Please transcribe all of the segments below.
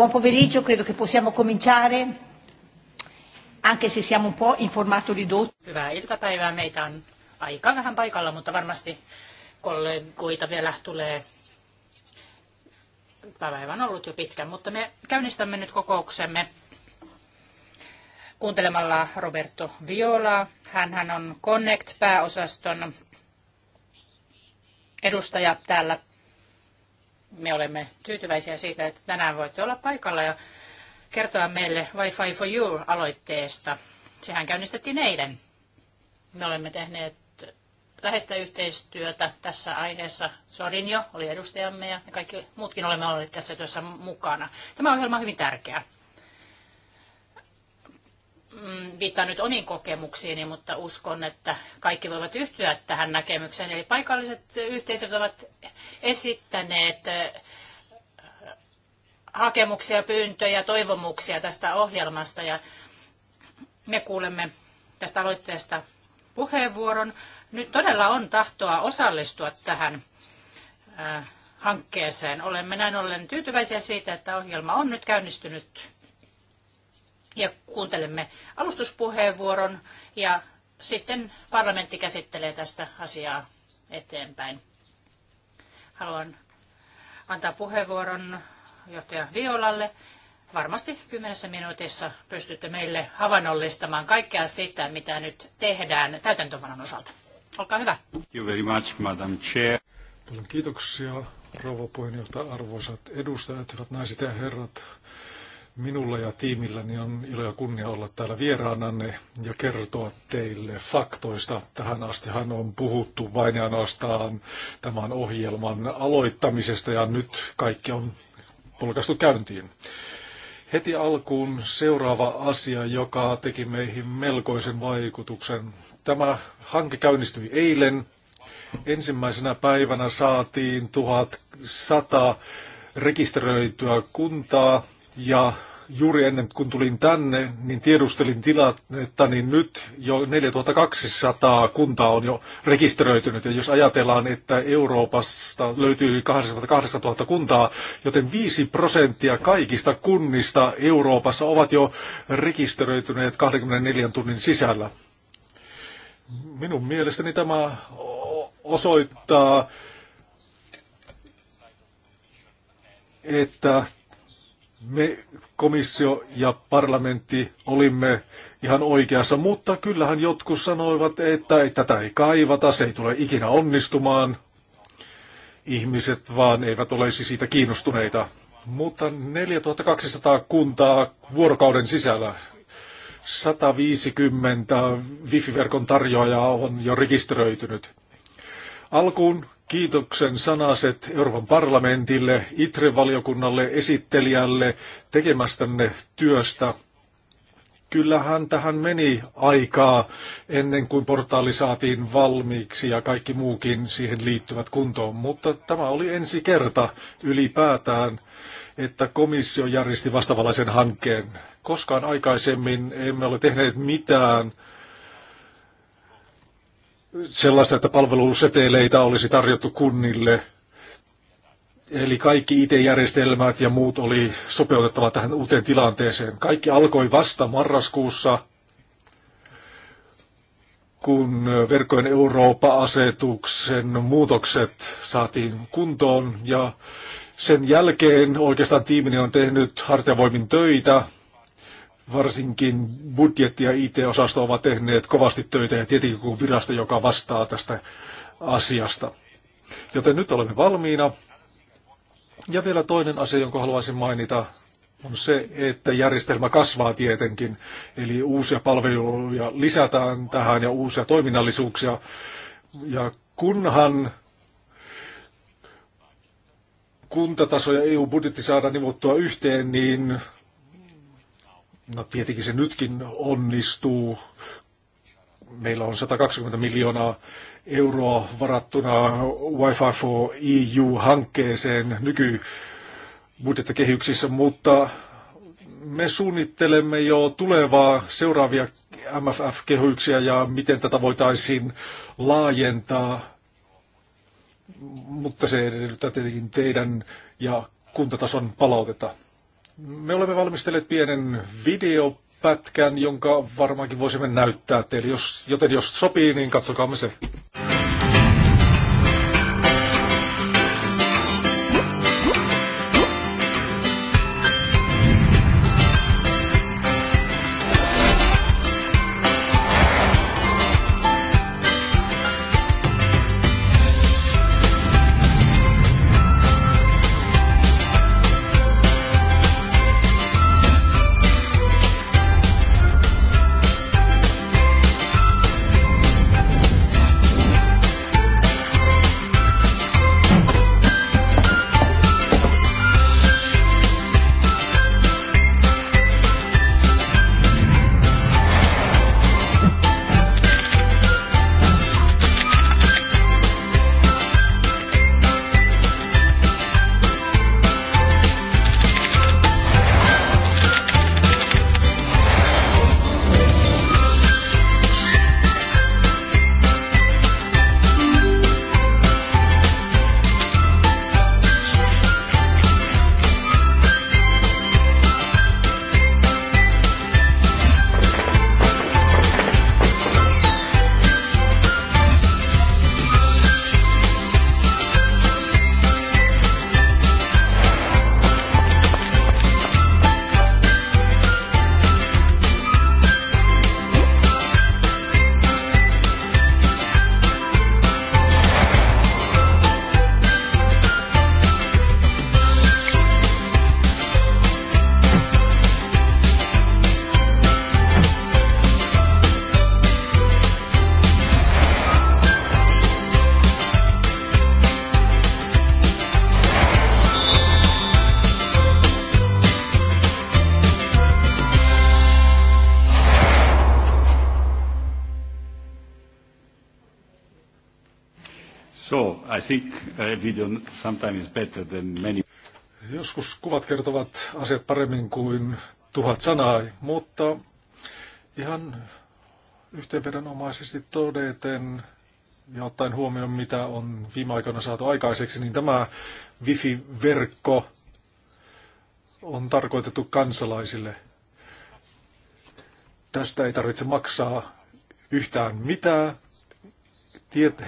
Buon pomeriggio, credo che possiamo cominciare, anche se siamo un po' in formato ridotto. Hyvää iltapäivää. Meitä on aika vähän paikalla, mutta varmasti kollegoita vielä tulee. Päivä on ollut jo pitkä, mutta me käynnistämme nyt kokouksemme kuuntelemalla Roberto Viola. hän on Connect-pääosaston edustaja täällä me olemme tyytyväisiä siitä, että tänään voitte olla paikalla ja kertoa meille Wi-Fi for You-aloitteesta. Sehän käynnistettiin eilen. Me olemme tehneet läheistä yhteistyötä tässä aiheessa. jo oli edustajamme ja kaikki muutkin olemme olleet tässä työssä mukana. Tämä ohjelma on hyvin tärkeä. Mm, viittaan nyt omiin kokemuksiini, mutta uskon, että kaikki voivat yhtyä tähän näkemykseen. Eli paikalliset yhteisöt ovat esittäneet hakemuksia, pyyntöjä, toivomuksia tästä ohjelmasta ja me kuulemme tästä aloitteesta puheenvuoron. Nyt todella on tahtoa osallistua tähän hankkeeseen. Olemme näin ollen tyytyväisiä siitä, että ohjelma on nyt käynnistynyt ja kuuntelemme alustuspuheenvuoron ja sitten parlamentti käsittelee tästä asiaa eteenpäin. Haluan antaa puheenvuoron johtaja Violalle. Varmasti kymmenessä minuutissa pystytte meille havainnollistamaan kaikkea sitä, mitä nyt tehdään täytäntövanan osalta. Olkaa hyvä. Thank you very much, Madam Chair. Paljon kiitoksia, rouva puheenjohtaja, arvoisat edustajat, hyvät naiset ja herrat. Minulla ja tiimilläni on ilo ja kunnia olla täällä vieraananne ja kertoa teille faktoista. Tähän astihan on puhuttu vain ja ainoastaan tämän ohjelman aloittamisesta ja nyt kaikki on polkastu käyntiin. Heti alkuun seuraava asia, joka teki meihin melkoisen vaikutuksen. Tämä hanke käynnistyi eilen. Ensimmäisenä päivänä saatiin 1100 rekisteröityä kuntaa ja juuri ennen kuin tulin tänne, niin tiedustelin tilannetta, niin nyt jo 4200 kuntaa on jo rekisteröitynyt. Ja jos ajatellaan, että Euroopasta löytyy yli 000 kuntaa, joten 5 prosenttia kaikista kunnista Euroopassa ovat jo rekisteröityneet 24 tunnin sisällä. Minun mielestäni tämä osoittaa, että me komissio ja parlamentti olimme ihan oikeassa, mutta kyllähän jotkut sanoivat, että, että tätä ei kaivata, se ei tule ikinä onnistumaan. Ihmiset vaan eivät olisi siis siitä kiinnostuneita. Mutta 4200 kuntaa vuorokauden sisällä 150 wifi-verkon tarjoajaa on jo rekisteröitynyt. Alkuun kiitoksen sanaset Euroopan parlamentille, ITRE-valiokunnalle, esittelijälle tekemästänne työstä. Kyllähän tähän meni aikaa ennen kuin portaali saatiin valmiiksi ja kaikki muukin siihen liittyvät kuntoon, mutta tämä oli ensi kerta ylipäätään, että komissio järjesti vastavalaisen hankkeen. Koskaan aikaisemmin emme ole tehneet mitään sellaista, että palveluseteleitä olisi tarjottu kunnille. Eli kaikki IT-järjestelmät ja muut oli sopeutettava tähän uuteen tilanteeseen. Kaikki alkoi vasta marraskuussa, kun verkkojen Eurooppa-asetuksen muutokset saatiin kuntoon ja sen jälkeen oikeastaan tiimini on tehnyt hartiavoimin töitä Varsinkin budjetti- ja IT-osasto ovat tehneet kovasti töitä ja tietenkin kuin virasto, joka vastaa tästä asiasta. Joten nyt olemme valmiina. Ja vielä toinen asia, jonka haluaisin mainita, on se, että järjestelmä kasvaa tietenkin. Eli uusia palveluja lisätään tähän ja uusia toiminnallisuuksia. Ja kunhan kuntataso ja EU-budjetti saadaan nivottua yhteen, niin No tietenkin se nytkin onnistuu. Meillä on 120 miljoonaa euroa varattuna Wi-Fi for EU-hankkeeseen kehyksissä, mutta me suunnittelemme jo tulevaa seuraavia MFF-kehyksiä ja miten tätä voitaisiin laajentaa, mutta se edellyttää tietenkin teidän ja kuntatason palautetta. Me olemme valmistelleet pienen videopätkän, jonka varmaankin voisimme näyttää teille, jos, joten jos sopii, niin katsokaamme se. I think video uh, sometimes better than many. Joskus kuvat kertovat asiat paremmin kuin tuhat sanaa, mutta ihan yhteenvedonomaisesti todeten ja ottaen huomioon, mitä on viime aikoina saatu aikaiseksi, niin tämä wifi-verkko on tarkoitettu kansalaisille. Tästä ei tarvitse maksaa yhtään mitään tiet,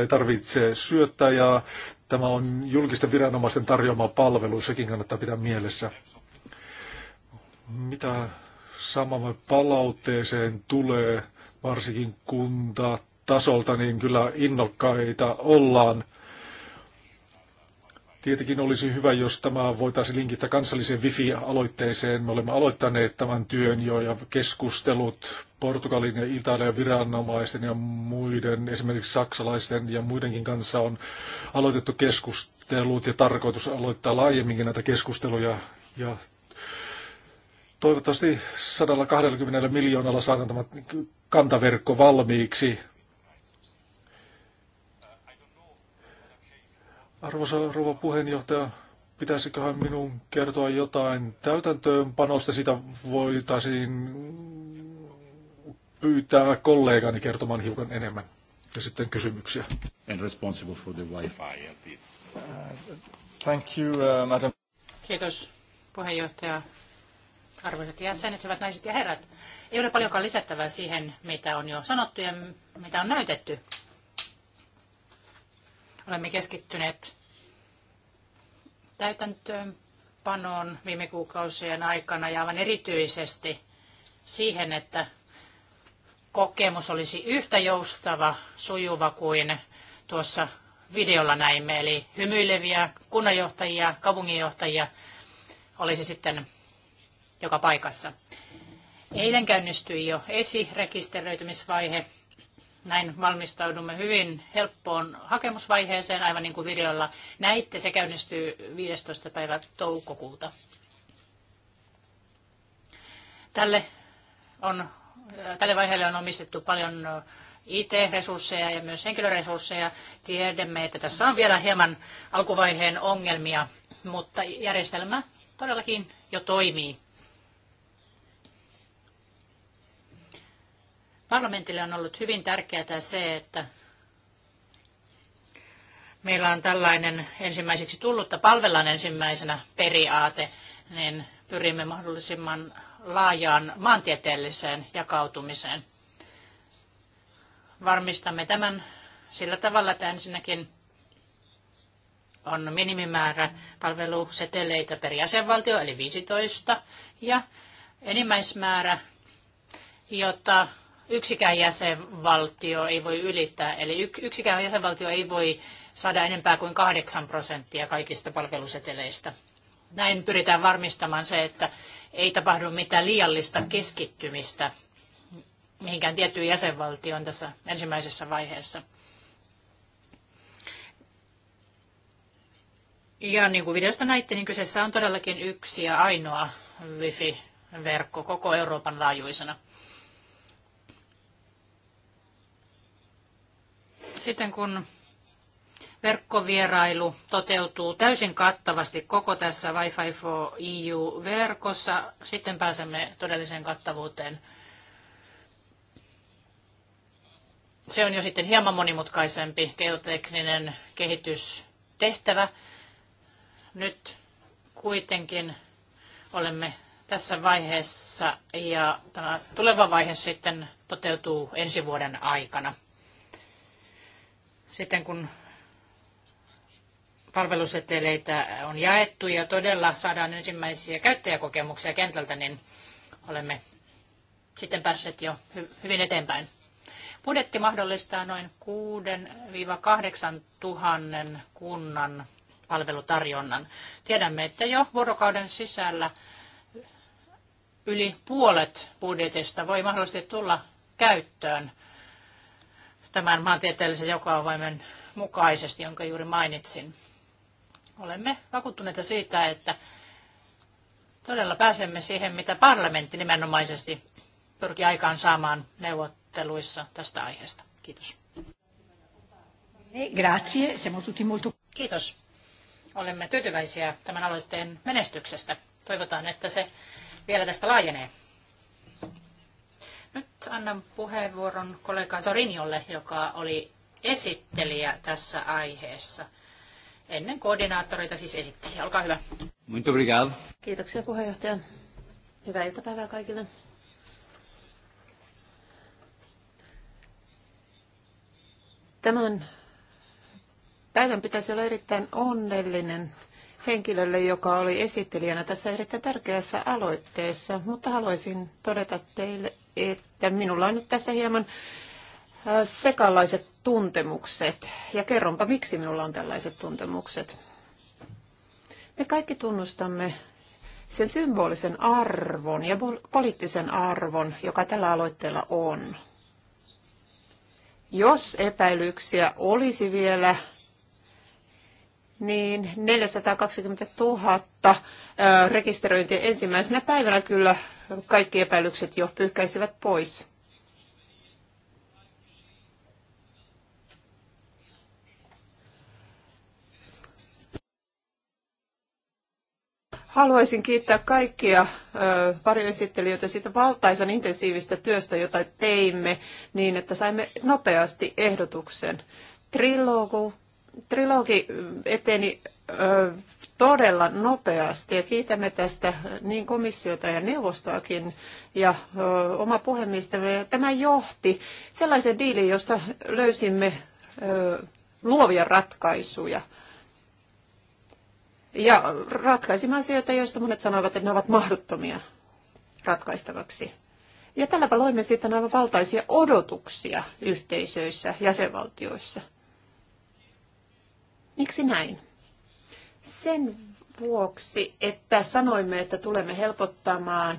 ei tarvitse syöttää ja tämä on julkisten viranomaisten tarjoama palvelu, sekin kannattaa pitää mielessä. Mitä samalla palautteeseen tulee, varsinkin kunta tasolta, niin kyllä innokkaita ollaan Tietenkin olisi hyvä, jos tämä voitaisiin linkittää kansalliseen Wifi-aloitteeseen. Me olemme aloittaneet tämän työn jo ja keskustelut Portugalin ja Italian viranomaisten ja muiden, esimerkiksi saksalaisten ja muidenkin kanssa on aloitettu keskustelut ja tarkoitus aloittaa laajemminkin näitä keskusteluja ja toivottavasti 120 miljoonalla saadaan tämä kantaverkko valmiiksi Arvoisa rouva puheenjohtaja, pitäisiköhän minun kertoa jotain täytäntöönpanosta? Sitä voitaisiin pyytää kollegani kertomaan hiukan enemmän ja sitten kysymyksiä. And responsible for the wifi, Uh, thank you, uh, madam. Kiitos puheenjohtaja. Arvoisat jäsenet, hyvät naiset ja herrat. Ei ole paljonkaan lisättävää siihen, mitä on jo sanottu ja mitä on näytetty. Olemme keskittyneet täytäntöönpanoon viime kuukausien aikana ja aivan erityisesti siihen, että kokemus olisi yhtä joustava, sujuva kuin tuossa videolla näimme, eli hymyileviä kunnanjohtajia, kaupunginjohtajia olisi sitten joka paikassa. Eilen käynnistyi jo esirekisteröitymisvaihe näin valmistaudumme hyvin helppoon hakemusvaiheeseen, aivan niin kuin videolla näitte. Se käynnistyy 15. päivä toukokuuta. Tälle, on, tälle vaiheelle on omistettu paljon IT-resursseja ja myös henkilöresursseja. Tiedämme, että tässä on vielä hieman alkuvaiheen ongelmia, mutta järjestelmä todellakin jo toimii. Parlamentille on ollut hyvin tärkeää se, että meillä on tällainen ensimmäiseksi tullutta palvellaan ensimmäisenä periaate, niin pyrimme mahdollisimman laajaan maantieteelliseen jakautumiseen. Varmistamme tämän sillä tavalla, että ensinnäkin on minimimäärä palveluseteleitä per jäsenvaltio, eli 15, ja enimmäismäärä, jota yksikään jäsenvaltio ei voi ylittää, eli yksikään jäsenvaltio ei voi saada enempää kuin 8 prosenttia kaikista palveluseteleistä. Näin pyritään varmistamaan se, että ei tapahdu mitään liiallista keskittymistä mihinkään tiettyyn jäsenvaltioon tässä ensimmäisessä vaiheessa. Ja niin kuin videosta näitte, niin kyseessä on todellakin yksi ja ainoa wifi-verkko koko Euroopan laajuisena. Sitten kun verkkovierailu toteutuu täysin kattavasti koko tässä Wi-Fi for EU-verkossa, sitten pääsemme todelliseen kattavuuteen. Se on jo sitten hieman monimutkaisempi geotekninen kehitystehtävä. Nyt kuitenkin olemme tässä vaiheessa ja tämä tuleva vaihe sitten toteutuu ensi vuoden aikana sitten kun palveluseteleitä on jaettu ja todella saadaan ensimmäisiä käyttäjäkokemuksia kentältä, niin olemme sitten päässeet jo hyvin eteenpäin. Budjetti mahdollistaa noin 6-8 tuhannen kunnan palvelutarjonnan. Tiedämme, että jo vuorokauden sisällä yli puolet budjetista voi mahdollisesti tulla käyttöön tämän maantieteellisen jakoavaimen mukaisesti, jonka juuri mainitsin. Olemme vakuuttuneita siitä, että todella pääsemme siihen, mitä parlamentti nimenomaisesti pyrki aikaan saamaan neuvotteluissa tästä aiheesta. Kiitos. Grazie, siamo Kiitos. Olemme tyytyväisiä tämän aloitteen menestyksestä. Toivotaan, että se vielä tästä laajenee. Nyt annan puheenvuoron kollega Sorinjolle, joka oli esittelijä tässä aiheessa. Ennen koordinaattoreita siis esittelijä. Olkaa hyvä. Muito obrigado. Kiitoksia puheenjohtaja. Hyvää iltapäivää kaikille. Tämän päivän pitäisi olla erittäin onnellinen henkilölle, joka oli esittelijänä tässä erittäin tärkeässä aloitteessa, mutta haluaisin todeta teille, että minulla on nyt tässä hieman äh, sekalaiset tuntemukset. Ja kerronpa, miksi minulla on tällaiset tuntemukset. Me kaikki tunnustamme sen symbolisen arvon ja poliittisen arvon, joka tällä aloitteella on. Jos epäilyksiä olisi vielä, niin 420 000 äh, rekisteröintiä ensimmäisenä päivänä kyllä kaikki epäilykset jo pyyhkäisivät pois. Haluaisin kiittää kaikkia varjoesittelijöitä siitä valtaisan intensiivistä työstä, jota teimme niin, että saimme nopeasti ehdotuksen. Trilogu, trilogi eteni todella nopeasti ja kiitämme tästä niin komissiota ja neuvostoakin ja ö, oma puhemiestämme. Tämä johti sellaisen diilin, josta löysimme ö, luovia ratkaisuja. Ja ratkaisimme asioita, joista monet sanoivat, että ne ovat mahdottomia ratkaistavaksi. Ja tällä loimme sitten aivan valtaisia odotuksia yhteisöissä, jäsenvaltioissa. Miksi näin? sen vuoksi, että sanoimme, että tulemme helpottamaan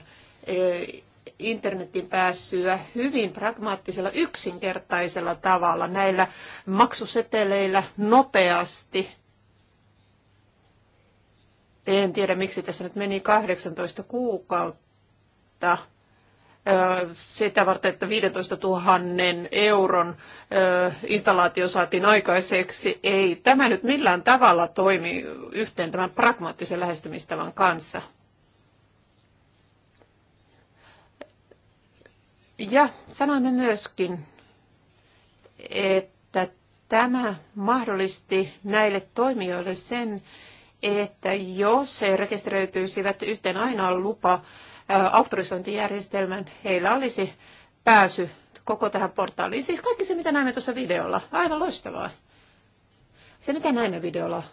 internetin pääsyä hyvin pragmaattisella, yksinkertaisella tavalla näillä maksuseteleillä nopeasti. En tiedä, miksi tässä nyt meni 18 kuukautta sitä varten, että 15 000 euron installaatio saatiin aikaiseksi. Ei tämä nyt millään tavalla toimi yhteen tämän pragmaattisen lähestymistavan kanssa. Ja sanoimme myöskin, että tämä mahdollisti näille toimijoille sen, että jos he rekisteröityisivät yhteen ainoan lupa, auktorisointijärjestelmän, heillä olisi pääsy koko tähän portaaliin. Siis kaikki se, mitä näemme tuossa videolla. Aivan loistavaa. Se, mitä näemme videolla.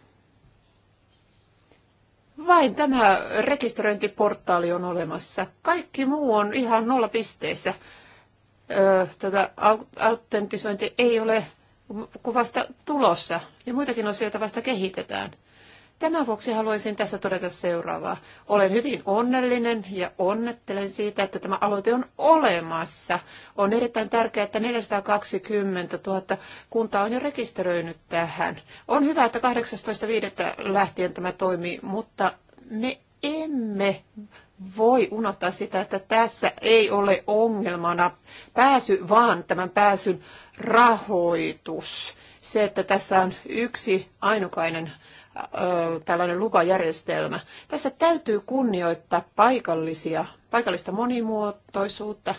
Vain tämä rekisteröintiportaali on olemassa. Kaikki muu on ihan nolla pisteessä. Öö, tätä autentisointi ei ole kuvasta tulossa ja muitakin osioita vasta kehitetään. Tämän vuoksi haluaisin tässä todeta seuraavaa. Olen hyvin onnellinen ja onnettelen siitä, että tämä aloite on olemassa. On erittäin tärkeää, että 420 000 kuntaa on jo rekisteröinyt tähän. On hyvä, että 18.5. lähtien tämä toimii, mutta me emme voi unohtaa sitä, että tässä ei ole ongelmana pääsy, vaan tämän pääsyn rahoitus. Se, että tässä on yksi ainokainen tällainen lupajärjestelmä. Tässä täytyy kunnioittaa paikallisia, paikallista monimuotoisuutta.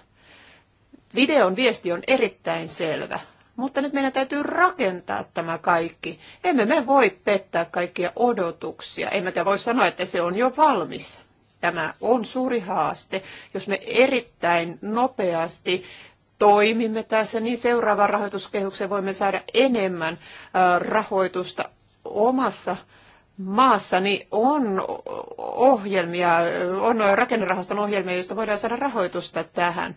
Videon viesti on erittäin selvä, mutta nyt meidän täytyy rakentaa tämä kaikki. Emme me voi pettää kaikkia odotuksia, emmekä voi sanoa, että se on jo valmis. Tämä on suuri haaste. Jos me erittäin nopeasti toimimme tässä, niin seuraava rahoituskehyksen voimme saada enemmän rahoitusta omassa maassani on ohjelmia, on rakennerahaston ohjelmia, joista voidaan saada rahoitusta tähän.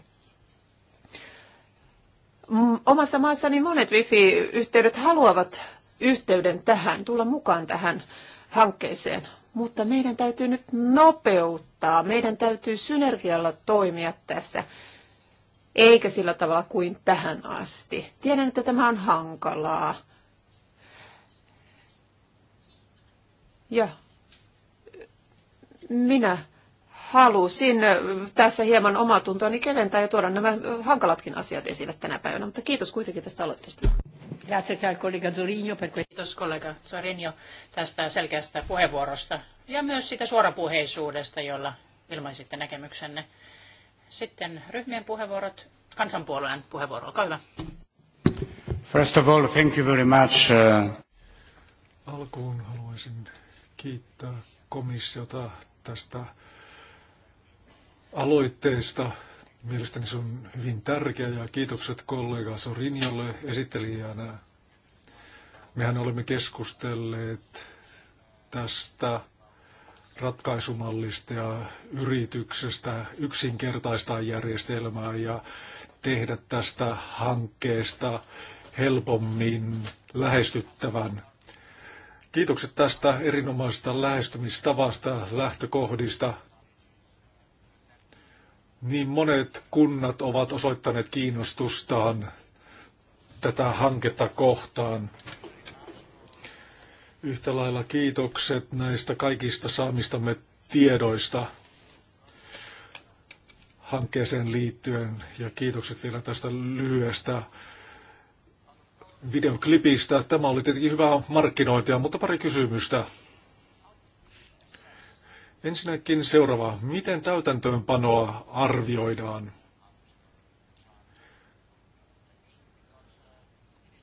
Mm, omassa maassani monet wifi-yhteydet haluavat yhteyden tähän, tulla mukaan tähän hankkeeseen, mutta meidän täytyy nyt nopeuttaa, meidän täytyy synergialla toimia tässä, eikä sillä tavalla kuin tähän asti. Tiedän, että tämä on hankalaa Ja minä halusin tässä hieman omatuntoani keventää ja tuoda nämä hankalatkin asiat esille tänä päivänä, mutta kiitos kuitenkin tästä aloitteesta. Kiitos kollega Zorinjo tästä selkeästä puheenvuorosta ja myös sitä suorapuheisuudesta, jolla ilmaisitte näkemyksenne. Sitten ryhmien puheenvuorot, kansanpuolueen puheenvuoro, olkaa hyvä. First of all, thank you very much. Uh, Alkuun haluaisin kiittää komissiota tästä aloitteesta. Mielestäni se on hyvin tärkeä ja kiitokset kollega Sorinjalle esittelijänä. Mehän olemme keskustelleet tästä ratkaisumallista ja yrityksestä yksinkertaistaa järjestelmää ja tehdä tästä hankkeesta helpommin lähestyttävän Kiitokset tästä erinomaisesta lähestymistavasta, lähtökohdista. Niin monet kunnat ovat osoittaneet kiinnostustaan tätä hanketta kohtaan. Yhtä lailla kiitokset näistä kaikista saamistamme tiedoista hankkeeseen liittyen ja kiitokset vielä tästä lyhyestä videoklipistä. Tämä oli tietenkin hyvää markkinointia, mutta pari kysymystä. Ensinnäkin seuraava. Miten täytäntöönpanoa arvioidaan?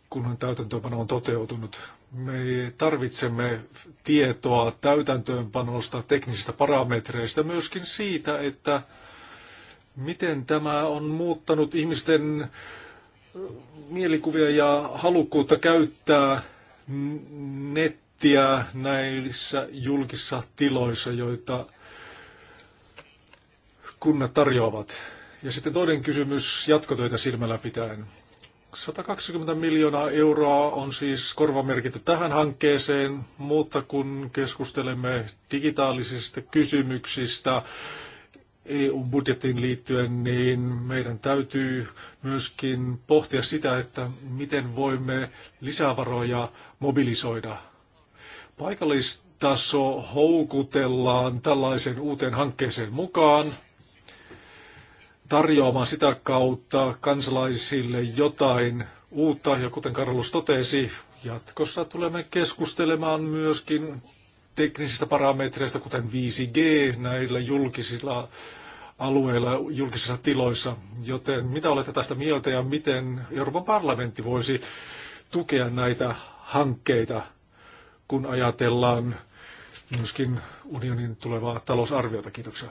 kunhan täytäntöönpano on toteutunut. Me tarvitsemme tietoa täytäntöönpanosta, teknisistä parametreista, myöskin siitä, että miten tämä on muuttanut ihmisten mielikuvia ja halukkuutta käyttää nettiä näissä julkisissa tiloissa, joita kunnat tarjoavat. Ja sitten toinen kysymys jatkotöitä silmällä pitäen. 120 miljoonaa euroa on siis korvamerkitty tähän hankkeeseen, mutta kun keskustelemme digitaalisista kysymyksistä, EU-budjettiin liittyen, niin meidän täytyy myöskin pohtia sitä, että miten voimme lisävaroja mobilisoida. Paikallistaso houkutellaan tällaisen uuteen hankkeeseen mukaan tarjoamaan sitä kautta kansalaisille jotain uutta, ja kuten Karlus totesi, jatkossa tulemme keskustelemaan myöskin teknisistä parametreista, kuten 5G näillä julkisilla alueilla, julkisissa tiloissa. Joten mitä olette tästä mieltä ja miten Euroopan parlamentti voisi tukea näitä hankkeita, kun ajatellaan myöskin unionin tulevaa talousarviota. Kiitoksia.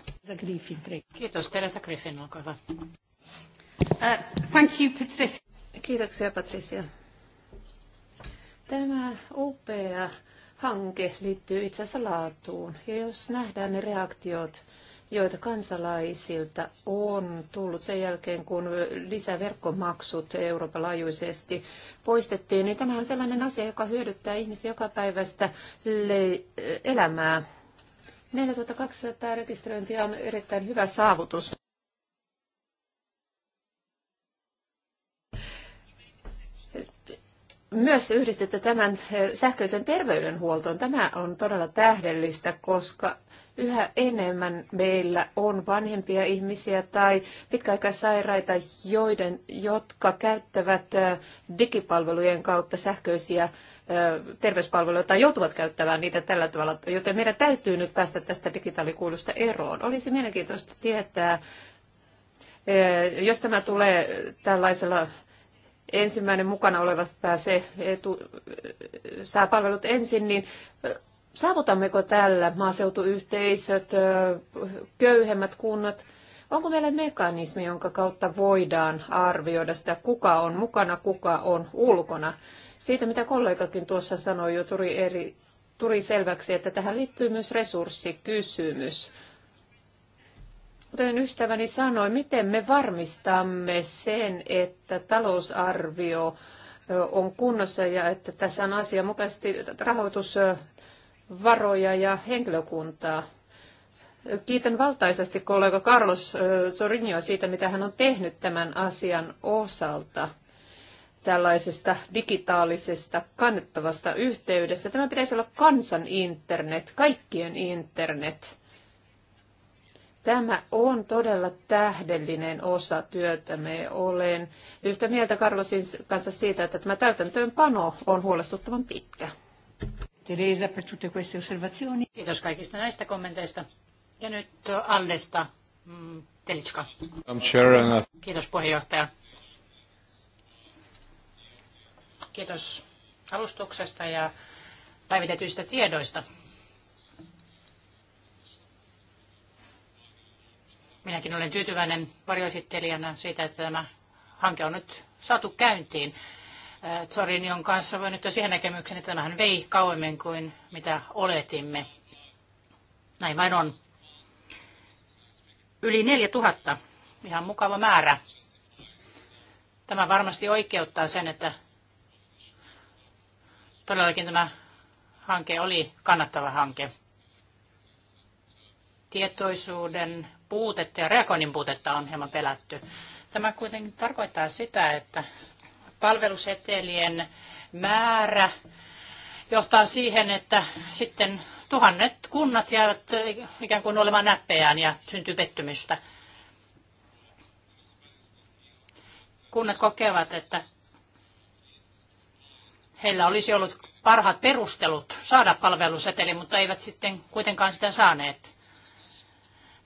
Kiitos. Teresa Griffin, olkaa hyvä. Uh, thank you, Patricia. Kiitoksia, Patricia. Tämä upea hanke liittyy itse asiassa laatuun. Ja jos nähdään ne reaktiot, joita kansalaisilta on tullut sen jälkeen, kun lisäverkkomaksut Euroopan laajuisesti poistettiin, niin tämä on sellainen asia, joka hyödyttää ihmisiä joka päivästä elämää. 4200 rekisteröintiä on erittäin hyvä saavutus, myös yhdistetty tämän eh, sähköisen terveydenhuoltoon. Tämä on todella tähdellistä, koska yhä enemmän meillä on vanhempia ihmisiä tai pitkäaikaissairaita, joiden, jotka käyttävät eh, digipalvelujen kautta sähköisiä eh, terveyspalveluita tai joutuvat käyttämään niitä tällä tavalla, joten meidän täytyy nyt päästä tästä digitaalikuulusta eroon. Olisi mielenkiintoista tietää, jos tämä tulee tällaisella ensimmäinen mukana oleva pääsee etu, saa palvelut ensin, niin saavutammeko tällä maaseutuyhteisöt, köyhemmät kunnat, onko meillä mekanismi, jonka kautta voidaan arvioida sitä, kuka on mukana, kuka on ulkona. Siitä, mitä kollegakin tuossa sanoi jo, tuli, eri, tuli selväksi, että tähän liittyy myös resurssikysymys. Kuten ystäväni sanoi, miten me varmistamme sen, että talousarvio on kunnossa ja että tässä on asianmukaisesti rahoitusvaroja ja henkilökuntaa. Kiitän valtaisesti kollega Carlos Sorinioa siitä, mitä hän on tehnyt tämän asian osalta tällaisesta digitaalisesta kannettavasta yhteydestä. Tämä pitäisi olla kansan internet, kaikkien internet. Tämä on todella tähdellinen osa työtä. Me olen yhtä mieltä Karlosin kanssa siitä, että tämä täytäntöönpano on huolestuttavan pitkä. Teresa, per tutte queste osservazioni. Kiitos kaikista näistä kommenteista. Ja nyt Allesta mm, Telitska. Kiitos puheenjohtaja. Kiitos alustuksesta ja päivitetyistä tiedoista. Minäkin olen tyytyväinen varjoesittelijänä siitä, että tämä hanke on nyt saatu käyntiin. Äh, Zorinion kanssa voin nyt siihen näkemykseen, että tämähän vei kauemmin kuin mitä oletimme. Näin vain on. Yli 4000. Ihan mukava määrä. Tämä varmasti oikeuttaa sen, että todellakin tämä hanke oli kannattava hanke. Tietoisuuden puutetta ja reagoinnin puutetta on hieman pelätty. Tämä kuitenkin tarkoittaa sitä, että palvelusetelien määrä johtaa siihen, että sitten tuhannet kunnat jäävät ikään kuin olemaan näppejään ja syntyy pettymystä. Kunnat kokevat, että heillä olisi ollut parhaat perustelut saada palveluseteli, mutta eivät sitten kuitenkaan sitä saaneet.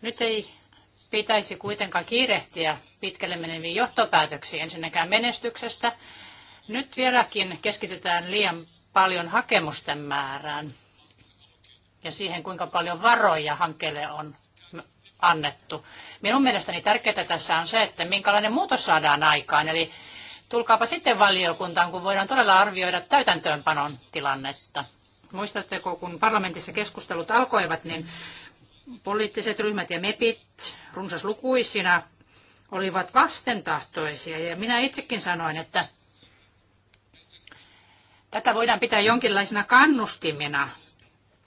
Nyt ei pitäisi kuitenkaan kiirehtiä pitkälle meneviin johtopäätöksiin ensinnäkään menestyksestä. Nyt vieläkin keskitytään liian paljon hakemusten määrään ja siihen, kuinka paljon varoja hankkeelle on annettu. Minun mielestäni tärkeää tässä on se, että minkälainen muutos saadaan aikaan. Eli tulkaapa sitten valiokuntaan, kun voidaan todella arvioida täytäntöönpanon tilannetta. Muistatteko, kun parlamentissa keskustelut alkoivat, niin poliittiset ryhmät ja MEPit runsaslukuisina olivat vastentahtoisia. Ja minä itsekin sanoin, että tätä voidaan pitää jonkinlaisena kannustimena,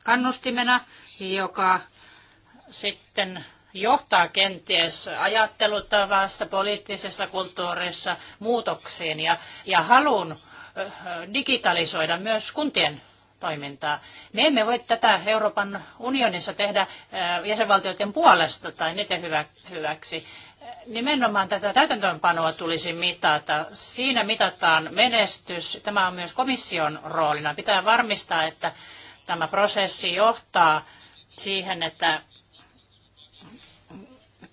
kannustimena joka sitten johtaa kenties ajattelutavassa, poliittisessa kulttuurissa muutokseen ja, ja halun digitalisoida myös kuntien toimintaa. Me emme voi tätä Euroopan unionissa tehdä äh, jäsenvaltioiden puolesta tai niiden hyväksi. Nimenomaan tätä täytäntöönpanoa tulisi mitata. Siinä mitataan menestys. Tämä on myös komission roolina. Pitää varmistaa, että tämä prosessi johtaa siihen, että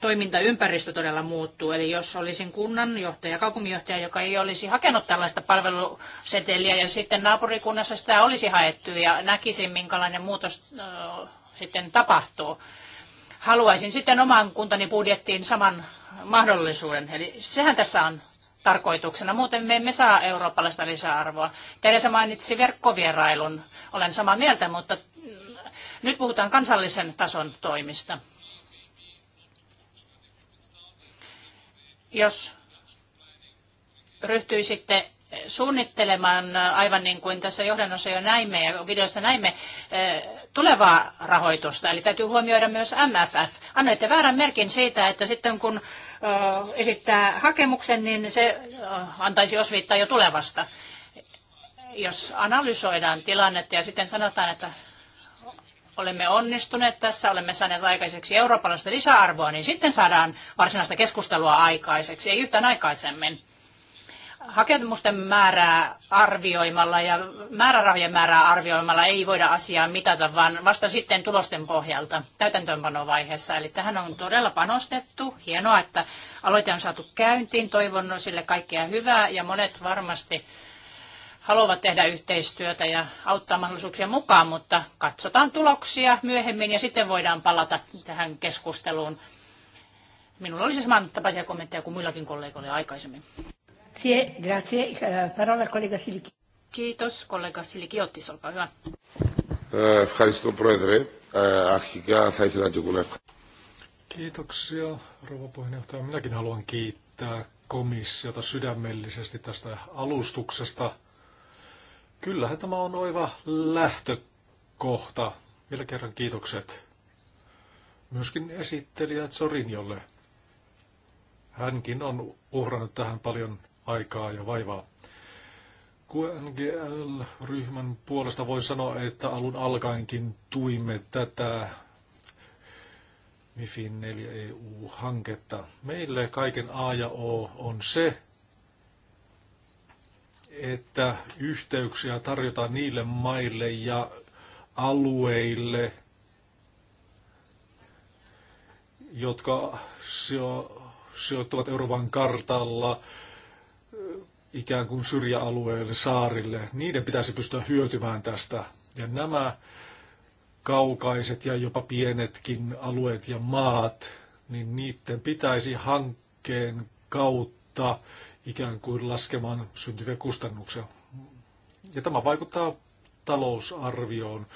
toimintaympäristö todella muuttuu. Eli jos olisin kunnanjohtaja, kaupunginjohtaja, joka ei olisi hakenut tällaista palveluseteliä ja sitten naapurikunnassa sitä olisi haettu ja näkisin, minkälainen muutos sitten tapahtuu. Haluaisin sitten oman kuntani budjettiin saman mahdollisuuden. Eli sehän tässä on tarkoituksena. Muuten me emme saa eurooppalaista lisäarvoa. Teresa mainitsi verkkovierailun. Olen samaa mieltä, mutta nyt puhutaan kansallisen tason toimista. Jos ryhtyisitte suunnittelemaan, aivan niin kuin tässä johdannossa jo näimme ja videossa näimme, eh, tulevaa rahoitusta. Eli täytyy huomioida myös MFF. Annoitte väärän merkin siitä, että sitten kun eh, esittää hakemuksen, niin se eh, antaisi osviittaa jo tulevasta. Jos analysoidaan tilannetta ja sitten sanotaan, että olemme onnistuneet tässä, olemme saaneet aikaiseksi eurooppalaista lisäarvoa, niin sitten saadaan varsinaista keskustelua aikaiseksi, ei yhtään aikaisemmin. Hakemusten määrää arvioimalla ja määrärahojen määrää arvioimalla ei voida asiaa mitata, vaan vasta sitten tulosten pohjalta täytäntöönpanovaiheessa. Eli tähän on todella panostettu. Hienoa, että aloite on saatu käyntiin. Toivon sille kaikkea hyvää ja monet varmasti haluavat tehdä yhteistyötä ja auttaa mahdollisuuksien mukaan, mutta katsotaan tuloksia myöhemmin ja sitten voidaan palata tähän keskusteluun. Minulla oli siis samantapaisia kommentteja kuin muillakin kollegoilla aikaisemmin. Grazie, grazie. Eh, parola kollega Siliki. Kiitos, kollega Siliki Ottis, olkaa hyvä. Eh, ευχαριστώ, Πρόεδρε. Αρχικά θα ήθελα να Kiitoksia, rouva puheenjohtaja. Minäkin haluan kiittää komissiota sydämellisesti tästä alustuksesta. Kyllähän tämä on oiva lähtökohta. Vielä kerran kiitokset myöskin esittelijä Zorinjolle. Hänkin on uhrannut tähän paljon aikaa ja vaivaa. QNGL-ryhmän puolesta voi sanoa, että alun alkaenkin tuimme tätä MIFIN 4 EU-hanketta. Meille kaiken A ja O on se, että yhteyksiä tarjotaan niille maille ja alueille, jotka sijoittuvat Euroopan kartalla eh, ikään kuin syrjäalueille, saarille. Niiden pitäisi pystyä hyötymään tästä. Ja nämä kaukaiset ja jopa pienetkin alueet ja maat, niin niiden pitäisi hankkeen kautta ikään kuin laskemaan syntyviä kustannuksia. Ja tämä vaikuttaa talousarvioon.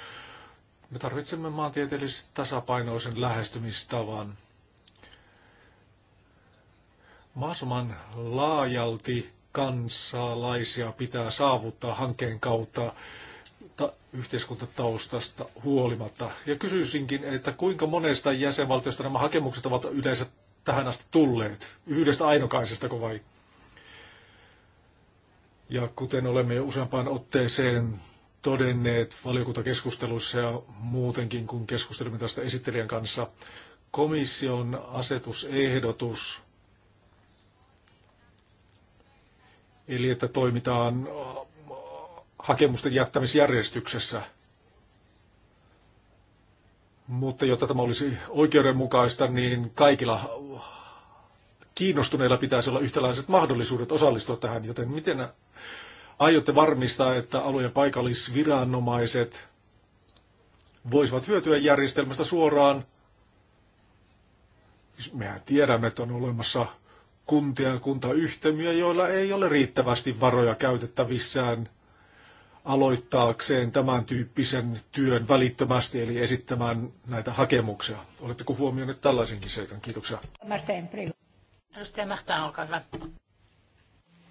Me tarvitsemme maantieteellisesti tasapainoisen lähestymistavan. Maasoman laajalti kansalaisia pitää saavuttaa hankkeen kautta ta- yhteiskuntataustasta huolimatta. Ja kysyisinkin, että kuinka monesta jäsenvaltiosta nämä hakemukset ovat yleensä tähän asti tulleet? Yhdestä ainokaisesta vai? Ja kuten olemme jo useampaan otteeseen todenneet valiokuntakeskusteluissa ja muutenkin, kun keskustelimme tästä esittelijän kanssa, komission asetusehdotus, eli että toimitaan äh, hakemusten jättämisjärjestyksessä. Mutta jotta tämä olisi oikeudenmukaista, niin kaikilla kiinnostuneilla pitäisi olla yhtäläiset mahdollisuudet osallistua tähän, joten miten aiotte varmistaa, että alueen paikallisviranomaiset voisivat hyötyä järjestelmästä suoraan? Mehän tiedämme, että on olemassa kuntia ja kuntayhtymiä, joilla ei ole riittävästi varoja käytettävissään aloittaakseen tämän tyyppisen työn välittömästi, eli esittämään näitä hakemuksia. Oletteko huomioineet tällaisenkin seikan? Kiitoksia.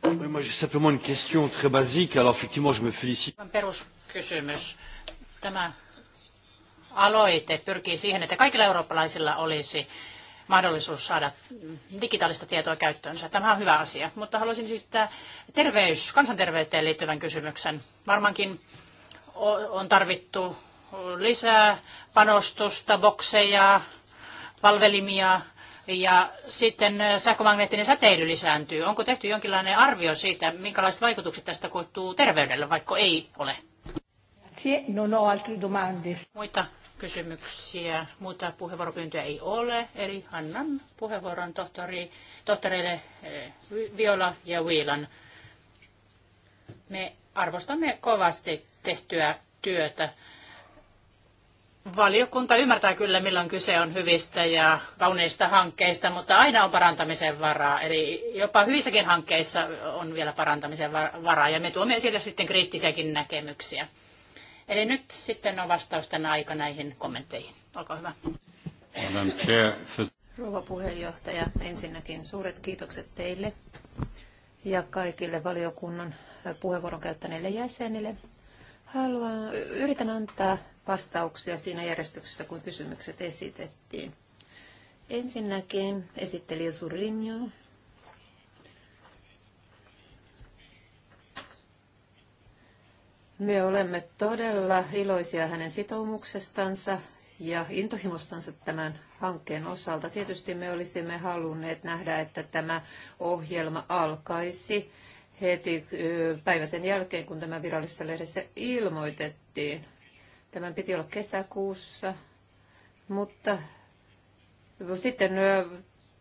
Oui, moi j'ai simplement une question très basique. Alors effectivement, je me félicite. Peruskysymys. Tämä aloite pyrkii siihen, että kaikilla eurooppalaisilla olisi mahdollisuus saada digitaalista tietoa käyttöönsä. Tämä on hyvä asia, mutta haluaisin sitten terveys, kansanterveyteen liittyvän kysymyksen. Varmaankin on tarvittu lisää panostusta, bokseja, palvelimia, ja sitten sähkömagneettinen säteily lisääntyy. Onko tehty jonkinlainen arvio siitä, minkälaiset vaikutukset tästä koittuu terveydelle, vaikka ei ole? Non ho altre domande. Muita kysymyksiä, muita puheenvuoropyyntöjä ei ole, eli annan puheenvuoron tohtori, tohtoreille Viola ja Wielan. Me arvostamme kovasti tehtyä työtä valiokunta ymmärtää kyllä, milloin kyse on hyvistä ja kauniista hankkeista, mutta aina on parantamisen varaa. Eli jopa hyvissäkin hankkeissa on vielä parantamisen varaa, ja me tuomme esille sitten kriittisiäkin näkemyksiä. Eli nyt sitten on vastausten aika näihin kommentteihin. Olkaa hyvä. Rouva puheenjohtaja, ensinnäkin suuret kiitokset teille ja kaikille valiokunnan puheenvuoron käyttäneille jäsenille. Haluan, yritän antaa vastauksia siinä järjestyksessä, kun kysymykset esitettiin. Ensinnäkin esitteli Surinjo. Me olemme todella iloisia hänen sitoumuksestansa ja intohimostansa tämän hankkeen osalta. Tietysti me olisimme halunneet nähdä, että tämä ohjelma alkaisi heti päivä sen jälkeen, kun tämä virallisessa lehdessä ilmoitettiin. Tämän piti olla kesäkuussa, mutta sitten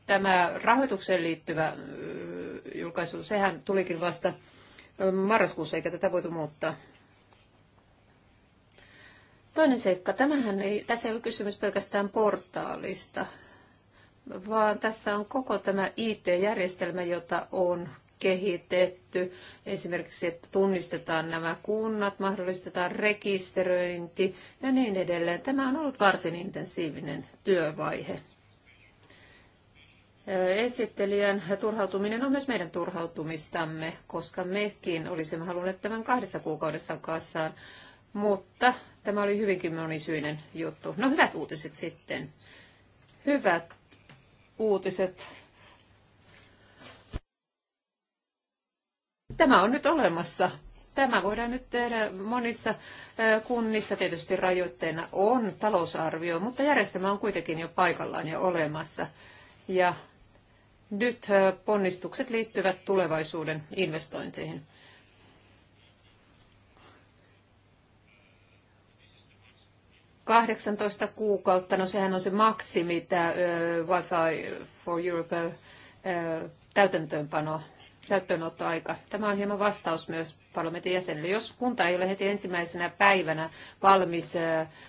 tämä rahoitukseen liittyvä julkaisu, sehän tulikin vasta marraskuussa, eikä tätä voitu muuttaa. Toinen seikka. Tämähän ei, tässä ei ole kysymys pelkästään portaalista, vaan tässä on koko tämä IT-järjestelmä, jota on kehitetty. Esimerkiksi, että tunnistetaan nämä kunnat, mahdollistetaan rekisteröinti ja niin edelleen. Tämä on ollut varsin intensiivinen työvaihe. Esittelijän turhautuminen on myös meidän turhautumistamme, koska mekin olisimme halunneet tämän kahdessa kuukaudessa kassaan, mutta tämä oli hyvinkin monisyinen juttu. No hyvät uutiset sitten. Hyvät uutiset tämä on nyt olemassa. Tämä voidaan nyt tehdä monissa kunnissa. Tietysti rajoitteena on talousarvio, mutta järjestelmä on kuitenkin jo paikallaan ja olemassa. Ja nyt ponnistukset liittyvät tulevaisuuden investointeihin. Kahdeksantoista kuukautta, no sehän on se maksimi, mitä Wi-Fi for Europe täytäntöönpano käyttöönottoaika. Tämä on hieman vastaus myös parlamentin jäsenille. Jos kunta ei ole heti ensimmäisenä päivänä valmis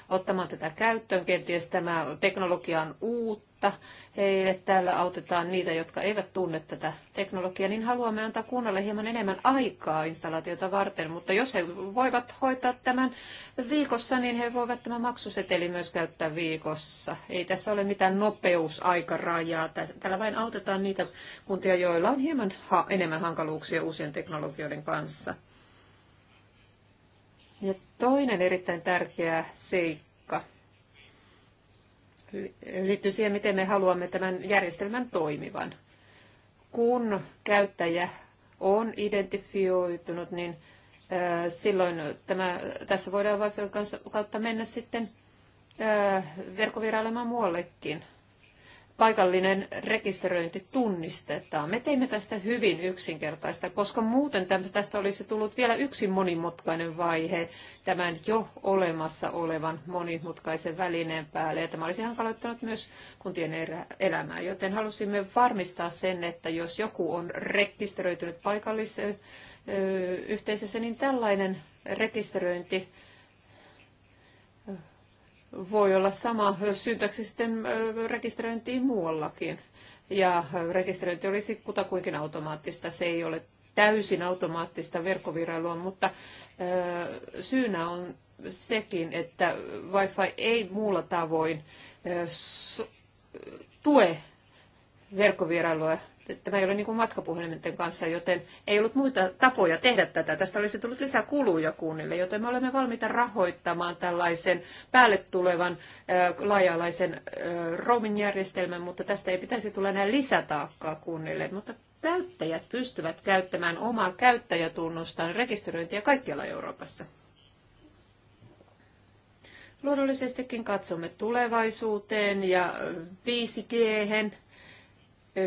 ottamaan tätä käyttöön, kenties tämä teknologia on uutta, heille täällä autetaan niitä, jotka eivät tunne tätä teknologiaa, niin haluamme antaa kunnalle hieman enemmän aikaa installaatiota varten, mutta jos he voivat hoitaa tämän viikossa, niin he voivat tämä maksuseteli myös käyttää viikossa. Ei tässä ole mitään nopeusaikarajaa. Täällä vain autetaan niitä kuntia, joilla on hieman enemmän hankaluuksia uusien teknologioiden kanssa. Ja toinen erittäin tärkeä seikka liittyy siihen, miten me haluamme tämän järjestelmän toimivan. Kun käyttäjä on identifioitunut, niin silloin tämä, tässä voidaan vaikka kautta mennä sitten verkkovirailema muuallekin paikallinen rekisteröinti tunnistetaan. Me teimme tästä hyvin yksinkertaista, koska muuten tästä olisi tullut vielä yksi monimutkainen vaihe tämän jo olemassa olevan monimutkaisen välineen päälle. Ja tämä olisi hankaloittanut myös kuntien elämää, joten halusimme varmistaa sen, että jos joku on rekisteröitynyt paikalliseen yhteisössä, niin tällainen rekisteröinti voi olla sama syntaksi sitten rekisteröintiin muuallakin. Ja rekisteröinti olisi kutakuinkin automaattista. Se ei ole täysin automaattista verkkovirailua, mutta syynä on sekin, että Wi-Fi ei muulla tavoin tue verkkovirailua Tämä ei ole niin kuin kanssa, joten ei ollut muita tapoja tehdä tätä. Tästä olisi tullut lisää kuluja kunnille, joten me olemme valmiita rahoittamaan tällaisen päälle tulevan äh, laajalaisen äh, roaming-järjestelmän, mutta tästä ei pitäisi tulla enää lisätaakkaa kunnille. Mutta käyttäjät pystyvät käyttämään omaa käyttäjätunnustaan rekisteröintiä kaikkialla Euroopassa. Luonnollisestikin katsomme tulevaisuuteen ja 5G,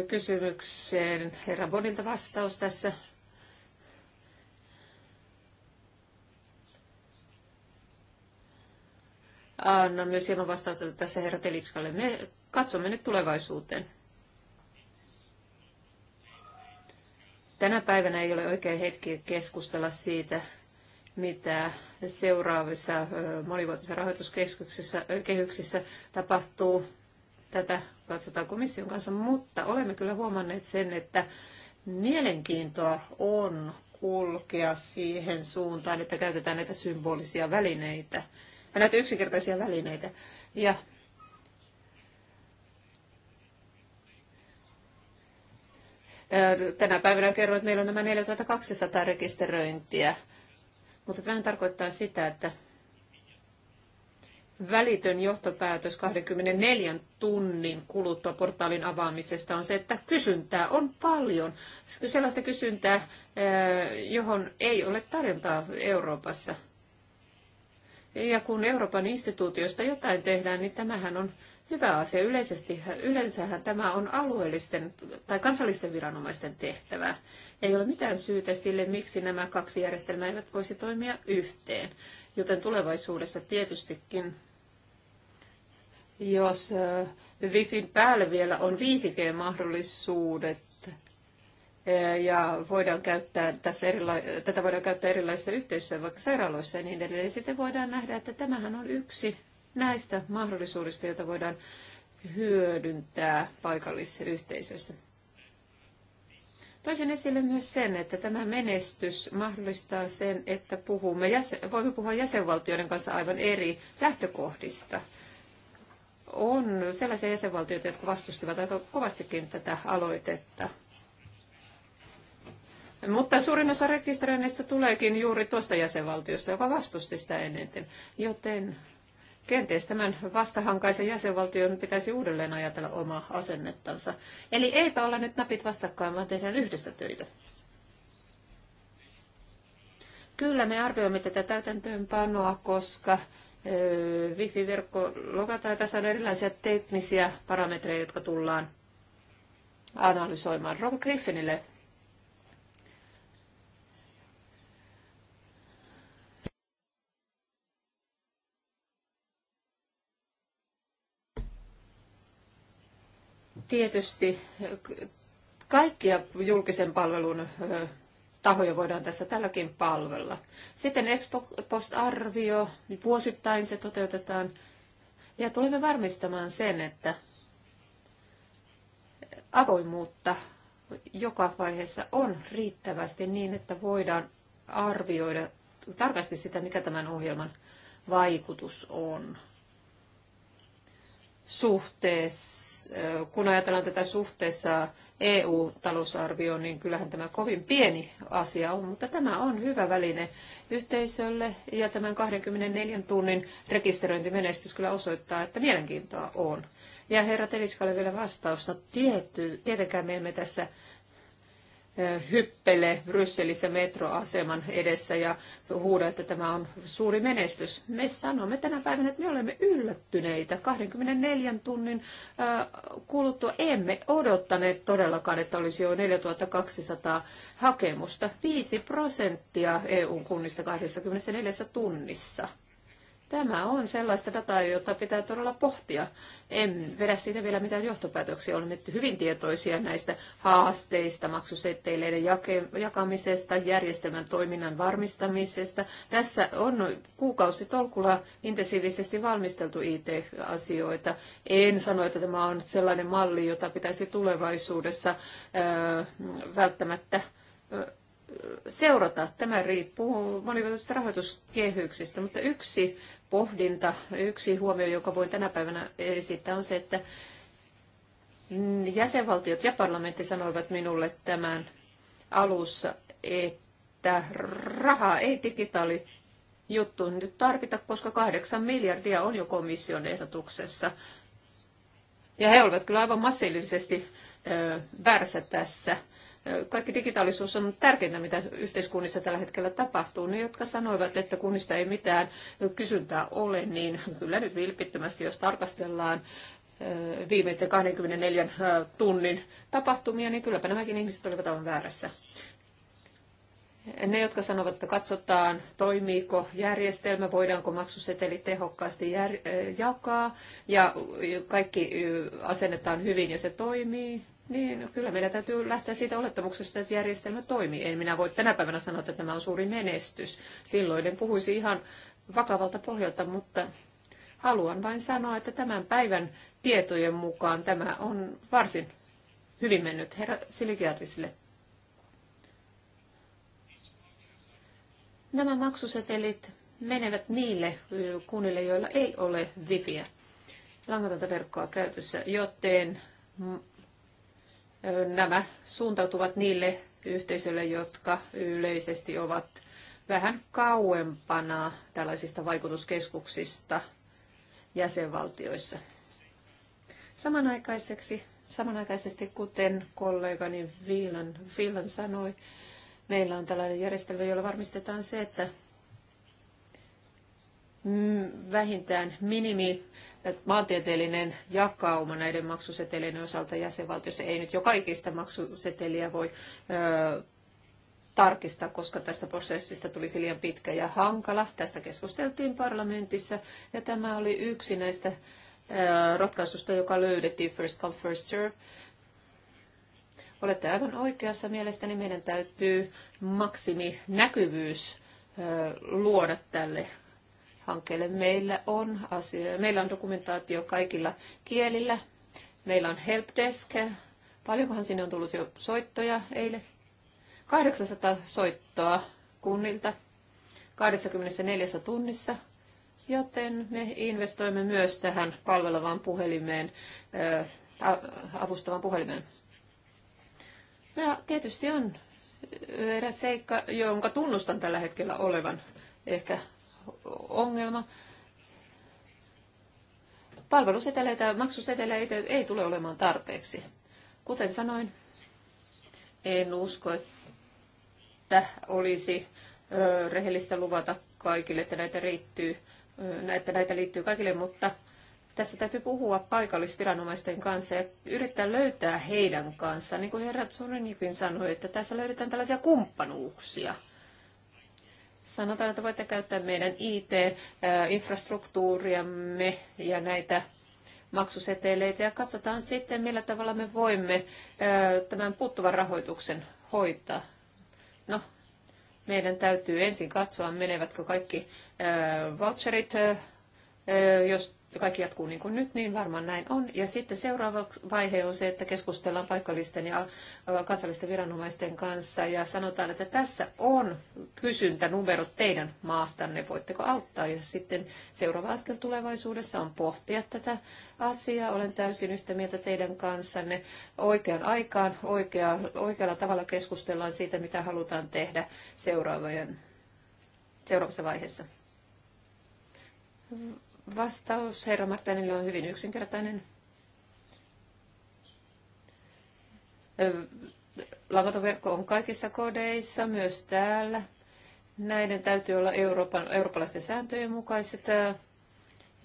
kysymykseen herra Bonilta vastaus tässä. Annan myös hieman vastausta tässä herra Telitskalle. Me katsomme nyt tulevaisuuteen. Tänä päivänä ei ole oikein hetki keskustella siitä, mitä seuraavissa monivuotisissa rahoituskehyksissä tapahtuu Tätä katsotaan komission kanssa, mutta olemme kyllä huomanneet sen, että mielenkiintoa on kulkea siihen suuntaan, että käytetään näitä symbolisia välineitä ja näitä yksinkertaisia välineitä. Ja tänä päivänä kerroin, että meillä on nämä 4200 rekisteröintiä, mutta tämä tarkoittaa sitä, että välitön johtopäätös 24 tunnin kuluttua portaalin avaamisesta on se, että kysyntää on paljon. Sellaista kysyntää, eh, johon ei ole tarjontaa Euroopassa. Ja kun Euroopan instituutiosta jotain tehdään, niin tämähän on hyvä asia. Yleisesti, yleensähän tämä on alueellisten tai kansallisten viranomaisten tehtävä. Ei ole mitään syytä sille, miksi nämä kaksi järjestelmää eivät voisi toimia yhteen. Joten tulevaisuudessa tietystikin, jos Wifin päälle vielä on 5G-mahdollisuudet, ja voidaan käyttää tässä erila- tätä voidaan käyttää erilaisissa yhteisöissä, vaikka sairaaloissa ja niin edelleen. Niin sitten voidaan nähdä, että tämähän on yksi näistä mahdollisuudista, joita voidaan hyödyntää paikallisissa yhteisöissä. Toisin esille myös sen, että tämä menestys mahdollistaa sen, että puhumme, voimme puhua jäsenvaltioiden kanssa aivan eri lähtökohdista. On sellaisia jäsenvaltioita, jotka vastustivat aika kovastikin tätä aloitetta. Mutta suurin osa rekisteröinnistä tuleekin juuri tuosta jäsenvaltiosta, joka vastusti sitä eniten. Joten Kenties tämän vastahankaisen jäsenvaltion pitäisi uudelleen ajatella omaa asennettansa. Eli eipä olla nyt napit vastakkain, vaan tehdään yhdessä töitä. Kyllä me arvioimme tätä täytäntöönpanoa, koska wifi-verkko lokataan. Tässä on erilaisia teknisiä parametreja, jotka tullaan analysoimaan. Rob Griffinille tietysti kaikkia julkisen palvelun tahoja voidaan tässä tälläkin palvella. Sitten ex-post-arvio, niin vuosittain se toteutetaan. Ja tulemme varmistamaan sen, että avoimuutta joka vaiheessa on riittävästi niin, että voidaan arvioida tarkasti sitä, mikä tämän ohjelman vaikutus on suhteessa kun ajatellaan tätä suhteessa EU-talousarvioon, niin kyllähän tämä kovin pieni asia on, mutta tämä on hyvä väline yhteisölle ja tämän 24 tunnin rekisteröintimenestys kyllä osoittaa, että mielenkiintoa on. Ja herra Telitskalle vielä vastaus. No tietenkään me emme tässä hyppele Brysselissä metroaseman edessä ja huuda, että tämä on suuri menestys. Me sanomme tänä päivänä, että me olemme yllättyneitä. 24 tunnin kuluttua emme odottaneet todellakaan, että olisi jo 4200 hakemusta. 5 prosenttia EUn kunnista 24 tunnissa. Tämä on sellaista dataa, jota pitää todella pohtia. En vedä siitä vielä mitään johtopäätöksiä. Olemme hyvin tietoisia näistä haasteista, maksusetteileiden jakamisesta, järjestelmän toiminnan varmistamisesta. Tässä on tolkulla intensiivisesti valmisteltu IT-asioita. En sano, että tämä on sellainen malli, jota pitäisi tulevaisuudessa välttämättä seurata. Tämä riippuu monivuotisista rahoituskehyksistä, mutta yksi pohdinta, yksi huomio, joka voin tänä päivänä esittää, on se, että jäsenvaltiot ja parlamentti sanoivat minulle tämän alussa, että rahaa ei digitaali juttu nyt tarvita, koska kahdeksan miljardia on jo komission ehdotuksessa. Ja he olivat kyllä aivan massiivisesti väärässä tässä kaikki digitaalisuus on tärkeintä, mitä yhteiskunnissa tällä hetkellä tapahtuu. Ne, jotka sanoivat, että kunnista ei mitään kysyntää ole, niin kyllä nyt vilpittömästi, jos tarkastellaan eh, viimeisten 24 eh, tunnin tapahtumia, niin kylläpä nämäkin ihmiset olivat aivan väärässä. Ne, jotka sanovat, että katsotaan, toimiiko järjestelmä, voidaanko maksuseteli tehokkaasti jär, eh, jakaa ja kaikki asennetaan hyvin ja se toimii, niin, no kyllä meidän täytyy lähteä siitä olettamuksesta, että järjestelmä toimii. En minä voi tänä päivänä sanoa, että tämä on suuri menestys. Silloin en puhuisi ihan vakavalta pohjalta, mutta haluan vain sanoa, että tämän päivän tietojen mukaan tämä on varsin hyvin mennyt herra Silikiarisille. Nämä maksusetelit menevät niille kunnille, joilla ei ole wifiä, langatonta verkkoa käytössä, joten nämä suuntautuvat niille yhteisöille, jotka yleisesti ovat vähän kauempana tällaisista vaikutuskeskuksista jäsenvaltioissa. Samanaikaiseksi, samanaikaisesti, kuten kollegani Viilan, Viilan sanoi, meillä on tällainen järjestelmä, jolla varmistetaan se, että mm, vähintään minimi maantieteellinen jakauma näiden maksuseteleiden osalta jäsenvaltiossa ei nyt jo kaikista maksuseteliä voi ö, tarkistaa, koska tästä prosessista tulisi liian pitkä ja hankala. Tästä keskusteltiin parlamentissa ja tämä oli yksi näistä ö, ratkaisusta, joka löydettiin first come first serve. Olette aivan oikeassa. Mielestäni meidän täytyy maksimi näkyvyys luoda tälle hankkeelle. Meillä on, asia, meillä on dokumentaatio kaikilla kielillä. Meillä on helpdesk. Paljonkohan sinne on tullut jo soittoja eilen? 800 soittoa kunnilta 24 tunnissa, joten me investoimme myös tähän palvelevaan puhelimeen, avustavaan puhelimeen. Ja tietysti on eräs seikka, jonka tunnustan tällä hetkellä olevan ehkä ongelma. Palveluseteleitä ja maksuseteleitä ei tule olemaan tarpeeksi. Kuten sanoin, en usko, että olisi rehellistä luvata kaikille, että näitä, riittyy, että näitä liittyy kaikille, mutta tässä täytyy puhua paikallisviranomaisten kanssa ja yrittää löytää heidän kanssaan. Niin kuin herra Sorenikin sanoi, että tässä löydetään tällaisia kumppanuuksia – sanotaan, että voitte käyttää meidän IT-infrastruktuuriamme ja näitä maksuseteleitä ja katsotaan sitten, millä tavalla me voimme tämän puuttuvan rahoituksen hoitaa. No, meidän täytyy ensin katsoa, menevätkö kaikki voucherit, jos kaikki jatkuu niin kuin nyt, niin varmaan näin on. Ja sitten seuraava vaihe on se, että keskustellaan paikallisten ja kansallisten viranomaisten kanssa ja sanotaan, että tässä on kysyntä numerot teidän maastanne, voitteko auttaa. Ja sitten seuraava askel tulevaisuudessa on pohtia tätä asiaa. Olen täysin yhtä mieltä teidän kanssanne. oikean aikaan oikea, oikealla tavalla keskustellaan siitä, mitä halutaan tehdä seuraavien, seuraavassa vaiheessa Vastaus herra Martinille on hyvin yksinkertainen. Lakotoverkko on kaikissa kodeissa, myös täällä. Näiden täytyy olla Euroopan, eurooppalaisten sääntöjen mukaiset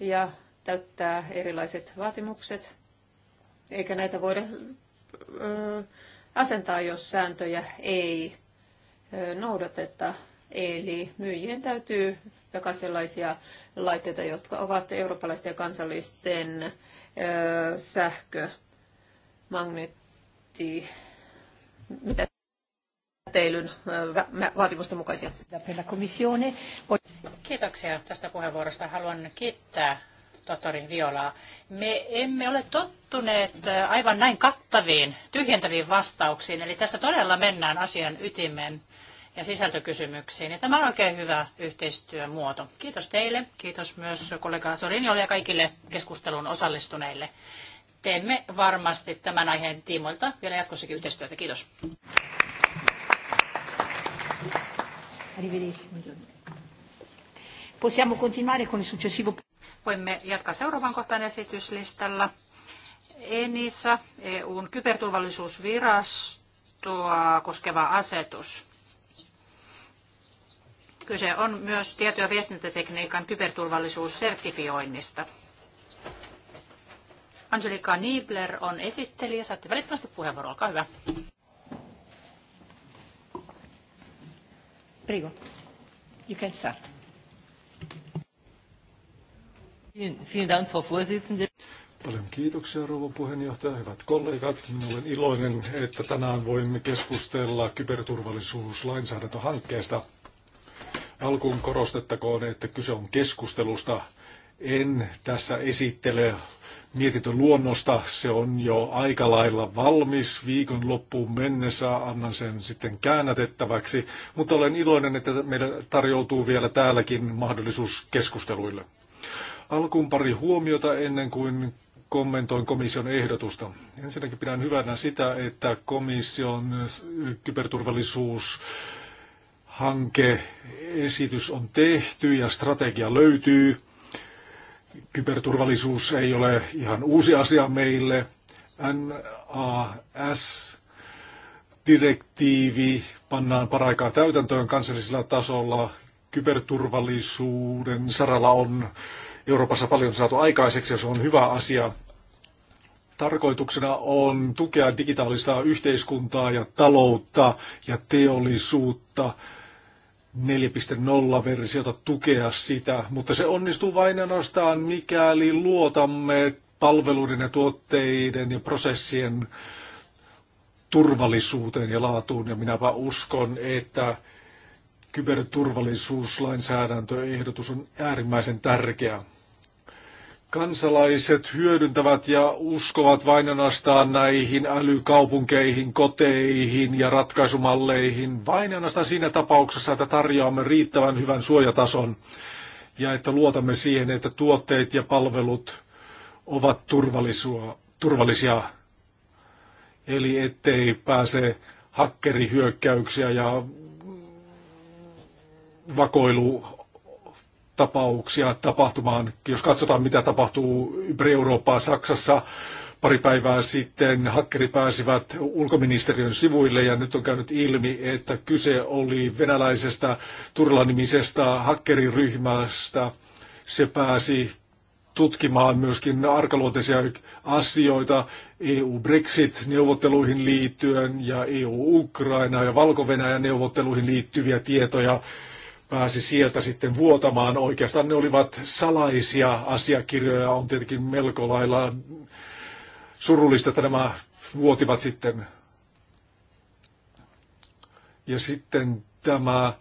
ja täyttää erilaiset vaatimukset. Eikä näitä voida asentaa, jos sääntöjä ei noudateta. Eli myyjien täytyy jakaa sellaisia laitteita, jotka ovat eurooppalaisten ja kansallisten sähkömagneetti magneetti, mitä teilyn vaatimusten mukaisia. Kiitoksia tästä puheenvuorosta. Haluan kiittää tohtori Violaa. Me emme ole tottuneet aivan näin kattaviin, tyhjentäviin vastauksiin, eli tässä todella mennään asian ytimeen ja sisältökysymyksiin. Ja tämä on oikein hyvä yhteistyömuoto. Kiitos teille, kiitos myös kollega Sorinjolle ja kaikille keskusteluun osallistuneille. Teemme varmasti tämän aiheen tiimoilta vielä jatkossakin yhteistyötä. Kiitos. Possiamo continuare con il successivo... Voimme jatkaa seuraavan kohtaan esityslistalla. ENISA, EUn kyberturvallisuusvirastoa koskeva asetus. Kyse on myös tieto- ja viestintätekniikan kyberturvallisuussertifioinnista. Angelika Niebler on esittelijä. Saatte välittömästi puheenvuoro. Olkaa hyvä. Prigo. You can start. Vielen Dank, Frau Vorsitzende. Paljon kiitoksia, rouva puheenjohtaja. Hyvät kollegat, minä olen iloinen, että tänään voimme keskustella kyberturvallisuuslainsäädäntöhankkeesta. Alkuun korostettakoon, että kyse on keskustelusta. En tässä esittele mietitön luonnosta. Se on jo aika lailla valmis viikon loppuun mennessä. Annan sen sitten käännätettäväksi. Mutta olen iloinen, että meillä tarjoutuu vielä täälläkin mahdollisuus keskusteluille. Alkuun pari huomiota ennen kuin kommentoin komission ehdotusta. Ensinnäkin pidän hyvänä sitä, että komission kyberturvallisuus hankeesitys on tehty ja strategia löytyy. Kyberturvallisuus ei ole ihan uusi asia meille. NAS direktiivi pannaan paraikaa täytäntöön kansallisella tasolla. Kyberturvallisuuden saralla on Euroopassa paljon saatu aikaiseksi ja se on hyvä asia. Tarkoituksena on tukea digitaalista yhteiskuntaa ja taloutta ja teollisuutta 4.0-versiota tukea sitä, mutta se onnistuu vain ainoastaan, mikäli luotamme palveluiden ja tuotteiden ja prosessien turvallisuuteen ja laatuun. Ja minäpä uskon, että kyberturvallisuuslainsäädäntöehdotus on äärimmäisen tärkeä kansalaiset hyödyntävät ja uskovat vain ainoastaan näihin älykaupunkeihin, koteihin ja ratkaisumalleihin, vain ainoastaan siinä tapauksessa, että tarjoamme riittävän hyvän suojatason ja että luotamme siihen, että tuotteet ja palvelut ovat turvallisia, eli ettei pääse hakkerihyökkäyksiä ja vakoilu tapauksia tapahtumaan. Jos katsotaan, mitä tapahtuu ympäri Eurooppaa, Saksassa, pari päivää sitten hakkeri pääsivät ulkoministeriön sivuille ja nyt on käynyt ilmi, että kyse oli venäläisestä turlanimisestä hakkeriryhmästä. Se pääsi tutkimaan myöskin arkaluonteisia asioita EU-Brexit-neuvotteluihin liittyen ja EU-Ukraina ja valko neuvotteluihin liittyviä tietoja pääsi sieltä sitten vuotamaan. Oikeastaan ne olivat salaisia asiakirjoja. On tietenkin melko lailla surullista, että nämä vuotivat sitten. Ja sitten tämä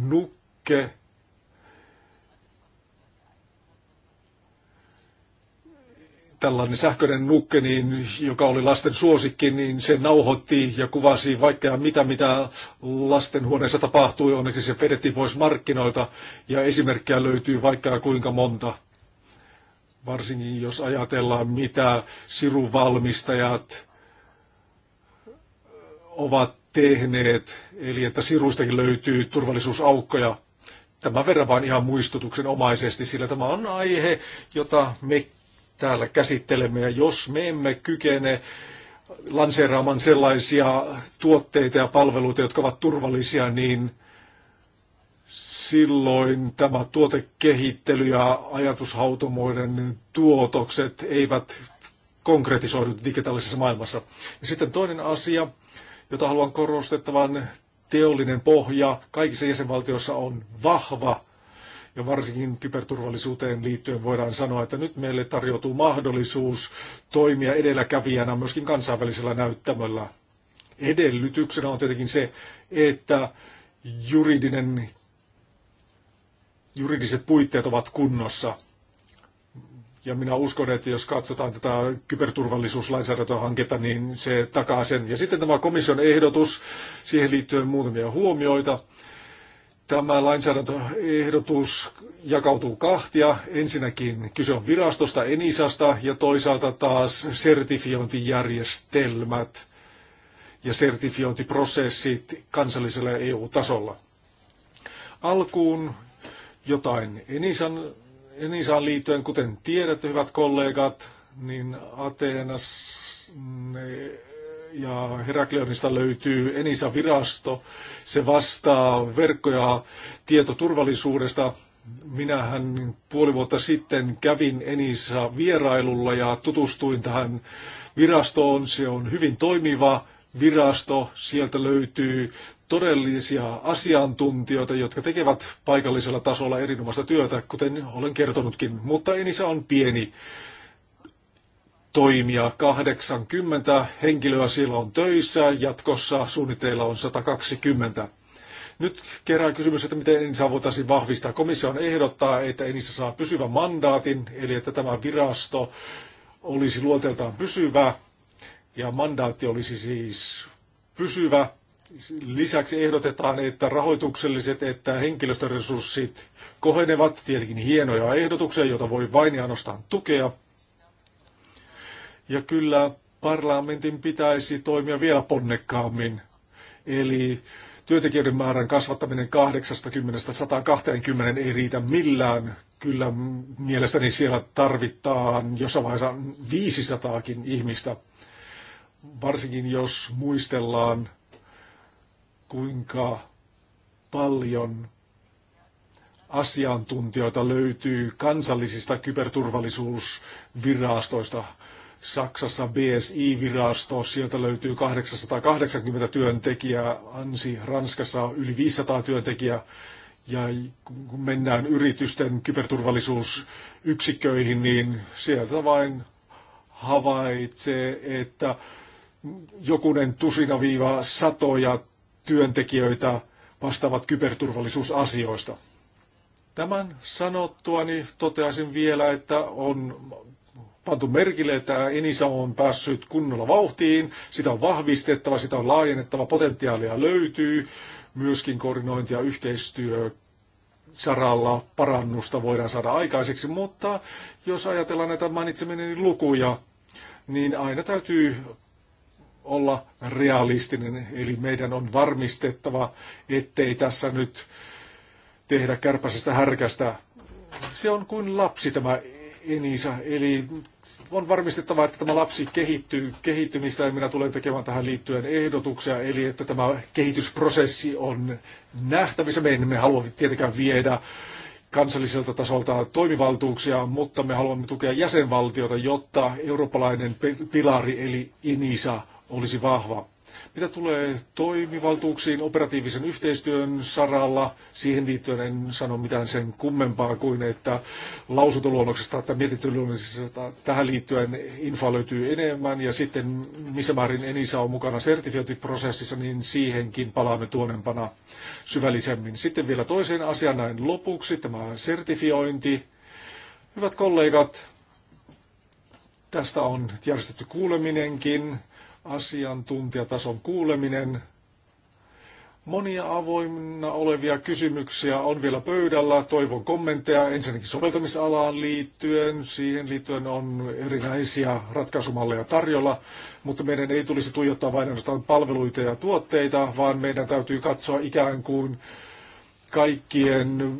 nukke tällainen sähköinen nukke, niin, joka oli lasten suosikki, niin se nauhoitti ja kuvasi vaikka mitä, mitä lastenhuoneessa tapahtui. Onneksi se vedettiin pois markkinoilta ja esimerkkejä löytyy vaikka kuinka monta. Varsinkin jos ajatellaan, mitä siruvalmistajat ovat tehneet, eli että siruistakin löytyy turvallisuusaukkoja. Tämän verran vain ihan muistutuksen omaisesti, sillä tämä on aihe, jota me täällä käsittelemme. Ja jos me emme kykene lanseeraamaan sellaisia tuotteita ja palveluita, jotka ovat turvallisia, niin silloin tämä tuotekehittely ja ajatushautomoiden tuotokset eivät konkretisoidu digitaalisessa maailmassa. Ja sitten toinen asia, jota haluan korostettavan, teollinen pohja kaikissa jäsenvaltioissa on vahva ja varsinkin kyberturvallisuuteen liittyen voidaan sanoa, että nyt meille tarjoutuu mahdollisuus toimia edelläkävijänä myöskin kansainvälisellä näyttämöllä. Edellytyksenä on tietenkin se, että juridinen, juridiset puitteet ovat kunnossa. Ja minä uskon, että jos katsotaan tätä kyberturvallisuuslainsäädäntöhanketta, niin se takaa sen. Ja sitten tämä komission ehdotus, siihen liittyen muutamia huomioita tämä lainsäädäntöehdotus jakautuu kahtia. Ensinnäkin kyse on virastosta Enisasta ja toisaalta taas sertifiointijärjestelmät ja sertifiointiprosessit kansallisella EU-tasolla. Alkuun jotain Enisan, Enisaan liittyen, kuten tiedätte, hyvät kollegat, niin Ateenassa ja Herakleonista löytyy Enisa-virasto. Se vastaa verkko- ja tietoturvallisuudesta. Minähän puoli vuotta sitten kävin Enisa vierailulla ja tutustuin tähän virastoon. Se on hyvin toimiva virasto. Sieltä löytyy todellisia asiantuntijoita, jotka tekevät paikallisella tasolla erinomaista työtä, kuten olen kertonutkin. Mutta Enisa on pieni toimia. 80 henkilöä siellä on töissä, jatkossa suunnitteilla on 120. Nyt kerää kysymys, että miten Enisa voitaisiin vahvistaa. Komissio on ehdottaa, että Enisa saa pysyvän mandaatin, eli että tämä virasto olisi luonteeltaan pysyvä ja mandaatti olisi siis pysyvä. Lisäksi ehdotetaan, että rahoitukselliset että henkilöstöresurssit kohenevat. Tietenkin hienoja ehdotuksia, joita voi vain ja ainoastaan tukea. Ja kyllä parlamentin pitäisi toimia vielä ponnekkaammin. Eli työntekijöiden määrän kasvattaminen 80-120 ei riitä millään. Kyllä mielestäni siellä tarvitaan jossain vaiheessa 500kin ihmistä, varsinkin jos muistellaan kuinka paljon asiantuntijoita löytyy kansallisista kyberturvallisuusvirastoista, Saksassa BSI-virasto, sieltä löytyy 880 työntekijää, Ansi Ranskassa yli 500 työntekijää, ja kun mennään yritysten kyberturvallisuusyksiköihin, niin sieltä vain havaitsee, että jokunen tusina viiva satoja työntekijöitä vastaavat kyberturvallisuusasioista. Tämän sanottuani toteaisin vielä, että on pantu merkille, että Enisa on päässyt kunnolla vauhtiin, sitä on vahvistettava, sitä on laajennettava, potentiaalia löytyy, myöskin koordinointi ja yhteistyö saralla parannusta voidaan saada aikaiseksi, mutta jos ajatellaan näitä mainitsemieni lukuja, niin aina täytyy olla realistinen, eli meidän on varmistettava, ettei tässä nyt tehdä kärpäsestä härkästä. Se on kuin lapsi tämä Enisa. Eli on varmistettava, että tämä lapsi kehittyy kehittymistä ja minä tulen tekemään tähän liittyen ehdotuksia, eli että tämä kehitysprosessi on nähtävissä. Me emme halua tietenkään viedä kansalliselta tasolta toimivaltuuksia, mutta me haluamme tukea jäsenvaltiota, jotta eurooppalainen pilari eli Enisa olisi vahva. Mitä tulee toimivaltuuksiin operatiivisen yhteistyön saralla, siihen liittyen en sano mitään sen kummempaa kuin, että lausuntoluonnoksesta tai mietintöluonnoksesta tähän liittyen infoa löytyy enemmän ja sitten missä määrin Enisa on mukana sertifiointiprosessissa, niin siihenkin palaamme tuonempana syvällisemmin. Sitten vielä toiseen asiaan näin lopuksi, tämä sertifiointi. Hyvät kollegat, tästä on järjestetty kuuleminenkin asiantuntijatason kuuleminen. Monia avoimina olevia kysymyksiä on vielä pöydällä. Toivon kommentteja ensinnäkin soveltamisalaan liittyen. Siihen liittyen on erinäisiä ratkaisumalleja tarjolla, mutta meidän ei tulisi tuijottaa vain ainoastaan palveluita ja tuotteita, vaan meidän täytyy katsoa ikään kuin kaikkien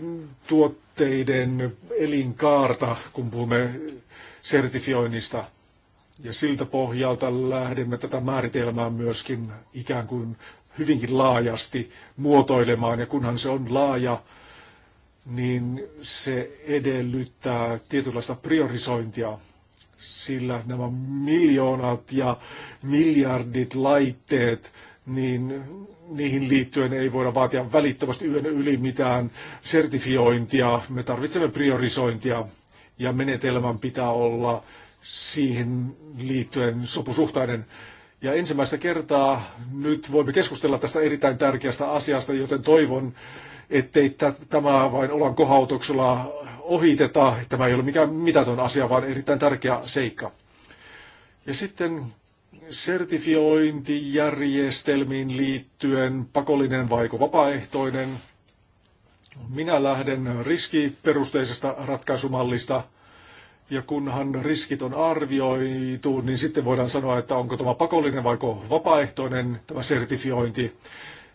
tuotteiden elinkaarta, kun puhumme sertifioinnista. Ja siltä pohjalta lähdemme tätä määritelmää myöskin ikään kuin hyvinkin laajasti muotoilemaan. Ja kunhan se on laaja, niin se edellyttää tietynlaista priorisointia, sillä nämä miljoonat ja miljardit laitteet, niin niihin liittyen ei voida vaatia välittömästi yön yli mitään sertifiointia. Me tarvitsemme priorisointia ja menetelmän pitää olla siihen liittyen sopusuhtainen. Ja ensimmäistä kertaa nyt voimme keskustella tästä erittäin tärkeästä asiasta, joten toivon, ettei tämä vain olan kohautuksella ohiteta. Tämä ei ole mikään mitätön asia, vaan erittäin tärkeä seikka. Ja sitten sertifiointijärjestelmiin liittyen, pakollinen vaiko vapaaehtoinen. Minä lähden riskiperusteisesta ratkaisumallista – ja kunhan riskit on arvioitu, niin sitten voidaan sanoa, että onko tämä pakollinen vai vapaaehtoinen tämä sertifiointi.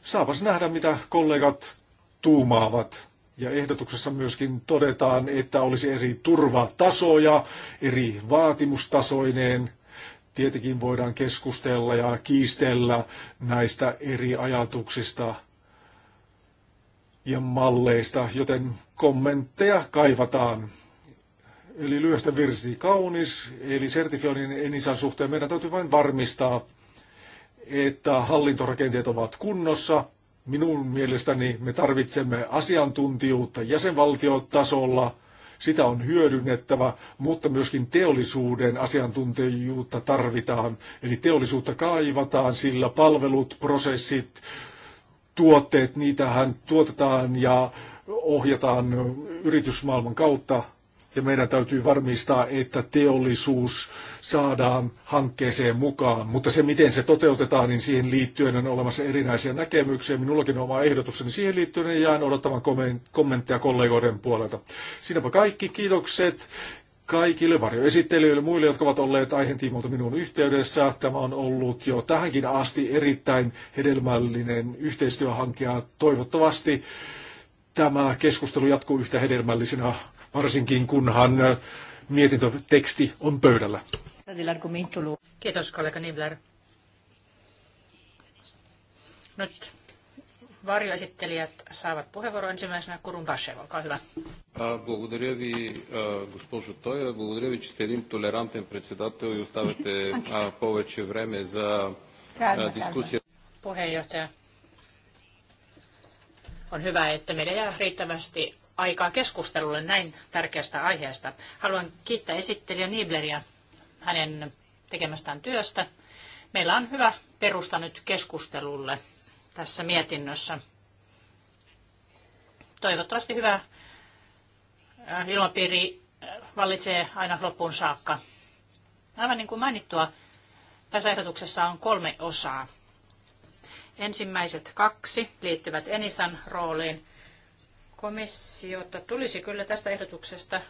Saapas nähdä, mitä kollegat tuumaavat. Ja ehdotuksessa myöskin todetaan, että olisi eri turvatasoja, eri vaatimustasoineen. Tietenkin voidaan keskustella ja kiistellä näistä eri ajatuksista ja malleista, joten kommentteja kaivataan. Eli lyöstä virsi kaunis, eli sertifioinnin enisan suhteen meidän täytyy vain varmistaa, että hallintorakenteet ovat kunnossa. Minun mielestäni me tarvitsemme asiantuntijuutta jäsenvaltiotasolla, sitä on hyödynnettävä, mutta myöskin teollisuuden asiantuntijuutta tarvitaan. Eli teollisuutta kaivataan, sillä palvelut, prosessit, tuotteet, niitähän tuotetaan ja ohjataan yritysmaailman kautta ja meidän täytyy varmistaa, että teollisuus saadaan hankkeeseen mukaan. Mutta se, miten se toteutetaan, niin siihen liittyen on olemassa erinäisiä näkemyksiä. Minullakin on oma ehdotukseni siihen liittyen ja jään odottamaan kommentteja kollegoiden puolelta. Siinäpä kaikki. Kiitokset kaikille varjoesittelijöille, muille, jotka ovat olleet aiheen tiimoilta minun yhteydessä. Tämä on ollut jo tähänkin asti erittäin hedelmällinen yhteistyöhanke ja toivottavasti tämä keskustelu jatkuu yhtä hedelmällisenä varsinkin kunhan äh, mietintöteksti on pöydällä. Kiitos kollega Nibler. Nyt varjoesittelijät saavat puheenvuoron ensimmäisenä. Kurun Bashev, olkaa hyvä. Благодаря ви, госпожо Тойра. Благодаря ви, че сте един толерантен председател и оставяте повече време за дискусия. Puheenjohtaja. On hyvä, että meillä jää riittävästi aikaa keskustelulle näin tärkeästä aiheesta. Haluan kiittää esittelijä Nibleria hänen tekemästään työstä. Meillä on hyvä perusta nyt keskustelulle tässä mietinnössä. Toivottavasti hyvä äh, ilmapiiri äh, vallitsee aina loppuun saakka. Aivan niin kuin mainittua, tässä ehdotuksessa on kolme osaa. Ensimmäiset kaksi liittyvät Enisan rooliin – komissiota tulisi kyllä tästä ehdotuksesta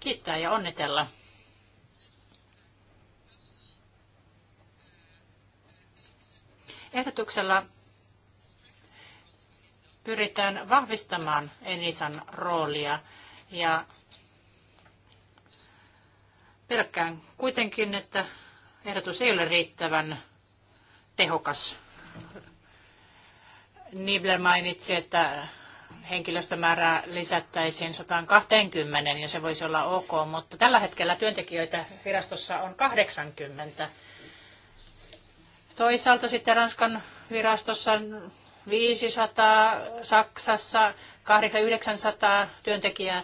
kiittää ja onnitella. Ehdotuksella pyritään vahvistamaan Enisan roolia ja pelkkään kuitenkin, että ehdotus ei ole riittävän tehokas. Nibler mainitsi, että henkilöstömäärää lisättäisiin 120 ja se voisi olla ok, mutta tällä hetkellä työntekijöitä virastossa on 80. Toisaalta sitten Ranskan virastossa 500, Saksassa 800-900 työntekijää.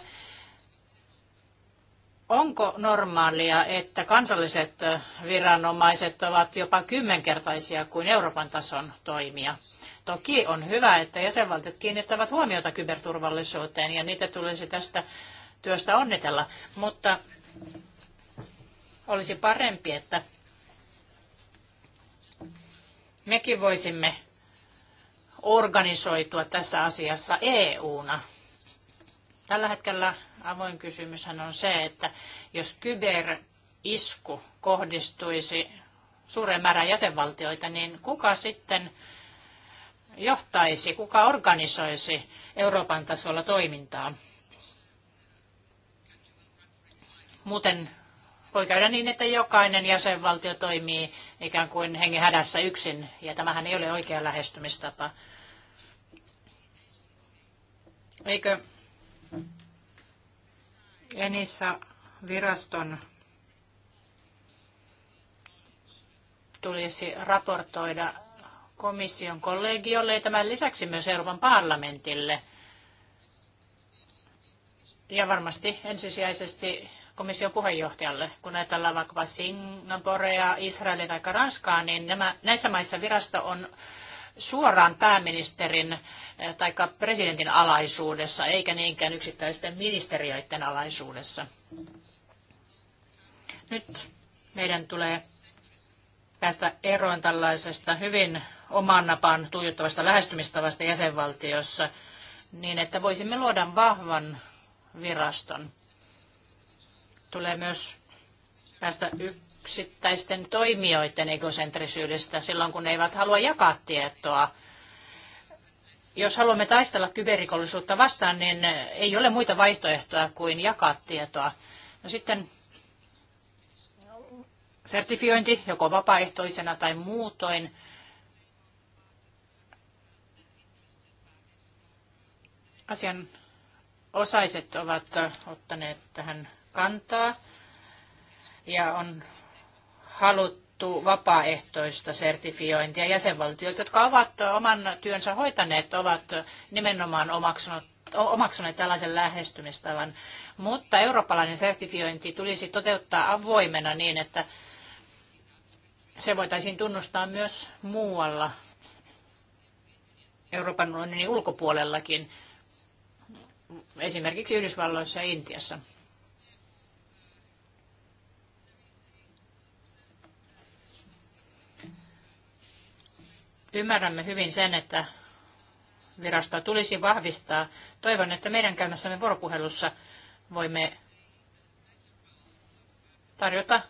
Onko normaalia, että kansalliset viranomaiset ovat jopa kymmenkertaisia kuin Euroopan tason toimia? Toki on hyvä, että jäsenvaltiot kiinnittävät huomiota kyberturvallisuuteen ja niitä tulisi tästä työstä onnitella, mutta olisi parempi, että mekin voisimme organisoitua tässä asiassa EU-na. Tällä hetkellä avoin kysymyshän on se, että jos kyberisku kohdistuisi suureen määrään jäsenvaltioita, niin kuka sitten johtaisi, kuka organisoisi Euroopan tasolla toimintaa. Muuten voi käydä niin, että jokainen jäsenvaltio toimii ikään kuin hengen hädässä yksin, ja tämähän ei ole oikea lähestymistapa. Eikö Enissä viraston tulisi raportoida komission kollegiolle ja tämän lisäksi myös Euroopan parlamentille. Ja varmasti ensisijaisesti komission puheenjohtajalle. Kun ajatellaan vaikkapa Singaporea, Israelia tai Ranskaa, niin nämä, näissä maissa virasto on suoraan pääministerin eh, tai presidentin alaisuudessa, eikä niinkään yksittäisten ministeriöiden alaisuudessa. Nyt meidän tulee päästä eroon tällaisesta hyvin oman napan tuijottavasta lähestymistavasta jäsenvaltiossa, niin että voisimme luoda vahvan viraston. Tulee myös päästä yksittäisten toimijoiden egocentrisyydestä silloin, kun ne eivät halua jakaa tietoa. Jos haluamme taistella kyberrikollisuutta vastaan, niin ei ole muita vaihtoehtoja kuin jakaa tietoa. No sitten sertifiointi joko vapaaehtoisena tai muutoin asian osaiset ovat ottaneet tähän kantaa ja on haluttu vapaaehtoista sertifiointia. Jäsenvaltiot, jotka ovat oman työnsä hoitaneet, ovat nimenomaan omaksunut omaksuneet tällaisen lähestymistavan, mutta eurooppalainen sertifiointi tulisi toteuttaa avoimena niin, että se voitaisiin tunnustaa myös muualla Euroopan unionin ulkopuolellakin esimerkiksi Yhdysvalloissa ja Intiassa. Ymmärrämme hyvin sen, että virastoa tulisi vahvistaa. Toivon, että meidän käymässämme vuoropuhelussa voimme tarjota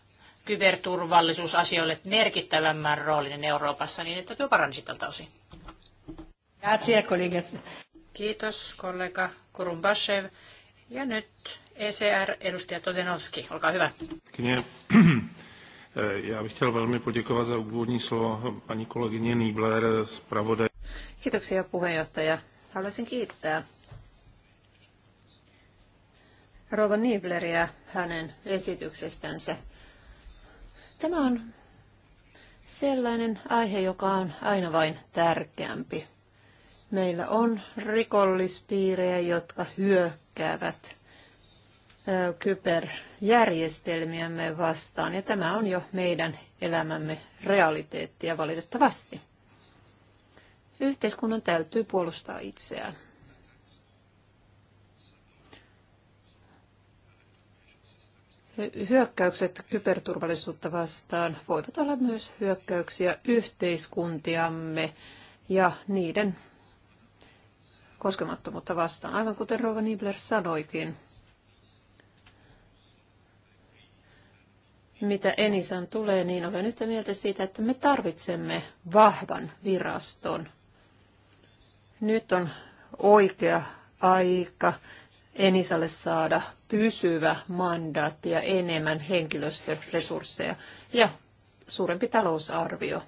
kyberturvallisuusasioille merkittävämmän roolin Euroopassa niin, että tuo paransi tältä osin. Grazie, Kiitos kollega Kurumbashev Ja nyt ECR, edustaja Tozenovski, olkaa hyvä. Eh, Kiitoksia puheenjohtaja. Haluaisin kiittää Rova Nibleriä hänen esityksestänsä. Tämä on sellainen aihe, joka on aina vain tärkeämpi. Meillä on rikollispiirejä, jotka hyökkäävät kyberjärjestelmiämme vastaan, ja tämä on jo meidän elämämme realiteettia valitettavasti. Yhteiskunnan täytyy puolustaa itseään. Hyökkäykset kyberturvallisuutta vastaan voivat olla myös hyökkäyksiä yhteiskuntiamme ja niiden koskemattomuutta vastaan. Aivan kuten Rova Nibler sanoikin, mitä Enisan tulee, niin olen yhtä mieltä siitä, että me tarvitsemme vahvan viraston. Nyt on oikea aika Enisalle saada pysyvä mandaatti ja enemmän henkilöstöresursseja ja suurempi talousarvio.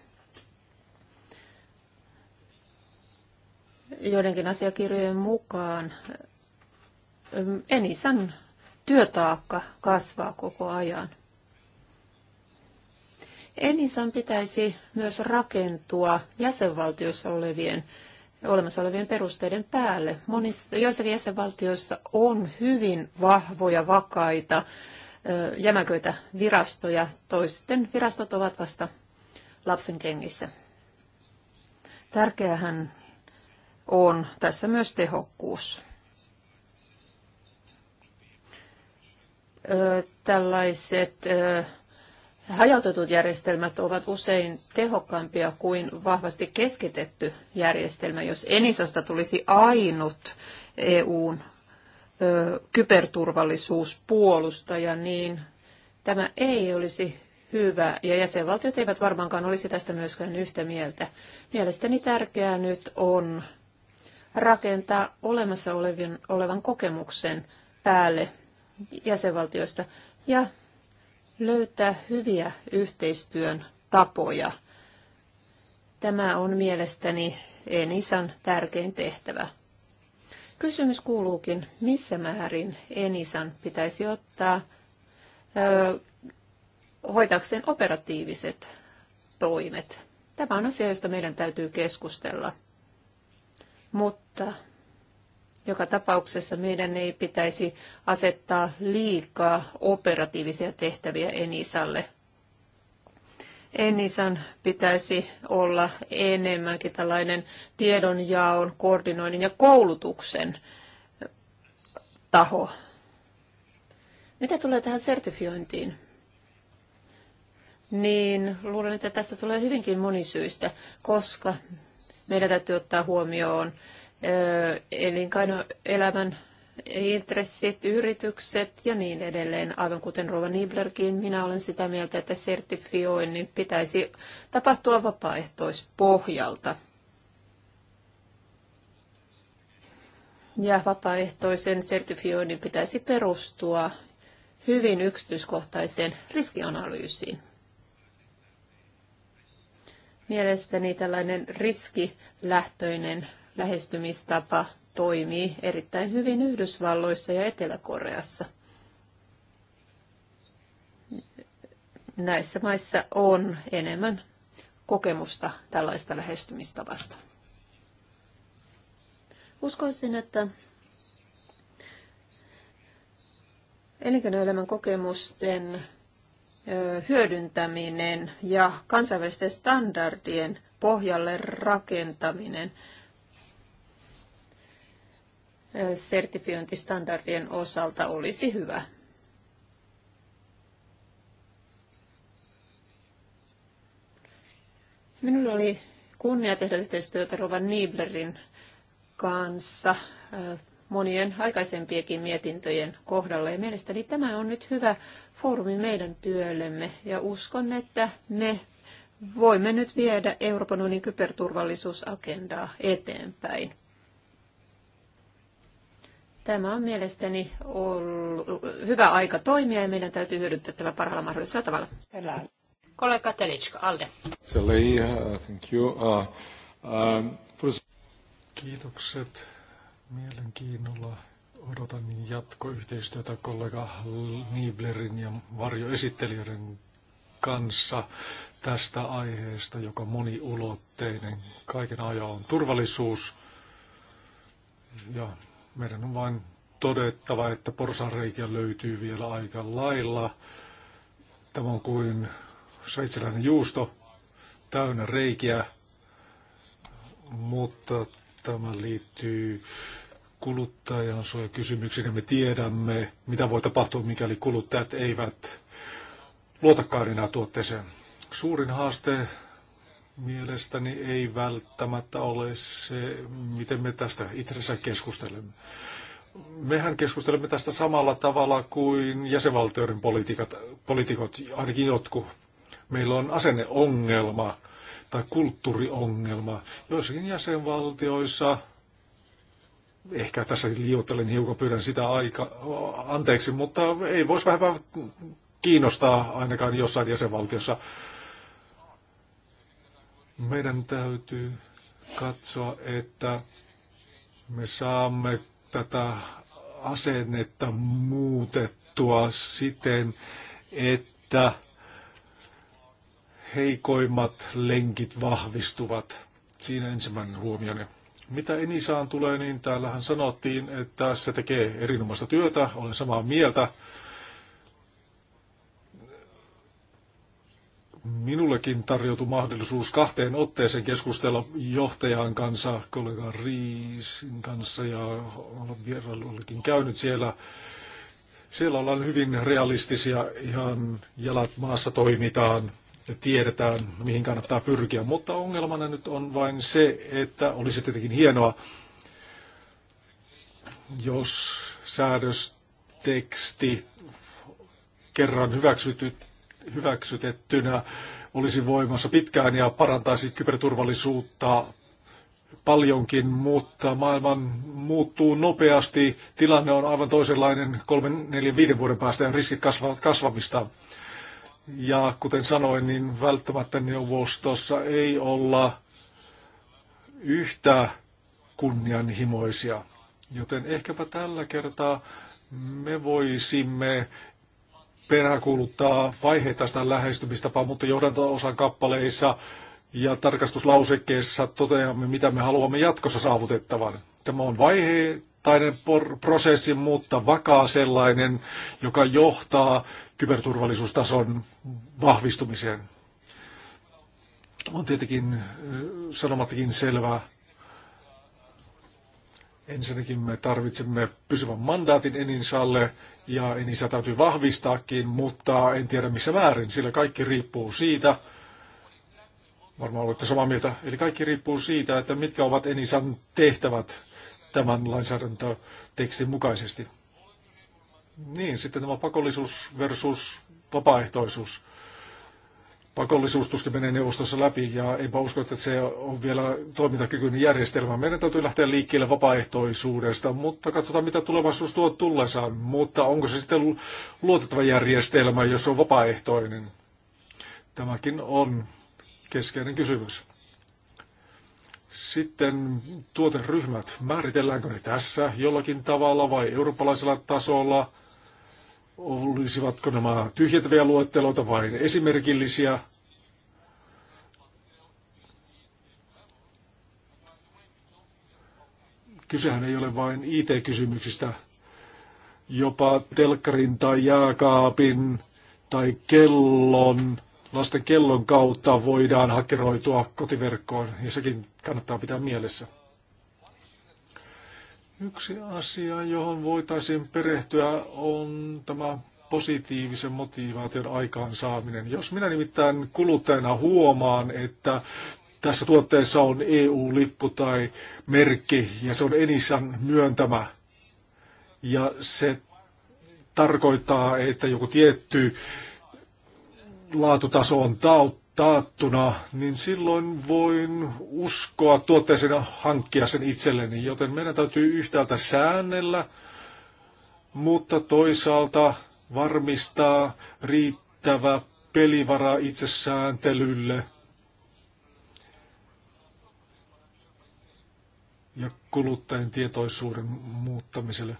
joidenkin asiakirjojen mukaan Enisan työtaakka kasvaa koko ajan. Enisan pitäisi myös rakentua jäsenvaltiossa olevien olemassa olevien perusteiden päälle. Monissa, joissakin jäsenvaltioissa on hyvin vahvoja, vakaita, jämäköitä virastoja. Toisten virastot ovat vasta lapsen kengissä. Tärkeähän on tässä myös tehokkuus. Tällaiset hajautetut järjestelmät ovat usein tehokkaampia kuin vahvasti keskitetty järjestelmä. Jos Enisasta tulisi ainut EUn kyberturvallisuuspuolustaja, niin tämä ei olisi hyvä, ja jäsenvaltiot eivät varmaankaan olisi tästä myöskään yhtä mieltä. Mielestäni tärkeää nyt on rakentaa olemassa olevien, olevan kokemuksen päälle jäsenvaltioista ja löytää hyviä yhteistyön tapoja. Tämä on mielestäni Enisan tärkein tehtävä. Kysymys kuuluukin, missä määrin Enisan pitäisi ottaa hoitakseen operatiiviset toimet. Tämä on asia, josta meidän täytyy keskustella mutta joka tapauksessa meidän ei pitäisi asettaa liikaa operatiivisia tehtäviä Enisalle. Enisan pitäisi olla enemmänkin tällainen tiedonjaon, koordinoinnin ja koulutuksen taho. Mitä tulee tähän sertifiointiin? Niin luulen, että tästä tulee hyvinkin monisyistä, koska meidän täytyy ottaa huomioon elinkainoelämän intressit, yritykset ja niin edelleen. Aivan kuten Rova Niblerkin, minä olen sitä mieltä, että sertifioinnin pitäisi tapahtua vapaaehtoispohjalta. Ja vapaaehtoisen sertifioinnin pitäisi perustua hyvin yksityiskohtaiseen riskianalyysiin. Mielestäni tällainen riskilähtöinen lähestymistapa toimii erittäin hyvin Yhdysvalloissa ja Etelä-Koreassa. Näissä maissa on enemmän kokemusta tällaista lähestymistavasta. Uskoisin, että elinkeinoelämän kokemusten hyödyntäminen ja kansainvälisten standardien pohjalle rakentaminen sertifiointistandardien osalta olisi hyvä. Minulla oli kunnia tehdä yhteistyötä Rovan Niblerin kanssa monien aikaisempienkin mietintöjen kohdalla. Ja mielestäni tämä on nyt hyvä foorumi meidän työllemme ja uskon, että me voimme nyt viedä Euroopan unionin kyberturvallisuusagendaa eteenpäin. Tämä on mielestäni ollut hyvä aika toimia ja meidän täytyy hyödyntää tämä parhaalla mahdollisella tavalla. Elää. Kollega Telitska, Alde. Thank you. Uh, um, Kiitokset Mielenkiinnolla odotan jatkoyhteistyötä kollega Nieblerin ja varjoesittelijöiden kanssa tästä aiheesta, joka moniulotteinen. Kaiken ajan on turvallisuus ja meidän on vain todettava, että porsareikiä löytyy vielä aika lailla. Tämä on kuin sveitsiläinen juusto, täynnä reikiä, mutta tämä liittyy kysymyksiä, me tiedämme, mitä voi tapahtua, mikäli kuluttajat eivät luotakaan enää tuotteeseen. Suurin haaste mielestäni ei välttämättä ole se, miten me tästä itse keskustelemme. Mehän keskustelemme tästä samalla tavalla kuin jäsenvaltioiden poliitikot, poliitikot ainakin jotkut. Meillä on asenneongelma tai kulttuuriongelma. Joissakin jäsenvaltioissa Ehkä tässä liioittelen hiukan, pyydän sitä aika, anteeksi, mutta ei voisi vähän kiinnostaa ainakaan jossain jäsenvaltiossa. Meidän täytyy katsoa, että me saamme tätä asennetta muutettua siten, että heikoimmat lenkit vahvistuvat. Siinä ensimmäinen huomioni. Mitä Enisaan tulee, niin täällähän sanottiin, että se tekee erinomaista työtä, olen samaa mieltä. Minullekin tarjoutui mahdollisuus kahteen otteeseen keskustella johtajan kanssa, kollega Riisin kanssa ja olen vierailullekin käynyt siellä. Siellä ollaan hyvin realistisia, ihan jalat maassa toimitaan, ja tiedetään, mihin kannattaa pyrkiä. Mutta ongelmana nyt on vain se, että olisi tietenkin hienoa, jos säädösteksti kerran hyväksyty, hyväksytettynä olisi voimassa pitkään ja parantaisi kyberturvallisuutta paljonkin, mutta maailman muuttuu nopeasti. Tilanne on aivan toisenlainen kolmen, neljän, viiden vuoden päästä ja riskit kasvavat kasvamista. Ja kuten sanoin, niin välttämättä neuvostossa ei olla yhtä kunnianhimoisia. Joten ehkäpä tällä kertaa me voisimme peräkuuluttaa sitä lähestymistapaa, mutta johdanto-osan kappaleissa ja tarkastuslausekkeessa toteamme, mitä me haluamme jatkossa saavutettavan. Tämä on vaihe, por- prosessi, mutta vakaa sellainen, joka johtaa kyberturvallisuustason vahvistumiseen. On tietenkin sanomattakin selvää. Ensinnäkin me tarvitsemme pysyvän mandaatin Enisalle ja Eninsa täytyy vahvistaakin, mutta en tiedä missä määrin, sillä kaikki riippuu siitä, varmaan olette samaa mieltä. Eli kaikki riippuu siitä, että mitkä ovat Eninsan tehtävät tämän lainsäädäntötekstin mukaisesti. Niin, sitten tämä pakollisuus versus vapaaehtoisuus. Pakollisuus tuskin menee neuvostossa läpi ja enpä usko, että se on vielä toimintakykyinen järjestelmä. Meidän täytyy lähteä liikkeelle vapaaehtoisuudesta, mutta katsotaan mitä tulevaisuus tuo tullessaan. Mutta onko se sitten luotettava järjestelmä, jos se on vapaaehtoinen? Tämäkin on keskeinen kysymys. Sitten tuoteryhmät, määritelläänkö ne tässä jollakin tavalla vai eurooppalaisella tasolla? Olisivatko nämä tyhjentäviä luetteloita vai esimerkillisiä? Kysehän ei ole vain IT-kysymyksistä. Jopa telkkarin tai jääkaapin tai kellon lasten kellon kautta voidaan hakkeroitua kotiverkkoon, ja sekin kannattaa pitää mielessä. Yksi asia, johon voitaisiin perehtyä, on tämä positiivisen motivaation aikaansaaminen. Jos minä nimittäin kuluttajana huomaan, että tässä tuotteessa on EU-lippu tai merkki ja se on Enisan myöntämä ja se tarkoittaa, että joku tietty laatutaso on taattuna, niin silloin voin uskoa tuotteeseen hankkia sen itselleni. Joten meidän täytyy yhtäältä säännellä, mutta toisaalta varmistaa riittävä pelivara itsesääntelylle ja kuluttajien tietoisuuden muuttamiselle.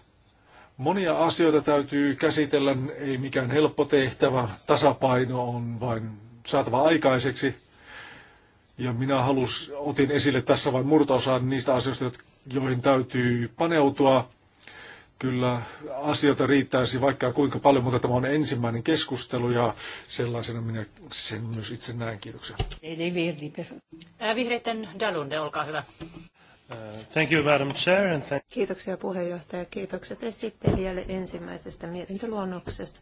Monia asioita täytyy käsitellä, ei mikään helppo tehtävä. Tasapaino on vain saatava aikaiseksi. Ja minä halus, otin esille tässä vain murtoosan niistä asioista, joihin täytyy paneutua. Kyllä asioita riittäisi vaikka kuinka paljon, mutta tämä on ensimmäinen keskustelu ja sellaisena minä sen myös itse näen. Kiitoksia. Vihreiden Dalunde, olkaa hyvä. Thank you, Madam Chair, and thank... Kiitoksia puheenjohtaja. Kiitokset esittelijälle ensimmäisestä mietintöluonnoksesta.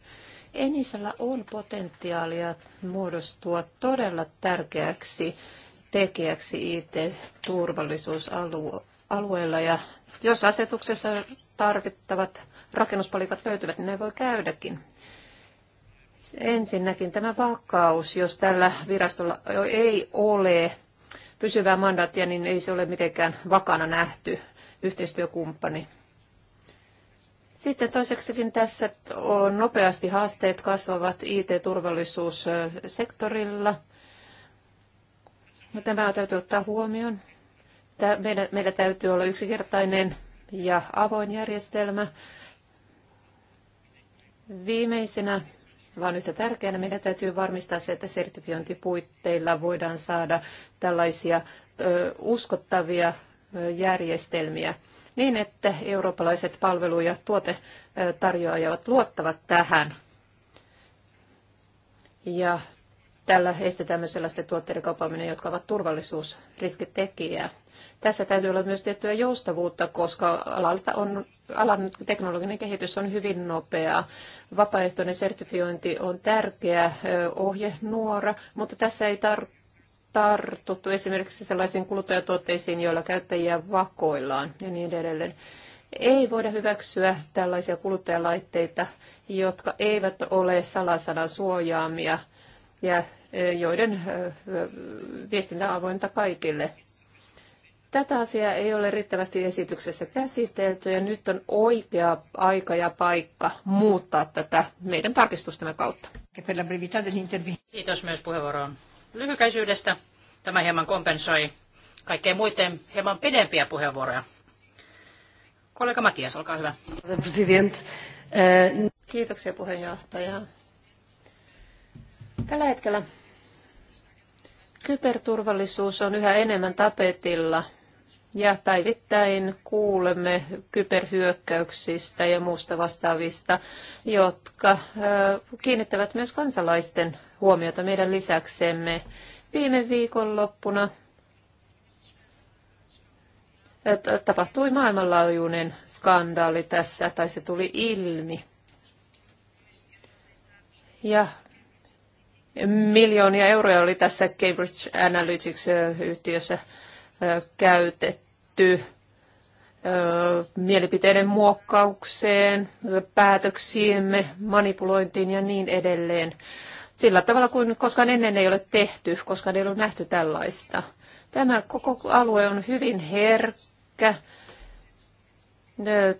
Enisalla on potentiaalia muodostua todella tärkeäksi tekijäksi IT-turvallisuusalueella. Ja jos asetuksessa tarvittavat rakennuspalikat löytyvät, niin ne voi käydäkin. Ensinnäkin tämä vakaus, jos tällä virastolla ei ole pysyvää mandaattia, niin ei se ole mitenkään vakana nähty yhteistyökumppani. Sitten toiseksikin tässä on nopeasti haasteet kasvavat IT-turvallisuussektorilla. Tämä täytyy ottaa huomioon. Meillä, meidän täytyy olla yksinkertainen ja avoin järjestelmä. Viimeisenä vaan yhtä tärkeänä meidän täytyy varmistaa se, että sertifiointipuitteilla voidaan saada tällaisia uskottavia järjestelmiä niin, että eurooppalaiset palvelu- ja tuotetarjoajat luottavat tähän. Ja tällä estetään myös sellaisten tuotteiden kaupaaminen, jotka ovat turvallisuusriskitekijää. Tässä täytyy olla myös tiettyä joustavuutta, koska alalta on alan teknologinen kehitys on hyvin nopea. Vapaaehtoinen sertifiointi on tärkeä ohje nuora, mutta tässä ei tar- tartuttu esimerkiksi sellaisiin kuluttajatuotteisiin, joilla käyttäjiä vakoillaan ja niin edelleen. Ei voida hyväksyä tällaisia kuluttajalaitteita, jotka eivät ole salasanan suojaamia ja joiden viestintä on avointa kaikille. Tätä asiaa ei ole riittävästi esityksessä käsitelty ja nyt on oikea aika ja paikka muuttaa tätä meidän tarkistustemme kautta. Kiitos myös puheenvuoroon lyhykäisyydestä. Tämä hieman kompensoi kaikkein muiden hieman pidempiä puheenvuoroja. Kollega Matias, olkaa hyvä. Eh, Kiitoksia puheenjohtaja. Tällä hetkellä kyberturvallisuus on yhä enemmän tapetilla ja päivittäin kuulemme kyberhyökkäyksistä ja muusta vastaavista, jotka kiinnittävät myös kansalaisten huomiota meidän lisäksemme. Viime viikonloppuna tapahtui maailmanlaajuinen skandaali tässä, tai se tuli ilmi. Ja miljoonia euroja oli tässä Cambridge Analytics-yhtiössä käytetty mielipiteiden muokkaukseen, päätöksiimme, manipulointiin ja niin edelleen. Sillä tavalla kuin koskaan ennen ei ole tehty, koskaan ei ole nähty tällaista. Tämä koko alue on hyvin herkkä.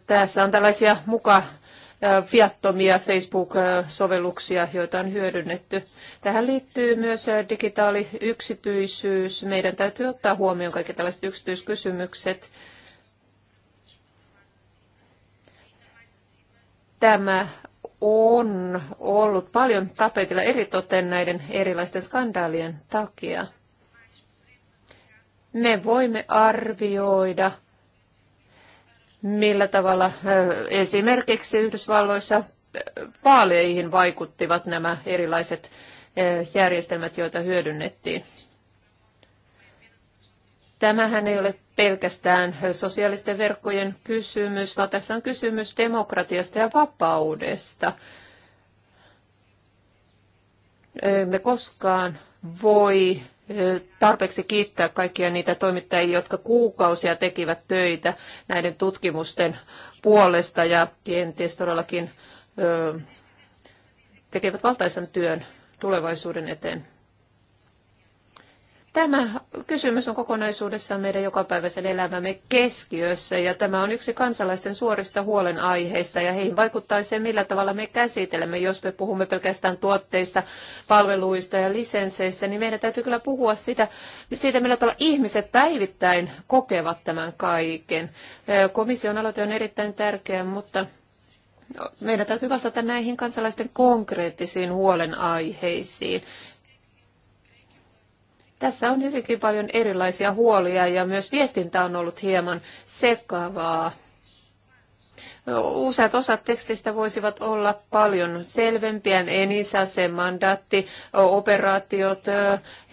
Tässä on tällaisia muka viattomia Facebook-sovelluksia, joita on hyödynnetty. Tähän liittyy myös digitaali yksityisyys. Meidän täytyy ottaa huomioon kaikki tällaiset yksityiskysymykset. Tämä on ollut paljon tapetilla eritoten näiden erilaisten skandaalien takia. Me voimme arvioida millä tavalla esimerkiksi Yhdysvalloissa vaaleihin vaikuttivat nämä erilaiset järjestelmät, joita hyödynnettiin. Tämähän ei ole pelkästään sosiaalisten verkkojen kysymys, vaan tässä on kysymys demokratiasta ja vapaudesta. Me koskaan voi tarpeeksi kiittää kaikkia niitä toimittajia, jotka kuukausia tekivät töitä näiden tutkimusten puolesta ja kenties todellakin tekevät valtaisen työn tulevaisuuden eteen. Tämä kysymys on kokonaisuudessaan meidän jokapäiväisen elämämme keskiössä ja tämä on yksi kansalaisten suorista huolenaiheista ja heihin vaikuttaa se, millä tavalla me käsittelemme. Jos me puhumme pelkästään tuotteista, palveluista ja lisensseistä, niin meidän täytyy kyllä puhua sitä, siitä, millä tavalla ihmiset päivittäin kokevat tämän kaiken. Komission aloite on erittäin tärkeä, mutta meidän täytyy vastata näihin kansalaisten konkreettisiin huolenaiheisiin. Tässä on hyvinkin paljon erilaisia huolia ja myös viestintä on ollut hieman sekavaa. Useat osat tekstistä voisivat olla paljon selvempiä. Enisa, se mandaatti, operaatiot,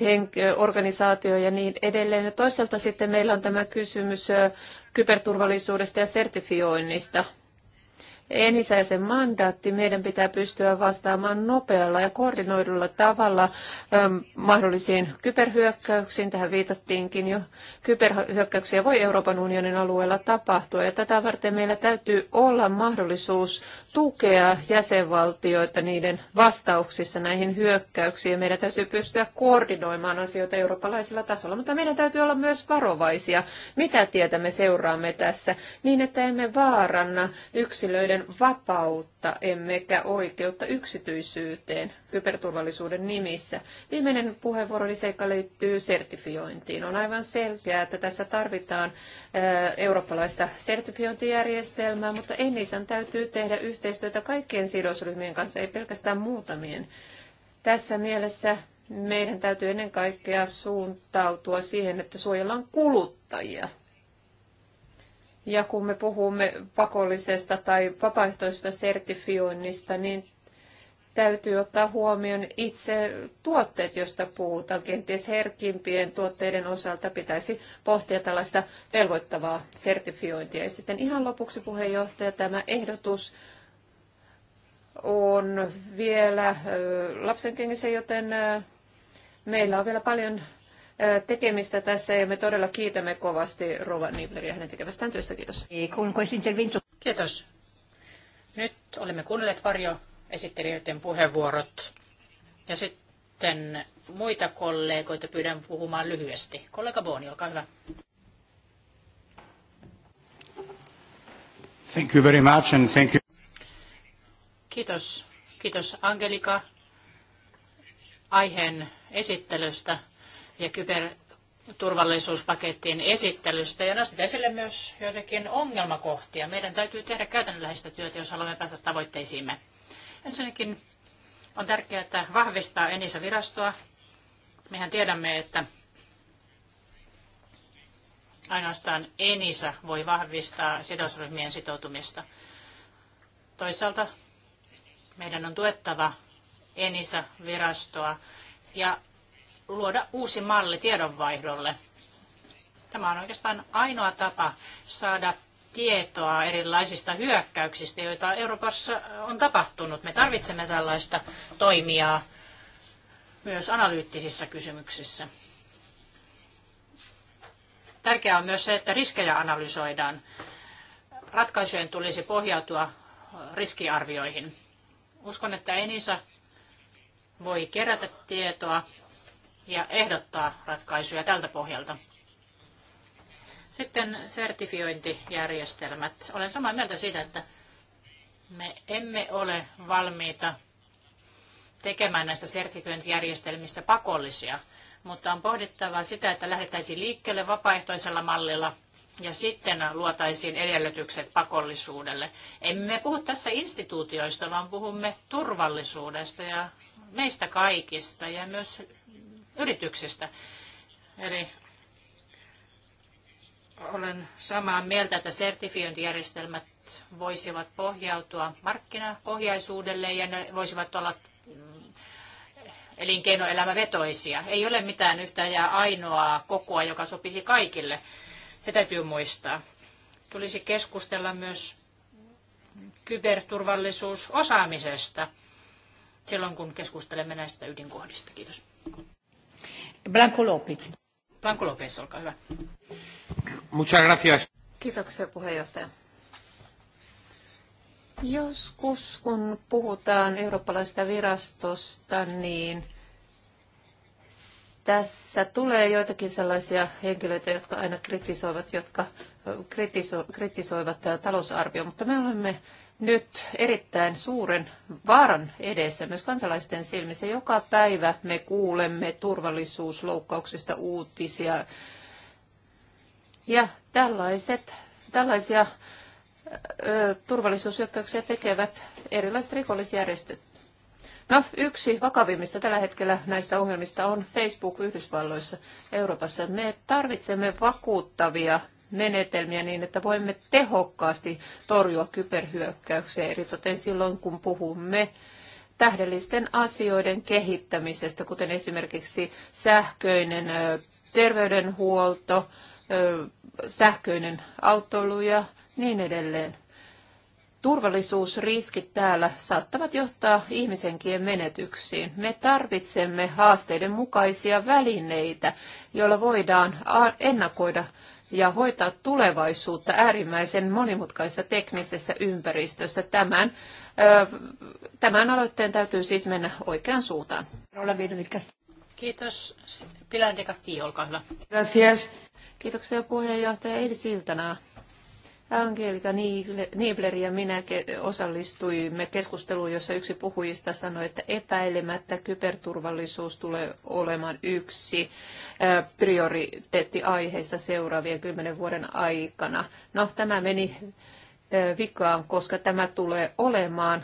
henk- organisaatio ja niin edelleen. Ja toisaalta sitten meillä on tämä kysymys kyberturvallisuudesta ja sertifioinnista. Enisa ja sen mandaatti, meidän pitää pystyä vastaamaan nopealla ja koordinoidulla tavalla ähm, mahdollisiin kyberhyökkäyksiin. Tähän viitattiinkin jo. Kyberhyökkäyksiä voi Euroopan unionin alueella tapahtua ja tätä varten meillä täytyy olla mahdollisuus tukea jäsenvaltioita niiden vastauksissa näihin hyökkäyksiin. Meidän täytyy pystyä koordinoimaan asioita eurooppalaisella tasolla, mutta meidän täytyy olla myös varovaisia, mitä tietä me seuraamme tässä, niin että emme vaaranna yksilöiden tietojen vapautta emmekä oikeutta yksityisyyteen kyberturvallisuuden nimissä. Viimeinen puheenvuoro seikka liittyy sertifiointiin. On aivan selkeää, että tässä tarvitaan eh, eurooppalaista sertifiointijärjestelmää, mutta Enisan täytyy tehdä yhteistyötä kaikkien sidosryhmien kanssa, ei pelkästään muutamien. Tässä mielessä meidän täytyy ennen kaikkea suuntautua siihen, että suojellaan kuluttajia ja kun me puhumme pakollisesta tai vapaaehtoisesta sertifioinnista, niin täytyy ottaa huomioon itse tuotteet, joista puhutaan. Kenties herkimpien tuotteiden osalta pitäisi pohtia tällaista velvoittavaa sertifiointia. Ja sitten ihan lopuksi puheenjohtaja tämä ehdotus on vielä lapsenkengissä, joten meillä on vielä paljon tekemistä tässä ja me todella kiitämme kovasti Rova Nibleriä hänen tekemästään työstä. Kiitos. Kiitos. Nyt olemme kuunnelleet varjo esittelijöiden puheenvuorot ja sitten muita kollegoita pyydän puhumaan lyhyesti. Kollega Booni, olkaa hyvä. Thank you very much and thank you. Kiitos. Kiitos Angelika aiheen esittelystä ja kyberturvallisuuspakettien esittelystä ja nostit esille myös joitakin ongelmakohtia. Meidän täytyy tehdä käytännönläheistä työtä, jos haluamme päästä tavoitteisiimme. Ensinnäkin on tärkeää vahvistaa Enisa-virastoa. Mehän tiedämme, että ainoastaan Enisa voi vahvistaa sidosryhmien sitoutumista. Toisaalta meidän on tuettava Enisa-virastoa ja luoda uusi malli tiedonvaihdolle. Tämä on oikeastaan ainoa tapa saada tietoa erilaisista hyökkäyksistä, joita Euroopassa on tapahtunut. Me tarvitsemme tällaista toimijaa myös analyyttisissä kysymyksissä. Tärkeää on myös se, että riskejä analysoidaan. Ratkaisujen tulisi pohjautua riskiarvioihin. Uskon, että Enisa voi kerätä tietoa ja ehdottaa ratkaisuja tältä pohjalta. Sitten sertifiointijärjestelmät. Olen samaa mieltä siitä, että me emme ole valmiita tekemään näistä sertifiointijärjestelmistä pakollisia, mutta on pohdittava sitä, että lähdettäisiin liikkeelle vapaaehtoisella mallilla ja sitten luotaisiin edellytykset pakollisuudelle. Emme puhu tässä instituutioista, vaan puhumme turvallisuudesta ja meistä kaikista ja myös yrityksistä. Eli olen samaa mieltä, että sertifiointijärjestelmät voisivat pohjautua markkinapohjaisuudelle ja ne voisivat olla mm, elinkeinoelämävetoisia. Ei ole mitään yhtä ja ainoaa kokoa, joka sopisi kaikille. Se täytyy muistaa. Tulisi keskustella myös kyberturvallisuusosaamisesta silloin, kun keskustelemme näistä ydinkohdista. Kiitos. Blanco Lopez. Kiitoksia puheenjohtaja. Joskus kun puhutaan eurooppalaisesta virastosta, niin tässä tulee joitakin sellaisia henkilöitä, jotka aina kritisoivat, jotka kritiso, kritisoivat talousarvio, mutta me olemme nyt erittäin suuren vaaran edessä myös kansalaisten silmissä. Joka päivä me kuulemme turvallisuusloukkauksista uutisia. Ja tällaiset, tällaisia ö, turvallisuushyökkäyksiä tekevät erilaiset rikollisjärjestöt. No, yksi vakavimmista tällä hetkellä näistä ongelmista on Facebook Yhdysvalloissa, Euroopassa. Me tarvitsemme vakuuttavia menetelmiä niin, että voimme tehokkaasti torjua kyberhyökkäyksiä, eritoten silloin kun puhumme tähdellisten asioiden kehittämisestä, kuten esimerkiksi sähköinen terveydenhuolto, sähköinen autoilu ja niin edelleen. Turvallisuusriskit täällä saattavat johtaa ihmisenkien menetyksiin. Me tarvitsemme haasteiden mukaisia välineitä, joilla voidaan ennakoida ja hoitaa tulevaisuutta äärimmäisen monimutkaisessa teknisessä ympäristössä. Tämän, tämän aloitteen täytyy siis mennä oikeaan suuntaan. Kiitos. Pilar de Castillo, olkaa hyvä. Gracias. Kiitoksia puheenjohtaja Siltanaa. Angelika Niebler ja minä osallistuimme keskusteluun, jossa yksi puhujista sanoi, että epäilemättä kyberturvallisuus tulee olemaan yksi prioriteettiaiheista seuraavien kymmenen vuoden aikana. No, tämä meni vikaan, koska tämä tulee olemaan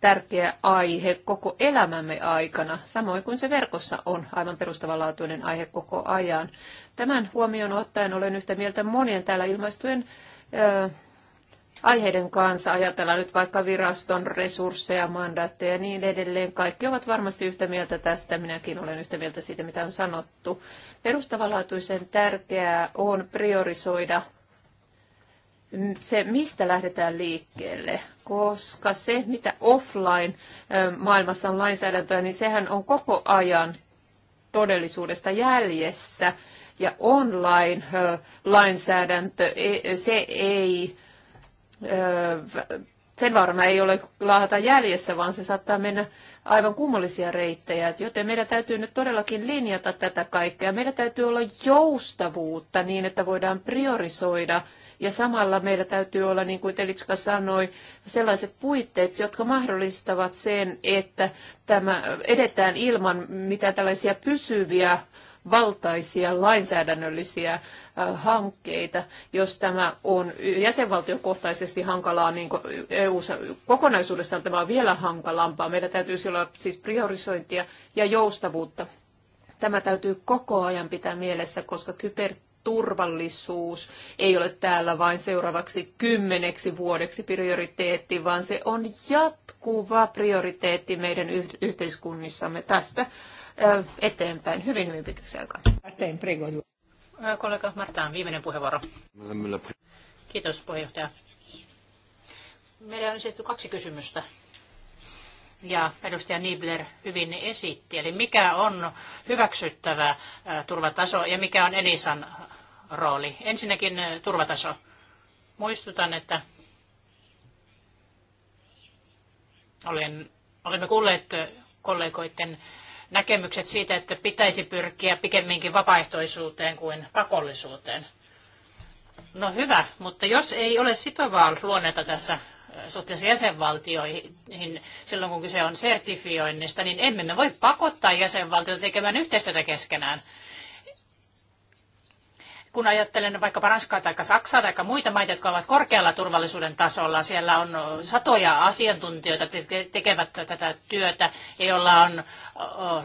tärkeä aihe koko elämämme aikana, samoin kuin se verkossa on aivan perustavanlaatuinen aihe koko ajan. Tämän huomioon ottaen olen yhtä mieltä monien täällä ilmaistujen ö, aiheiden kanssa. Ajatellaan nyt vaikka viraston resursseja, mandaatteja ja niin edelleen. Kaikki ovat varmasti yhtä mieltä tästä. Minäkin olen yhtä mieltä siitä, mitä on sanottu. Perustavanlaatuisen tärkeää on priorisoida se, mistä lähdetään liikkeelle, koska se, mitä offline-maailmassa on lainsäädäntöä, niin sehän on koko ajan todellisuudesta jäljessä. Ja online-lainsäädäntö, e, se ei, sen vaarana ei ole laahata jäljessä, vaan se saattaa mennä aivan kummallisia reittejä. Joten meidän täytyy nyt todellakin linjata tätä kaikkea. Meidän täytyy olla joustavuutta niin, että voidaan priorisoida – ja samalla meillä täytyy olla, niin kuin Telitska sanoi, sellaiset puitteet, jotka mahdollistavat sen, että tämä edetään ilman mitään tällaisia pysyviä valtaisia lainsäädännöllisiä äh, hankkeita, jos tämä on jäsenvaltiokohtaisesti hankalaa, niin kuin EU kokonaisuudessaan tämä on vielä hankalampaa. Meillä täytyy olla siis priorisointia ja joustavuutta. Tämä täytyy koko ajan pitää mielessä, koska kyber turvallisuus ei ole täällä vain seuraavaksi kymmeneksi vuodeksi prioriteetti, vaan se on jatkuva prioriteetti meidän yhteiskunnissamme tästä eteenpäin hyvin, hyvin pitkäksi aikaa. Martin, Kollega Martaan, viimeinen puheenvuoro. Kiitos puheenjohtaja. Meillä on esitetty kaksi kysymystä ja edustaja Nibler hyvin esitti. Eli mikä on hyväksyttävä turvataso ja mikä on Enisan rooli. Ensinnäkin eh, turvataso. Muistutan, että olen, olemme kuulleet eh, kollegoiden näkemykset siitä, että pitäisi pyrkiä pikemminkin vapaaehtoisuuteen kuin pakollisuuteen. No hyvä, mutta jos ei ole sitovaa luonnetta tässä eh, suhteessa jäsenvaltioihin silloin, kun kyse on sertifioinnista, niin emme me voi pakottaa jäsenvaltioita tekemään yhteistyötä keskenään kun ajattelen vaikkapa Ranskaa tai Saksaa tai muita maita, jotka ovat korkealla turvallisuuden tasolla, siellä on satoja asiantuntijoita, jotka tekevät tätä työtä ja joilla on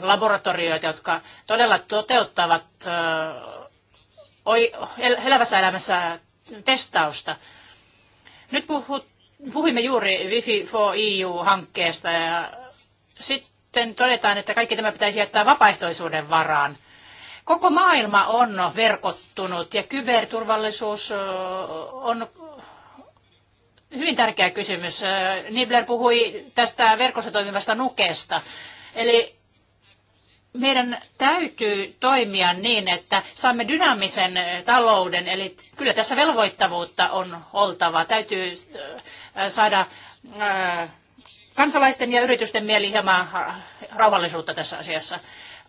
laboratorioita, jotka todella toteuttavat elävässä elämässä testausta. Nyt puhuimme juuri Wifi for EU-hankkeesta ja sitten todetaan, että kaikki tämä pitäisi jättää vapaaehtoisuuden varaan. Koko maailma on verkottunut ja kyberturvallisuus on hyvin tärkeä kysymys. Nibler puhui tästä verkossa toimivasta nukesta. Eli meidän täytyy toimia niin, että saamme dynaamisen talouden, eli kyllä tässä velvoittavuutta on oltava. Täytyy saada kansalaisten ja yritysten mieli hieman rauhallisuutta tässä asiassa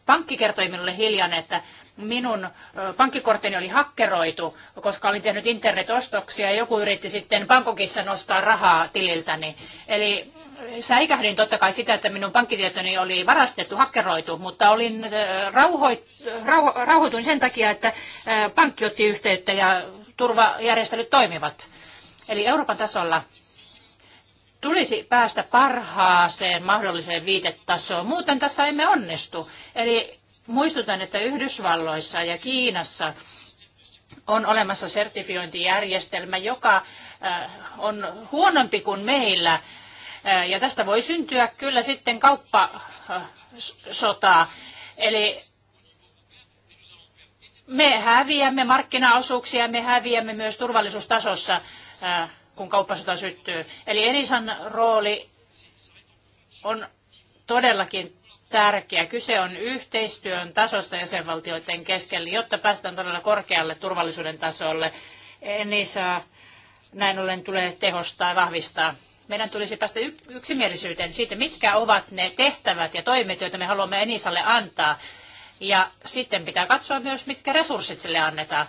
pankki kertoi minulle hiljan, että minun pankkikorttini oli hakkeroitu, koska olin tehnyt internetostoksia ja joku yritti sitten pankokissa nostaa rahaa tililtäni. Eli säikähdin totta kai sitä, että minun pankkitietoni oli varastettu, hakkeroitu, mutta olin rauhoit, rauho, rauhoituin sen takia, että pankki otti yhteyttä ja turvajärjestelyt toimivat. Eli Euroopan tasolla tulisi päästä parhaaseen mahdolliseen viitetasoon. Muuten tässä emme onnistu. Eli muistutan, että Yhdysvalloissa ja Kiinassa on olemassa sertifiointijärjestelmä, joka äh, on huonompi kuin meillä. Äh, ja tästä voi syntyä kyllä sitten kauppasotaa. Äh, Eli me häviämme markkinaosuuksia, me häviämme myös turvallisuustasossa kun kauppasota syttyy. Eli Enisan rooli on todellakin tärkeä. Kyse on yhteistyön tasosta jäsenvaltioiden keskellä, jotta päästään todella korkealle turvallisuuden tasolle. Enisa näin ollen tulee tehostaa ja vahvistaa. Meidän tulisi päästä yksimielisyyteen siitä, mitkä ovat ne tehtävät ja toimet, joita me haluamme Enisalle antaa. Ja sitten pitää katsoa myös, mitkä resurssit sille annetaan.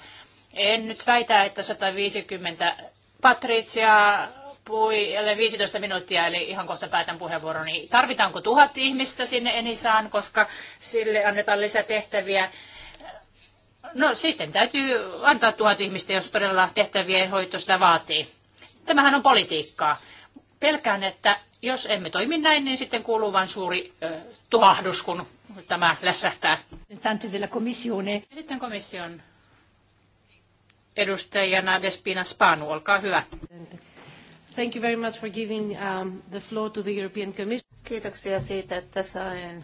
En nyt väitä, että 150 Patricia puhui 15 minuuttia, eli ihan kohta päätän puheenvuoroni. Tarvitaanko tuhat ihmistä sinne Enisaan, koska sille annetaan lisätehtäviä? No sitten täytyy antaa tuhat ihmistä, jos todella tehtävien hoito sitä vaatii. Tämähän on politiikkaa. Pelkään, että jos emme toimi näin, niin sitten kuuluu vain suuri ö, tuhahdus, kun tämä lässähtää. Sitten komission edustajana Despina Spanu, olkaa hyvä. Thank you very much for giving um, the floor to the European Commission. Kiitoksia siitä, että sain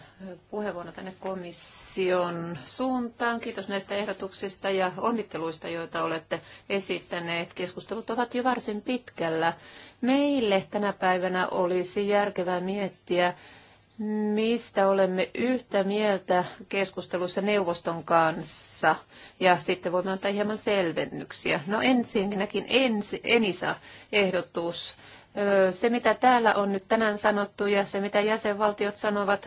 puheenvuoron tänne komission suuntaan. Kiitos näistä ehdotuksista ja onnitteluista, joita olette esittäneet. Keskustelut ovat jo varsin pitkällä. Meille tänä päivänä olisi järkevää miettiä, mistä olemme yhtä mieltä keskustelussa neuvoston kanssa. Ja sitten voimme antaa hieman selvennyksiä. No ensinnäkin ensi, Enisa-ehdotus. Se, mitä täällä on nyt tänään sanottu ja se, mitä jäsenvaltiot sanovat,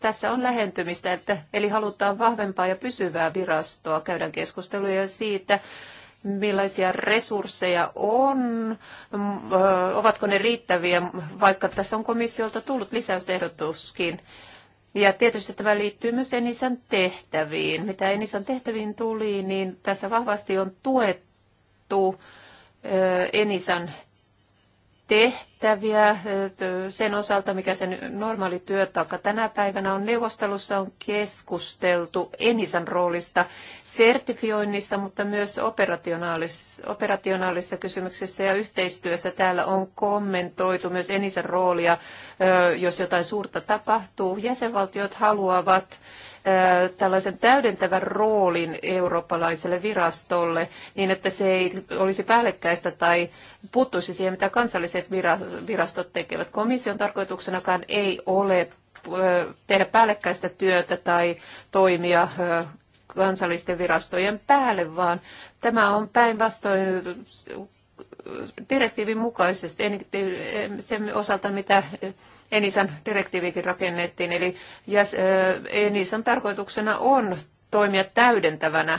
tässä on lähentymistä, että, eli halutaan vahvempaa ja pysyvää virastoa. Käydään keskusteluja siitä, millaisia resursseja on, mm, ovatko ne riittäviä, vaikka tässä on komissiolta tullut lisäysehdotuskin. Ja tietysti tämä liittyy myös Enisan tehtäviin. Mitä Enisan tehtäviin tuli, niin tässä vahvasti on tuettu Enisan tehtäviä äh, sen osalta, mikä sen normaali työtaakka tänä päivänä on. Neuvostelussa on keskusteltu Enisan roolista sertifioinnissa, mutta myös operationaalis- operationaalisissa kysymyksissä ja yhteistyössä täällä on kommentoitu myös Enisan roolia, äh, jos jotain suurta tapahtuu. Jäsenvaltiot haluavat tällaisen täydentävän roolin eurooppalaiselle virastolle niin, että se ei olisi päällekkäistä tai puuttuisi siihen, mitä kansalliset virastot tekevät. Komission tarkoituksenakaan ei ole tehdä päällekkäistä työtä tai toimia kansallisten virastojen päälle, vaan tämä on päinvastoin direktiivin mukaisesti sen osalta, mitä Enisan direktiivikin rakennettiin. Eli Enisan tarkoituksena on toimia täydentävänä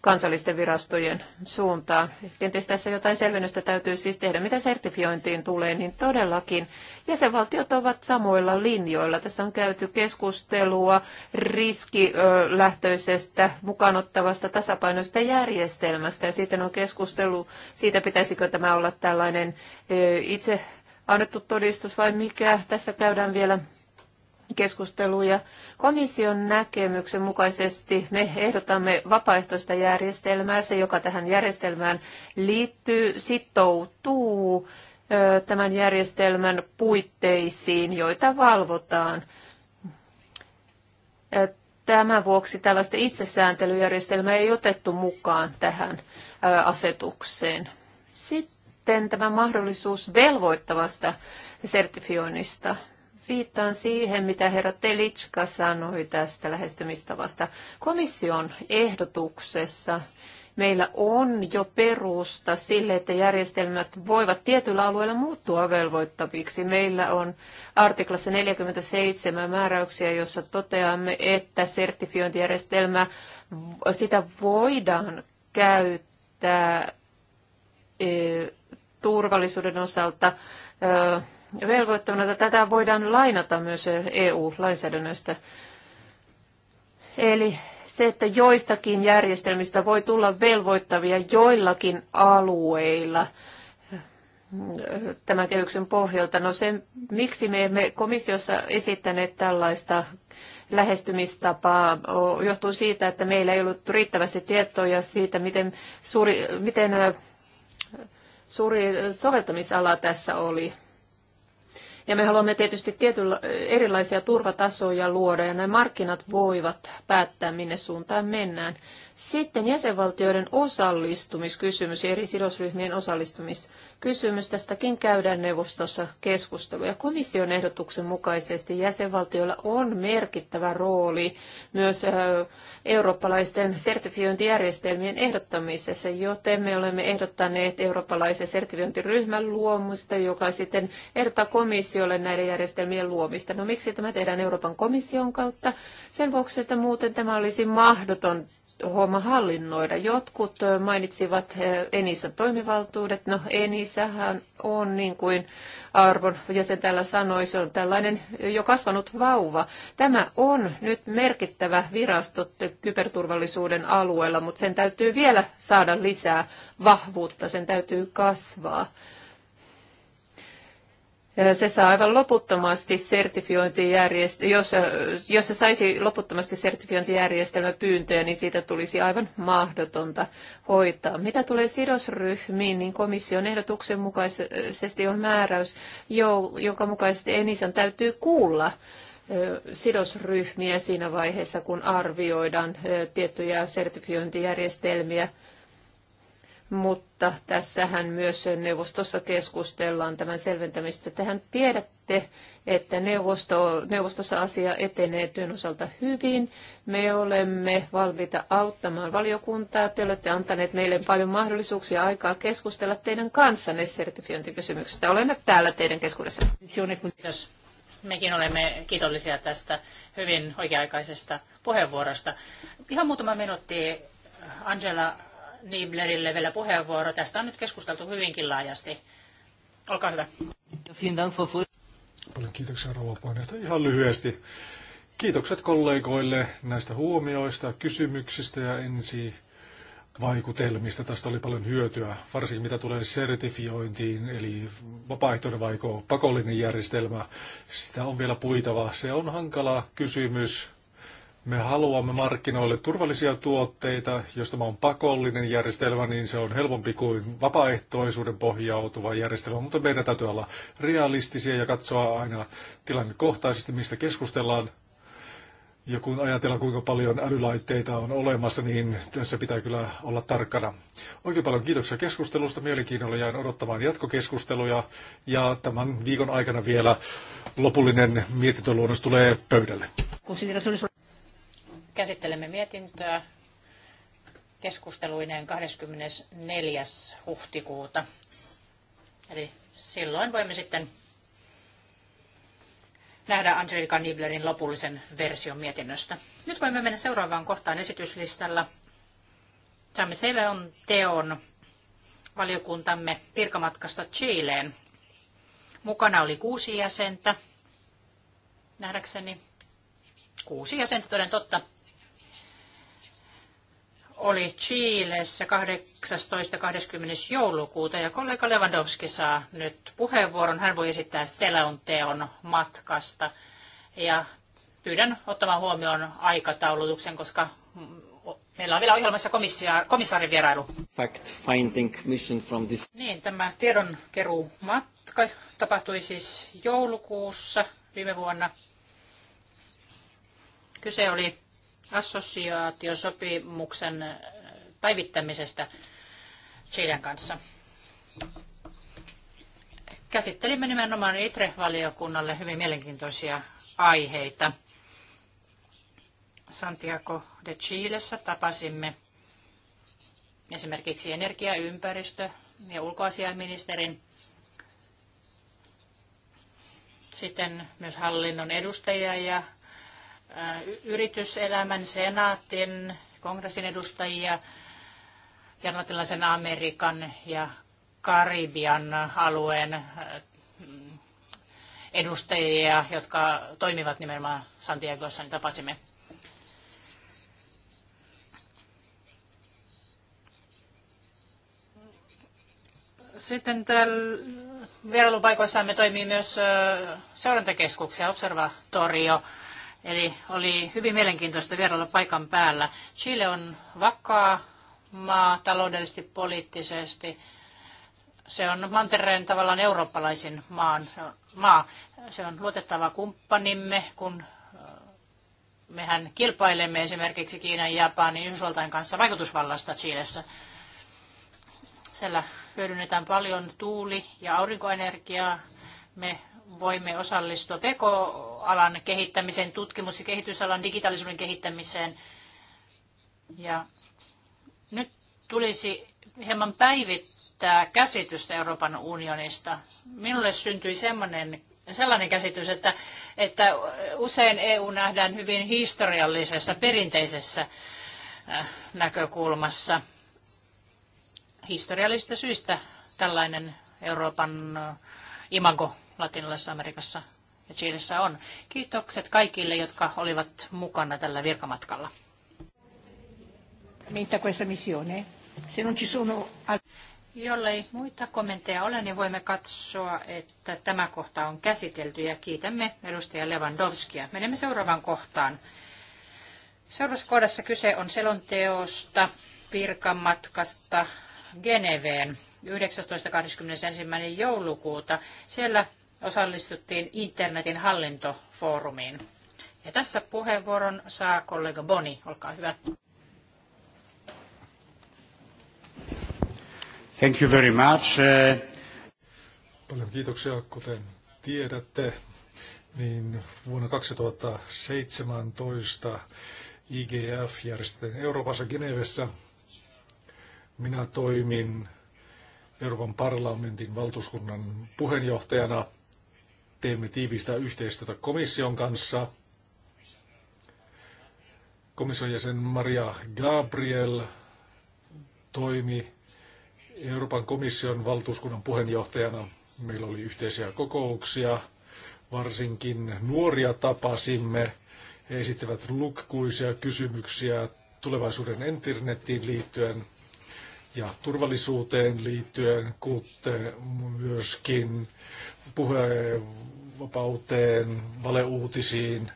kansallisten virastojen suuntaan. Kenties tässä jotain selvennystä täytyy siis tehdä. Mitä sertifiointiin tulee, niin todellakin jäsenvaltiot ovat samoilla linjoilla. Tässä on käyty keskustelua riskilähtöisestä, mukaanottavasta, tasapainoista järjestelmästä. Ja sitten on keskustelu siitä, pitäisikö tämä olla tällainen itse annettu todistus vai mikä. Tässä käydään vielä keskusteluja. Komission näkemyksen mukaisesti me ehdotamme vapaaehtoista järjestelmää. Se, joka tähän järjestelmään liittyy, sitoutuu tämän järjestelmän puitteisiin, joita valvotaan. Tämän vuoksi tällaista itsesääntelyjärjestelmää ei otettu mukaan tähän asetukseen. Sitten tämä mahdollisuus velvoittavasta sertifioinnista viittaan siihen, mitä herra Telitska sanoi tästä lähestymistavasta. Komission ehdotuksessa meillä on jo perusta sille, että järjestelmät voivat tietyillä alueilla muuttua velvoittaviksi. Meillä on artiklassa 47 määräyksiä, jossa toteamme, että sertifiointijärjestelmä, sitä voidaan käyttää eh, turvallisuuden osalta eh, velvoittavana. Tätä voidaan lainata myös EU-lainsäädännöstä. Eli se, että joistakin järjestelmistä voi tulla velvoittavia joillakin alueilla tämän kehyksen pohjalta. No se, miksi me emme komissiossa esittäneet tällaista lähestymistapaa, johtuu siitä, että meillä ei ollut riittävästi tietoja siitä, miten suuri, miten suuri soveltamisala tässä oli. Ja me haluamme tietysti tietyllä, erilaisia turvatasoja luoda ja nämä markkinat voivat päättää, minne suuntaan mennään. Sitten jäsenvaltioiden osallistumiskysymys ja eri sidosryhmien osallistumiskysymys. Tästäkin käydään neuvostossa keskusteluja. Komission ehdotuksen mukaisesti jäsenvaltioilla on merkittävä rooli myös eurooppalaisten sertifiointijärjestelmien ehdottamisessa, joten me olemme ehdottaneet eurooppalaisen sertifiointiryhmän luomista, joka sitten ehdottaa komissiolle näiden järjestelmien luomista. No miksi tämä tehdään Euroopan komission kautta? Sen vuoksi, että muuten tämä olisi mahdoton homma hallinnoida. Jotkut mainitsivat Enisan toimivaltuudet. No Enisähän on niin kuin Arvon jäsen täällä sanoi, se on tällainen jo kasvanut vauva. Tämä on nyt merkittävä virasto kyberturvallisuuden alueella, mutta sen täytyy vielä saada lisää vahvuutta, sen täytyy kasvaa se saa aivan loputtomasti sertifiointijärjestelmä, jos, jos se saisi loputtomasti sertifiointijärjestelmä pyyntöjä, niin siitä tulisi aivan mahdotonta hoitaa. Mitä tulee sidosryhmiin, niin komission ehdotuksen mukaisesti on määräys, jonka mukaisesti Enisan täytyy kuulla sidosryhmiä siinä vaiheessa, kun arvioidaan tiettyjä sertifiointijärjestelmiä – mutta tässähän myös neuvostossa keskustellaan tämän selventämistä. Tähän tiedätte, että neuvosto, neuvostossa asia etenee työn osalta hyvin. Me olemme valmiita auttamaan valiokuntaa. Te olette antaneet meille paljon mahdollisuuksia aikaa keskustella teidän kanssanne sertifiointikysymyksistä. Olemme täällä teidän keskuudessa. Kiitos. Mekin olemme kiitollisia tästä hyvin oikea-aikaisesta puheenvuorosta. Ihan muutama minuutti Angela Niblerille vielä puheenvuoro. Tästä on nyt keskusteltu hyvinkin laajasti. Olkaa hyvä. Paljon kiitoksia rouva puheenjohtaja. Ihan lyhyesti. Kiitokset kollegoille näistä huomioista, kysymyksistä ja ensi vaikutelmista. Tästä oli paljon hyötyä, varsinkin mitä tulee sertifiointiin, eli vapaaehtoinen vaiko pakollinen järjestelmä. Sitä on vielä puitava. Se on hankala kysymys, me haluamme markkinoille turvallisia tuotteita. Jos tämä on pakollinen järjestelmä, niin se on helpompi kuin vapaaehtoisuuden pohjautuva järjestelmä, mutta meidän täytyy olla realistisia ja katsoa aina tilannekohtaisesti, mistä keskustellaan. Ja kun ajatellaan, kuinka paljon älylaitteita on olemassa, niin tässä pitää kyllä olla tarkkana. Oikein paljon kiitoksia keskustelusta. Mielenkiinnolla jään odottamaan jatkokeskusteluja. Ja tämän viikon aikana vielä lopullinen mietintöluonnos tulee pöydälle. Käsittelemme mietintöä keskusteluineen 24. huhtikuuta. Eli silloin voimme sitten nähdä Angelika Niblerin lopullisen version mietinnöstä. Nyt voimme mennä seuraavaan kohtaan esityslistalla. Saamme selvän teon valiokuntamme virkamatkasta Chileen. Mukana oli kuusi jäsentä. Nähdäkseni kuusi jäsentä toden totta oli Chiilessä 18.20. joulukuuta ja kollega Lewandowski saa nyt puheenvuoron. Hän voi esittää selonteon matkasta ja pyydän ottamaan huomioon aikataulutuksen, koska meillä on vielä ohjelmassa komissaarin vierailu. Fact finding mission from this. Niin, tämä tiedonkeruumatka tapahtui siis joulukuussa viime vuonna. Kyse oli assosiaatiosopimuksen äh, päivittämisestä Chilen kanssa. Käsittelimme nimenomaan ITRE-valiokunnalle hyvin mielenkiintoisia aiheita. Santiago de Chilessä tapasimme esimerkiksi energia-, ympäristö- ja ulkoasiaministerin sitten myös hallinnon edustajia ja yrityselämän, senaatin, kongressin edustajia, ja latinalaisen Amerikan ja Karibian alueen edustajia, jotka toimivat nimenomaan Santiagossa, niin tapasimme. Sitten täällä vierailupaikoissamme toimii myös seurantakeskuksia, observatorio, Eli oli hyvin mielenkiintoista vierailla paikan päällä. Chile on vakaa maa taloudellisesti, poliittisesti. Se on mantereen tavallaan eurooppalaisin maan, se on, maa. Se on luotettava kumppanimme, kun mehän kilpailemme esimerkiksi Kiinan, Japanin, Yhdysvaltain kanssa vaikutusvallasta Chilessä. Siellä hyödynnetään paljon tuuli- ja aurinkoenergiaa. Me voimme osallistua PK-alan kehittämiseen, tutkimus- ja kehitysalan digitaalisuuden kehittämiseen. Ja nyt tulisi hieman päivittää käsitystä Euroopan unionista. Minulle syntyi sellainen, sellainen käsitys, että, että usein EU nähdään hyvin historiallisessa, perinteisessä äh, näkökulmassa. Historiallisista syistä tällainen Euroopan äh, imago Latinalaisessa Amerikassa ja Chilessä on. Kiitokset kaikille, jotka olivat mukana tällä virkamatkalla. Se Jollei muita kommentteja ole, niin voimme katsoa, että tämä kohta on käsitelty ja kiitämme edustaja Lewandowskia. Menemme seuraavaan kohtaan. Seuraavassa kohdassa kyse on selonteosta virkamatkasta Geneveen 19.21. joulukuuta. Siellä osallistuttiin internetin hallintofoorumiin. Ja tässä puheenvuoron saa kollega Boni. Olkaa hyvä. Thank you very much. Uh, Paljon kiitoksia, kuten tiedätte. Niin vuonna 2017 IGF järjestettiin Euroopassa Genevessä. Minä toimin Euroopan parlamentin valtuuskunnan puheenjohtajana – teemme tiivistä yhteistyötä komission kanssa. Komission jäsen Maria Gabriel toimi Euroopan komission valtuuskunnan puheenjohtajana. Meillä oli yhteisiä kokouksia, varsinkin nuoria tapasimme. He esittivät lukkuisia kysymyksiä tulevaisuuden internetiin liittyen ja turvallisuuteen liittyen, kuten myöskin puheenvapauteen, valeuutisiin,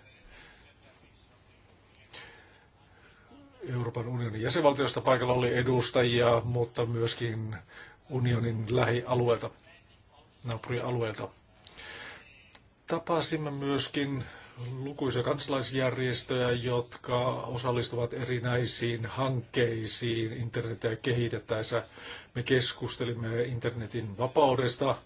Euroopan unionin jäsenvaltioista paikalla oli edustajia, mutta myöskin unionin lähialueelta, naapurialueelta. Tapasimme myöskin lukuisia kansalaisjärjestöjä, jotka osallistuvat erinäisiin hankkeisiin internetiä kehitettäessä. Me keskustelimme internetin vapaudesta,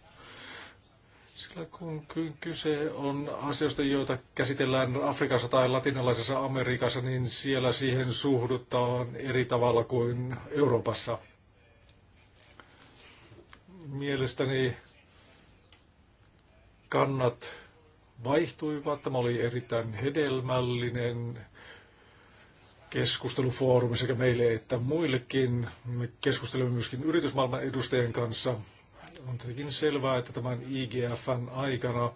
sillä kun kyse on asioista, joita käsitellään Afrikassa tai latinalaisessa Amerikassa, niin siellä siihen suhdutaan eri tavalla kuin Euroopassa. Mielestäni kannat vaihtuivat. Tämä oli erittäin hedelmällinen keskustelufoorumi sekä meille että muillekin. Me keskustelemme myöskin yritysmaailman edustajien kanssa. On tietenkin selvää, että tämän IGFn aikana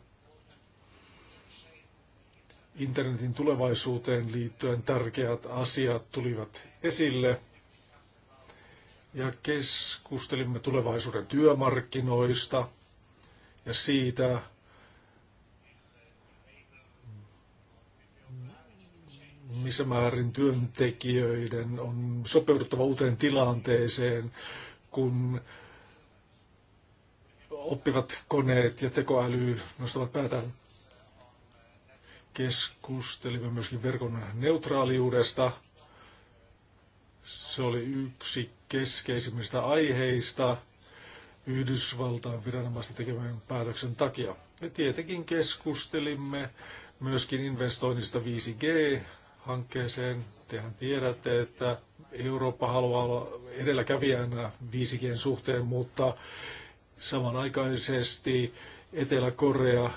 internetin tulevaisuuteen liittyen tärkeät asiat tulivat esille. Ja keskustelimme tulevaisuuden työmarkkinoista ja siitä, missä määrin työntekijöiden on sopeuduttava uuteen tilanteeseen, kun oppivat koneet ja tekoäly nostavat päätään. Keskustelimme myöskin verkon neutraaliudesta. Se oli yksi keskeisimmistä aiheista Yhdysvaltain viranomaisten tekemän päätöksen takia. Me tietenkin keskustelimme myöskin investoinnista 5G hankkeeseen. Tehän tiedätte, että Eurooppa haluaa olla edelläkävijänä 5Gn suhteen, mutta samanaikaisesti Etelä-Korea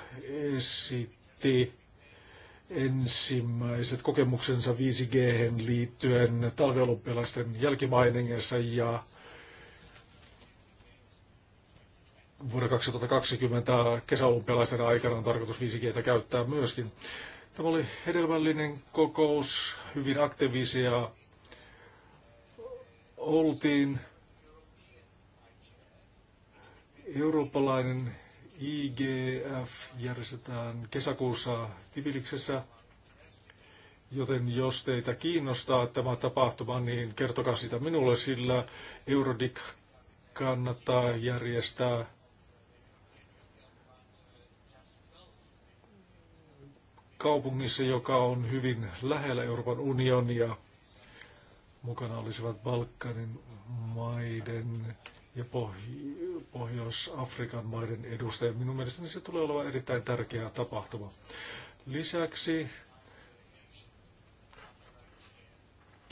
esitti ensimmäiset kokemuksensa 5G liittyen talveolympialaisten jälkimainingessa ja vuoden 2020 kesäolympialaisten aikana on tarkoitus 5Gtä käyttää myöskin. Tämä oli hedelmällinen kokous, hyvin aktiivisia oltiin. Eurooppalainen IGF järjestetään kesäkuussa Tibiliksessä, joten jos teitä kiinnostaa tämä tapahtuma, niin kertokaa sitä minulle, sillä Eurodic kannattaa järjestää kaupungissa, joka on hyvin lähellä Euroopan unionia. Mukana olisivat Balkanin maiden ja Pohjois-Afrikan maiden edustajia. Minun mielestäni se tulee olemaan erittäin tärkeä tapahtuma. Lisäksi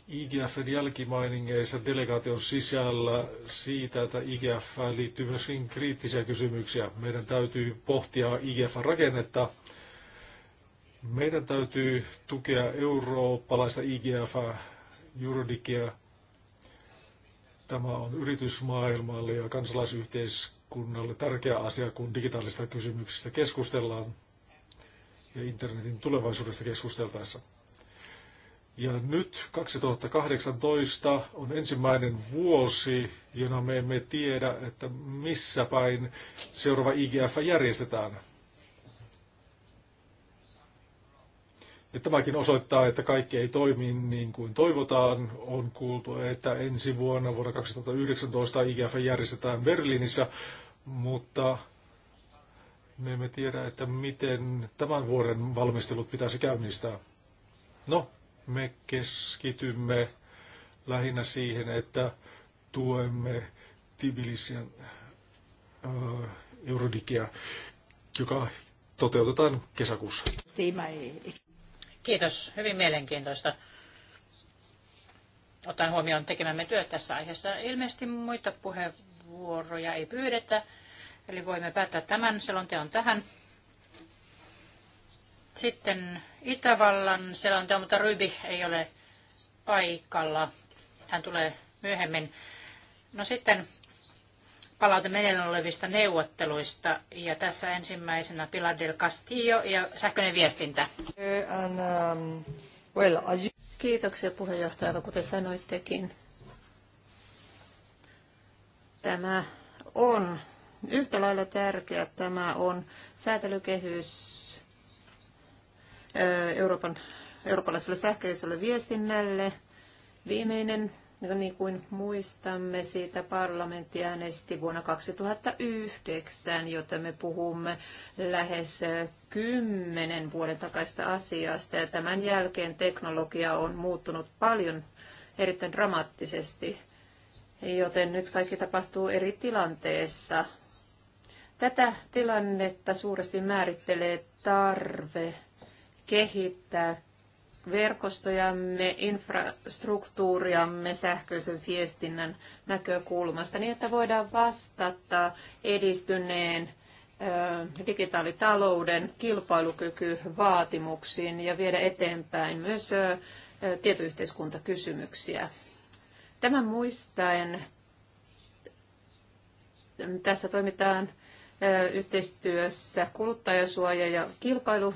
IGFn jälkimainingeissa delegaation sisällä siitä, että IGF liittyy myöskin kriittisiä kysymyksiä. Meidän täytyy pohtia IGFn rakennetta meidän täytyy tukea eurooppalaista IGF, juridikia. Tämä on yritysmaailmalle ja kansalaisyhteiskunnalle tärkeä asia, kun digitaalisista kysymyksistä keskustellaan ja internetin tulevaisuudesta keskusteltaessa. Ja nyt 2018 on ensimmäinen vuosi, jona me emme tiedä, että missä päin seuraava IGF järjestetään. Ja tämäkin osoittaa, että kaikki ei toimi niin kuin toivotaan. On kuultu, että ensi vuonna, vuonna 2019, IGF järjestetään Berliinissä, mutta me emme tiedä, että miten tämän vuoden valmistelut pitäisi käynnistää. No, me keskitymme lähinnä siihen, että tuemme Tbilisian äh, Eurodikia, joka toteutetaan kesäkuussa. Kiitos, hyvin mielenkiintoista. Otan huomioon tekemämme työt tässä aiheessa. Ilmeisesti muita puheenvuoroja ei pyydetä, eli voimme päättää tämän selonteon tähän. Sitten Itävallan selonteo, mutta Rybi ei ole paikalla. Hän tulee myöhemmin. No sitten palaute meneillään olevista neuvotteluista. Ja tässä ensimmäisenä Pilar del Castillo ja sähköinen viestintä. Kiitoksia puheenjohtaja, kuten sanoittekin. Tämä on yhtä lailla tärkeä. Tämä on säätelykehys Euroopan, eurooppalaiselle sähköiselle viestinnälle. Viimeinen niin kuin muistamme, siitä parlamentti äänesti vuonna 2009, joten me puhumme lähes kymmenen vuoden takaisesta asiasta. Ja tämän jälkeen teknologia on muuttunut paljon erittäin dramaattisesti, joten nyt kaikki tapahtuu eri tilanteessa. Tätä tilannetta suuresti määrittelee tarve kehittää verkostojamme, infrastruktuuriamme sähköisen viestinnän näkökulmasta niin, että voidaan vastata edistyneen digitaalitalouden kilpailukykyvaatimuksiin ja viedä eteenpäin myös tietoyhteiskuntakysymyksiä. Tämän muistaen tässä toimitaan yhteistyössä kuluttajasuoja- ja kilpailu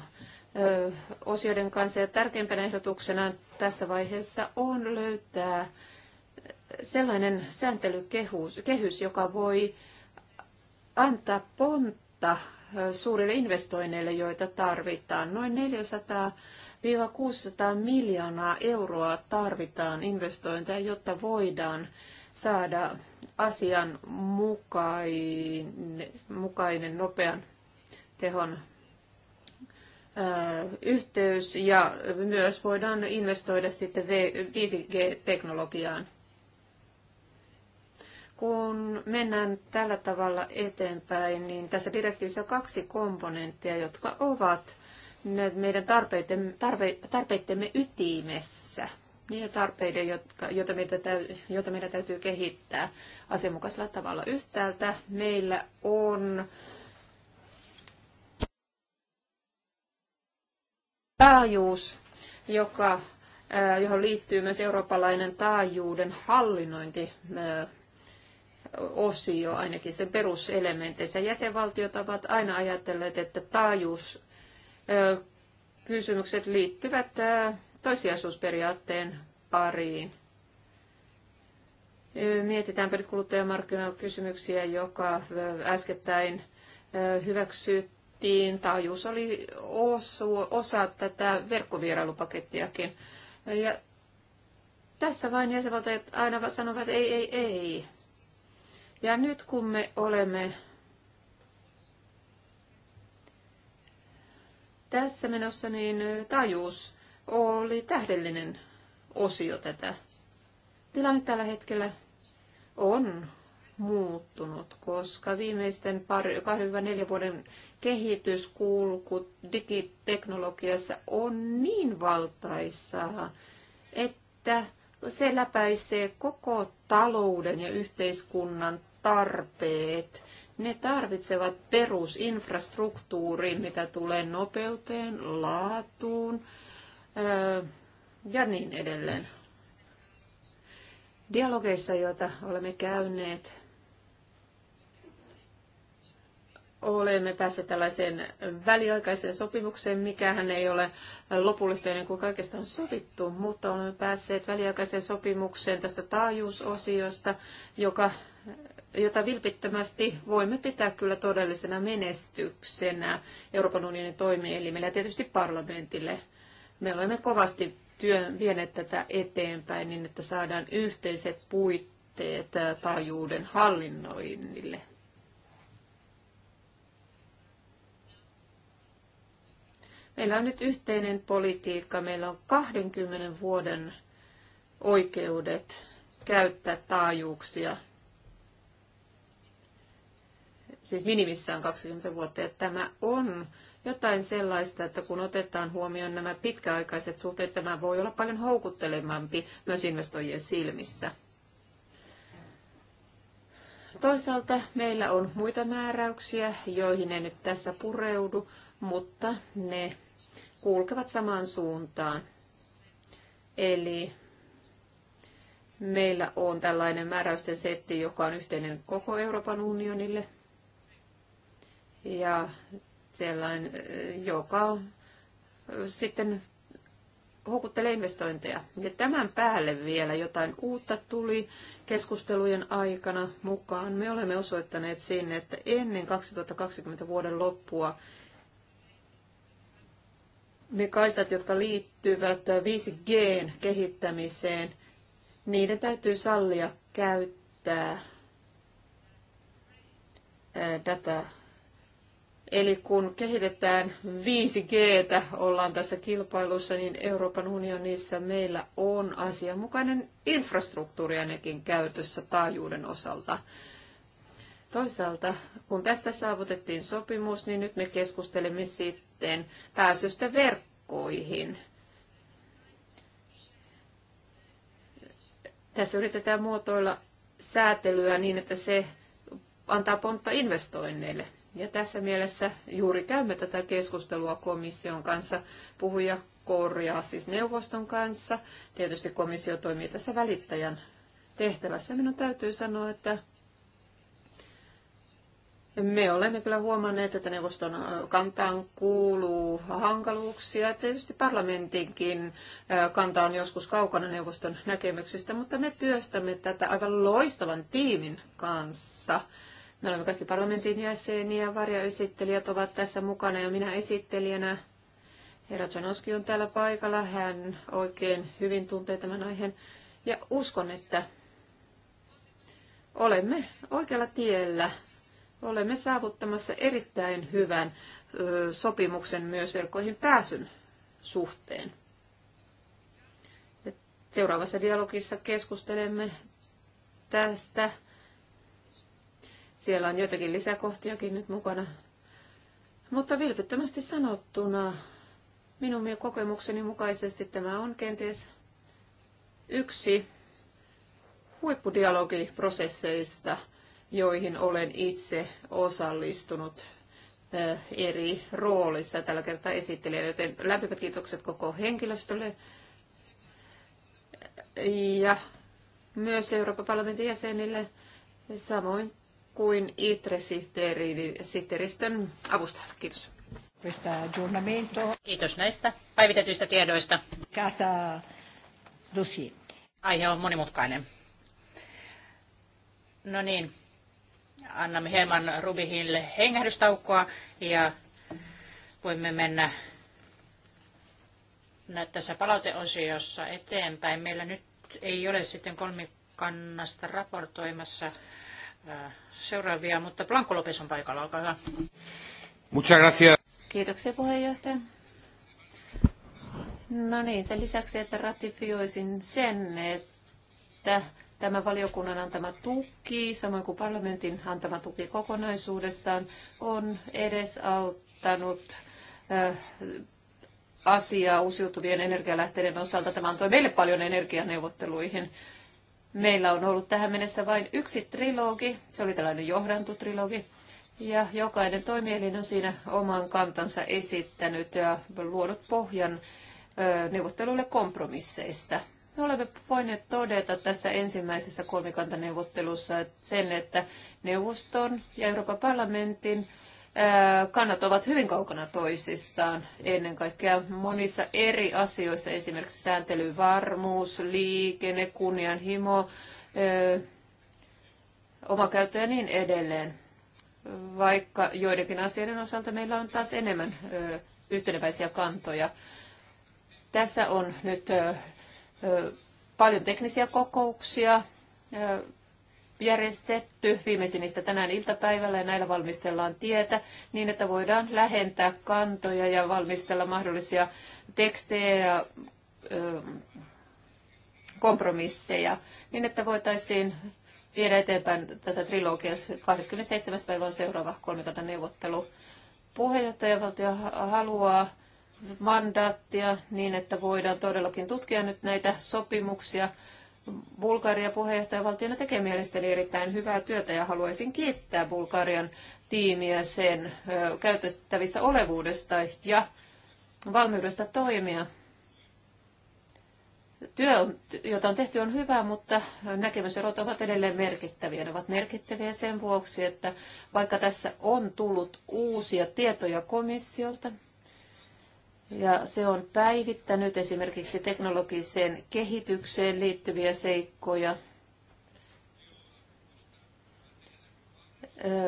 osioiden kanssa. Ja tärkeimpänä ehdotuksena tässä vaiheessa on löytää sellainen sääntelykehys, joka voi antaa pontta suurille investoinneille, joita tarvitaan. Noin 400 600 miljoonaa euroa tarvitaan investointeja, jotta voidaan saada asian mukainen, mukainen nopean tehon yhteys ja myös voidaan investoida sitten 5G-teknologiaan. Kun mennään tällä tavalla eteenpäin, niin tässä direktiivissä on kaksi komponenttia, jotka ovat meidän tarpeittemme, tarpeittemme ytimessä. Niitä tarpeita, jotka, joita, meidän täytyy, joita meidän täytyy kehittää asianmukaisella tavalla. Yhtäältä meillä on äh, taajuus, joka, äh, johon liittyy myös eurooppalainen taajuuden hallinnointi äh, osio ainakin sen peruselementeissä. Jäsenvaltiot ovat aina ajatelleet, että taajuuskysymykset äh, kysymykset liittyvät toissijaisuusperiaatteen pariin. Mietitäänpä nyt kuluttajamarkkinakysymyksiä, joka äskettäin hyväksyt sovittiin, taajuus oli osu, osa tätä verkkovierailupakettiakin. Ja tässä vain jäsenvaltiot aina sanovat että ei, ei, ei. Ja nyt kun me olemme tässä menossa, niin tajuus oli tähdellinen osio tätä. Tilanne tällä hetkellä on muuttunut, koska viimeisten 2-4 vuoden kehityskulku digiteknologiassa on niin valtaisaa, että se läpäisee koko talouden ja yhteiskunnan tarpeet. Ne tarvitsevat perusinfrastruktuuriin, mitä tulee nopeuteen, laatuun ja niin edelleen. Dialogeissa, joita olemme käyneet olemme päässeet tällaiseen väliaikaiseen sopimukseen, mikähän ei ole lopullista ennen kuin kaikesta on sovittu, mutta olemme päässeet väliaikaiseen sopimukseen tästä taajuusosiosta, joka, jota vilpittömästi voimme pitää kyllä todellisena menestyksenä Euroopan unionin toimielimille ja tietysti parlamentille. Me olemme kovasti työn, vieneet tätä eteenpäin niin, että saadaan yhteiset puitteet taajuuden hallinnoinnille Meillä on nyt yhteinen politiikka, meillä on 20 vuoden oikeudet käyttää taajuuksia. Siis minimissään 20 vuotta. Ja tämä on jotain sellaista, että kun otetaan huomioon nämä pitkäaikaiset suhteet, tämä voi olla paljon houkuttelemampi myös investoijien silmissä. Toisaalta meillä on muita määräyksiä, joihin ei nyt tässä pureudu, mutta ne kulkevat samaan suuntaan. Eli meillä on tällainen määräysten setti, joka on yhteinen koko Euroopan unionille. Ja sellainen, joka sitten houkuttelee investointeja. Ja tämän päälle vielä jotain uutta tuli keskustelujen aikana mukaan. Me olemme osoittaneet sinne, että ennen 2020 vuoden loppua ne kaistat, jotka liittyvät 5 g kehittämiseen, niiden täytyy sallia käyttää dataa. Eli kun kehitetään 5Gtä, ollaan tässä kilpailussa, niin Euroopan unionissa meillä on asianmukainen infrastruktuuri ainakin käytössä taajuuden osalta. Toisaalta, kun tästä saavutettiin sopimus, niin nyt me keskustelemme siitä, sitten pääsystä verkkoihin. Tässä yritetään muotoilla säätelyä niin, että se antaa pontta investoinneille. Ja tässä mielessä juuri käymme tätä keskustelua komission kanssa. Puhuja korjaa siis neuvoston kanssa. Tietysti komissio toimii tässä välittäjän tehtävässä. Minun täytyy sanoa, että me olemme kyllä huomanneet, että neuvoston kantaan kuuluu hankaluuksia. Tietysti parlamentinkin kanta on joskus kaukana neuvoston näkemyksistä, mutta me työstämme tätä aivan loistavan tiimin kanssa. Me olemme kaikki parlamentin jäseniä, varjoesittelijät ovat tässä mukana ja minä esittelijänä. Herra Janoski on täällä paikalla, hän oikein hyvin tuntee tämän aiheen ja uskon, että olemme oikealla tiellä olemme saavuttamassa erittäin hyvän sopimuksen myös verkkoihin pääsyn suhteen. Seuraavassa dialogissa keskustelemme tästä. Siellä on joitakin lisäkohtiakin nyt mukana. Mutta vilpittömästi sanottuna, minun kokemukseni mukaisesti tämä on kenties yksi huippudialogiprosesseista – joihin olen itse osallistunut eri roolissa tällä kertaa esittelijä, joten lämpimät kiitokset koko henkilöstölle ja myös Euroopan parlamentin jäsenille, samoin kuin ITRE-sihteeristön avustajalle. Kiitos. Kiitos näistä päivitetyistä tiedoista. Aihe on monimutkainen. No niin, annamme hieman Rubihille hengähdystaukoa ja voimme mennä tässä palauteosiossa eteenpäin. Meillä nyt ei ole sitten kolmikannasta raportoimassa äh, seuraavia, mutta Blanco Lopes on paikalla, olkaa hyvä. Muchas gracias. Kiitoksia puheenjohtaja. No niin, sen lisäksi, että ratifioisin sen, että että Tämä valiokunnan antama tuki, samoin kuin parlamentin antama tuki kokonaisuudessaan, on edesauttanut äh, asiaa uusiutuvien energialähteiden osalta. Tämä antoi meille paljon energianeuvotteluihin. Meillä on ollut tähän mennessä vain yksi trilogi, se oli tällainen johdantutrilogi, ja jokainen toimielin on siinä oman kantansa esittänyt ja luonut pohjan äh, neuvotteluille kompromisseista. Me olemme voineet todeta tässä ensimmäisessä kolmikantaneuvottelussa sen, että neuvoston ja Euroopan parlamentin kannat ovat hyvin kaukana toisistaan, ennen kaikkea monissa eri asioissa, esimerkiksi sääntelyvarmuus, liikenne, kunnianhimo, omakäyttö ja niin edelleen. Vaikka joidenkin asioiden osalta meillä on taas enemmän yhteneväisiä kantoja. Tässä on nyt paljon teknisiä kokouksia järjestetty, viimeisin niistä tänään iltapäivällä, ja näillä valmistellaan tietä niin, että voidaan lähentää kantoja ja valmistella mahdollisia tekstejä ja kompromisseja, niin että voitaisiin viedä eteenpäin tätä trilogia. 27. päivä on seuraava kolmikantaneuvottelu. Puheenjohtajavaltio haluaa mandaattia niin, että voidaan todellakin tutkia nyt näitä sopimuksia. Bulgaria puheenjohtajavaltiona tekee mielestäni erittäin hyvää työtä ja haluaisin kiittää Bulgarian tiimiä sen käytettävissä olevuudesta ja valmiudesta toimia. Työ, jota on tehty, on hyvä, mutta näkemyserot ovat edelleen merkittäviä. Ne ovat merkittäviä sen vuoksi, että vaikka tässä on tullut uusia tietoja komissiolta, ja se on päivittänyt esimerkiksi teknologiseen kehitykseen liittyviä seikkoja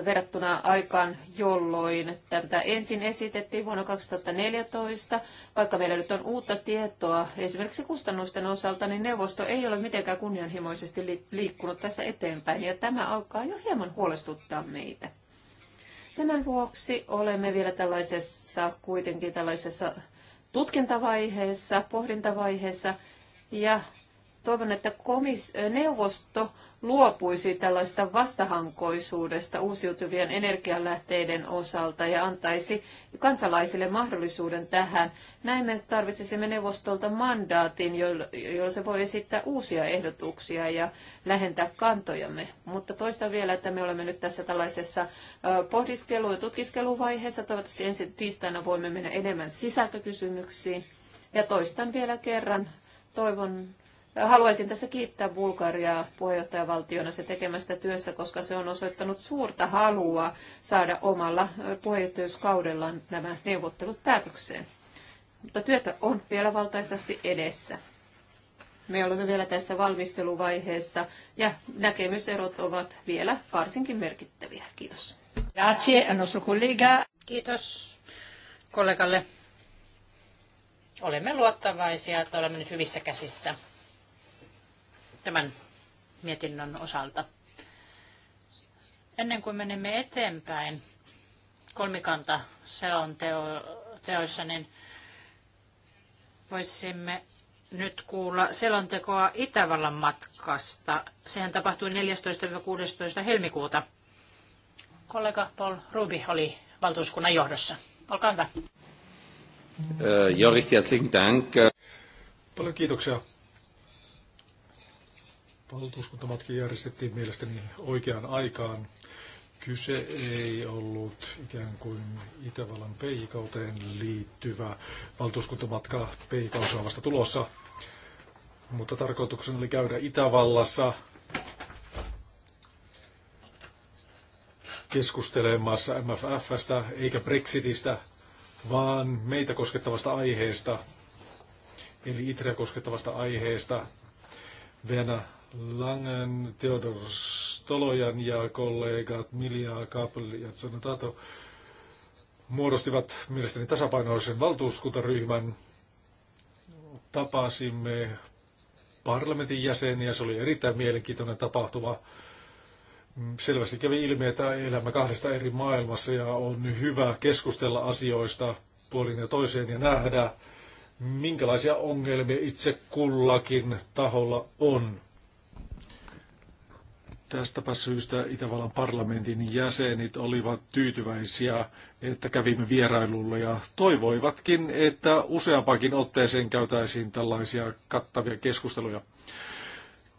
verrattuna aikaan, jolloin tätä ensin esitettiin vuonna 2014. Vaikka meillä nyt on uutta tietoa esimerkiksi kustannusten osalta, niin neuvosto ei ole mitenkään kunnianhimoisesti liikkunut tässä eteenpäin, ja tämä alkaa jo hieman huolestuttaa meitä. Tämän vuoksi olemme vielä tällaisessa, kuitenkin tällaisessa tutkintavaiheessa, pohdintavaiheessa ja toivon, että komis- neuvosto luopuisi tällaista vastahankoisuudesta uusiutuvien energialähteiden osalta ja antaisi kansalaisille mahdollisuuden tähän. Näin me tarvitsisimme neuvostolta mandaatin, jolla se voi esittää uusia ehdotuksia ja lähentää kantojamme. Mutta toista vielä, että me olemme nyt tässä tällaisessa pohdiskelu- ja tutkiskeluvaiheessa. Toivottavasti ensi tiistaina voimme mennä enemmän sisältökysymyksiin. Ja toistan vielä kerran toivon Haluaisin tässä kiittää Bulgariaa puheenjohtajavaltiona se tekemästä työstä, koska se on osoittanut suurta halua saada omalla puheenjohtajuuskaudellaan nämä neuvottelut päätökseen. Mutta työtä on vielä valtaisesti edessä. Me olemme vielä tässä valmisteluvaiheessa ja näkemyserot ovat vielä varsinkin merkittäviä. Kiitos. Kiitos kollegalle. Olemme luottavaisia, että olemme nyt hyvissä käsissä tämän mietinnön osalta. Ennen kuin menemme eteenpäin kolmikanta selonteoissa, niin voisimme nyt kuulla selontekoa Itävallan matkasta. Sehän tapahtui 14-16 helmikuuta. Kollega Paul Rubi oli valtuuskunnan johdossa. Olkaa hyvä. Äh, Paljon kiitoksia Valtuuskuntamatkin järjestettiin mielestäni oikeaan aikaan. Kyse ei ollut ikään kuin Itävallan peikauteen liittyvä valtuuskuntamatka. Peikaus on vasta tulossa, mutta tarkoituksena oli käydä Itävallassa keskustelemassa MFFstä eikä Brexitistä, vaan meitä koskettavasta aiheesta, eli Itreä koskettavasta aiheesta. Venä Langen, Theodor Stolojan ja kollegat Milja, Kapel ja Tsanatato muodostivat mielestäni tasapainoisen valtuuskuntaryhmän. Tapasimme parlamentin jäseniä, se oli erittäin mielenkiintoinen tapahtuma. Selvästi kävi ilmi, että elämme kahdesta eri maailmassa ja on hyvä keskustella asioista puolin ja toiseen ja nähdä, minkälaisia ongelmia itse kullakin taholla on. Tästäpä syystä Itävallan parlamentin jäsenit olivat tyytyväisiä, että kävimme vierailulla ja toivoivatkin, että useampakin otteeseen käytäisiin tällaisia kattavia keskusteluja.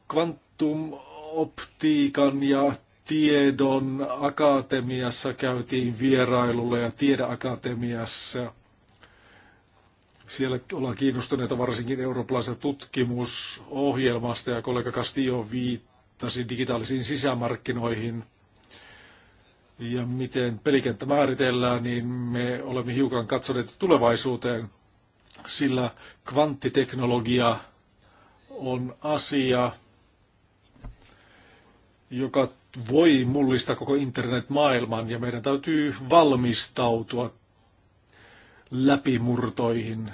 Kvantumoptiikan ja tiedon akatemiassa käytiin vierailulla ja tiedeakatemiassa. Siellä ollaan kiinnostuneita varsinkin eurooppalaisesta tutkimusohjelmasta ja kollega Castillo viittaa digitaalisiin sisämarkkinoihin ja miten pelikenttä määritellään, niin me olemme hiukan katsoneet tulevaisuuteen, sillä kvanttiteknologia on asia, joka voi mullistaa koko internetmaailman ja meidän täytyy valmistautua läpimurtoihin.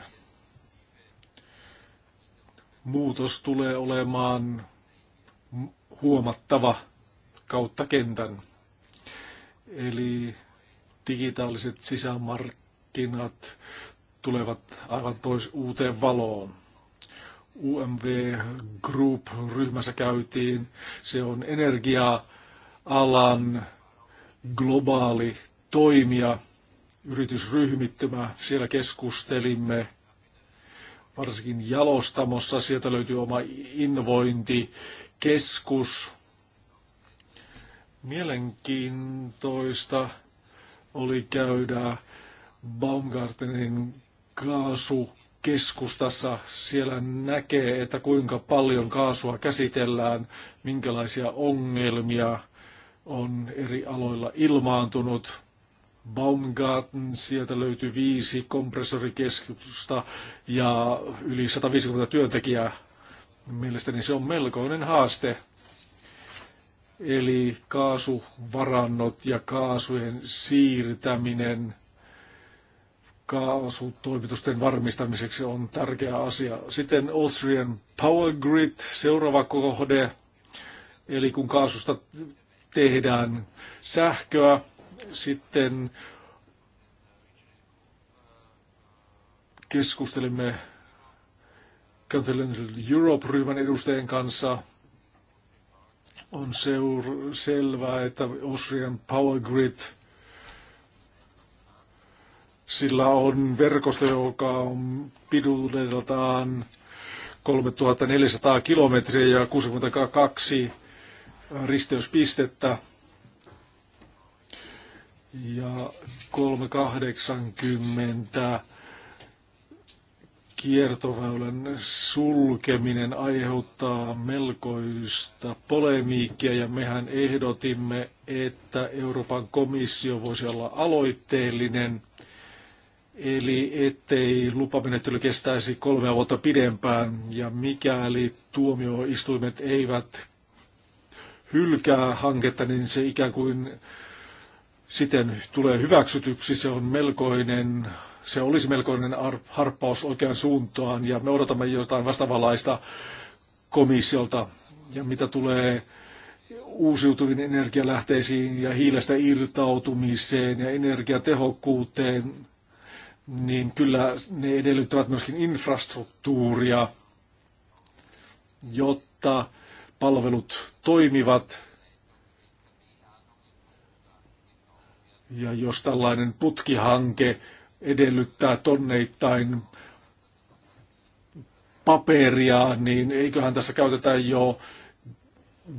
Muutos tulee olemaan huomattava kautta kentän. Eli digitaaliset sisämarkkinat tulevat aivan tois uuteen valoon. UMV Group ryhmässä käytiin. Se on energia-alan globaali toimija, yritysryhmittymä. Siellä keskustelimme varsinkin jalostamossa. Sieltä löytyy oma innovointi keskus. Mielenkiintoista oli käydä Baumgartenin kaasukeskustassa. Siellä näkee, että kuinka paljon kaasua käsitellään, minkälaisia ongelmia on eri aloilla ilmaantunut. Baumgarten, sieltä löytyi viisi kompressorikeskusta ja yli 150 työntekijää Mielestäni se on melkoinen haaste. Eli kaasuvarannot ja kaasujen siirtäminen kaasutoimitusten varmistamiseksi on tärkeä asia. Sitten Austrian Power Grid, seuraava kohde, eli kun kaasusta tehdään sähköä, sitten keskustelimme Continental Europe-ryhmän edustajien kanssa on seur- selvää, että Austrian Power Grid, sillä on verkosto, joka on pituudeltaan 3400 kilometriä ja 62 risteyspistettä ja 380 kiertoväylän sulkeminen aiheuttaa melkoista polemiikkia ja mehän ehdotimme, että Euroopan komissio voisi olla aloitteellinen, eli ettei lupamenettely kestäisi kolmea vuotta pidempään ja mikäli tuomioistuimet eivät hylkää hanketta, niin se ikään kuin siten tulee hyväksytyksi. Se on melkoinen se olisi melkoinen harppaus oikeaan suuntaan ja me odotamme jotain vastaavanlaista komissiolta. Ja mitä tulee uusiutuviin energialähteisiin ja hiilestä irtautumiseen ja energiatehokkuuteen, niin kyllä ne edellyttävät myöskin infrastruktuuria, jotta palvelut toimivat. Ja jos tällainen putkihanke edellyttää tonneittain paperia, niin eiköhän tässä käytetä jo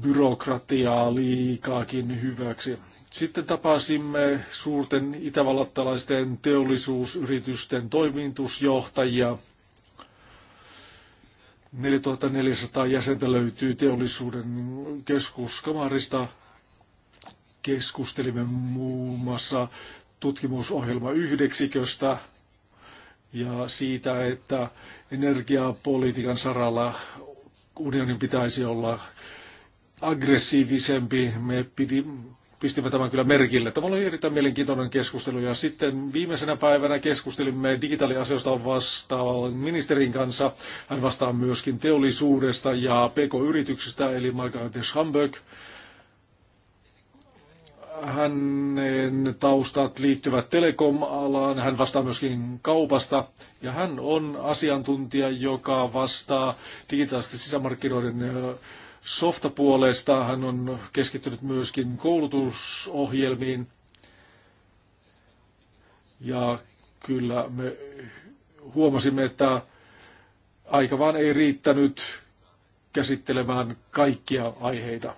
byrokratiaa liikaakin hyväksi. Sitten tapasimme suurten itävallattalaisten teollisuusyritysten toimitusjohtajia. 4400 jäsentä löytyy teollisuuden keskuskamarista. Keskustelimme muun muassa tutkimusohjelma yhdeksiköstä ja siitä, että energiapolitiikan saralla unionin pitäisi olla aggressiivisempi. Me pidi, pistimme tämän kyllä merkille. Tämä oli erittäin mielenkiintoinen keskustelu. Ja sitten viimeisenä päivänä keskustelimme digitaaliasioista vastaavan ministerin kanssa. Hän vastaa myöskin teollisuudesta ja pk-yrityksistä, eli Margaret Schamberg. Hänen taustat liittyvät telekom-alaan, hän vastaa myöskin kaupasta ja hän on asiantuntija, joka vastaa digitaalisten sisämarkkinoiden softapuolesta. Hän on keskittynyt myöskin koulutusohjelmiin ja kyllä me huomasimme, että aika vaan ei riittänyt käsittelemään kaikkia aiheita.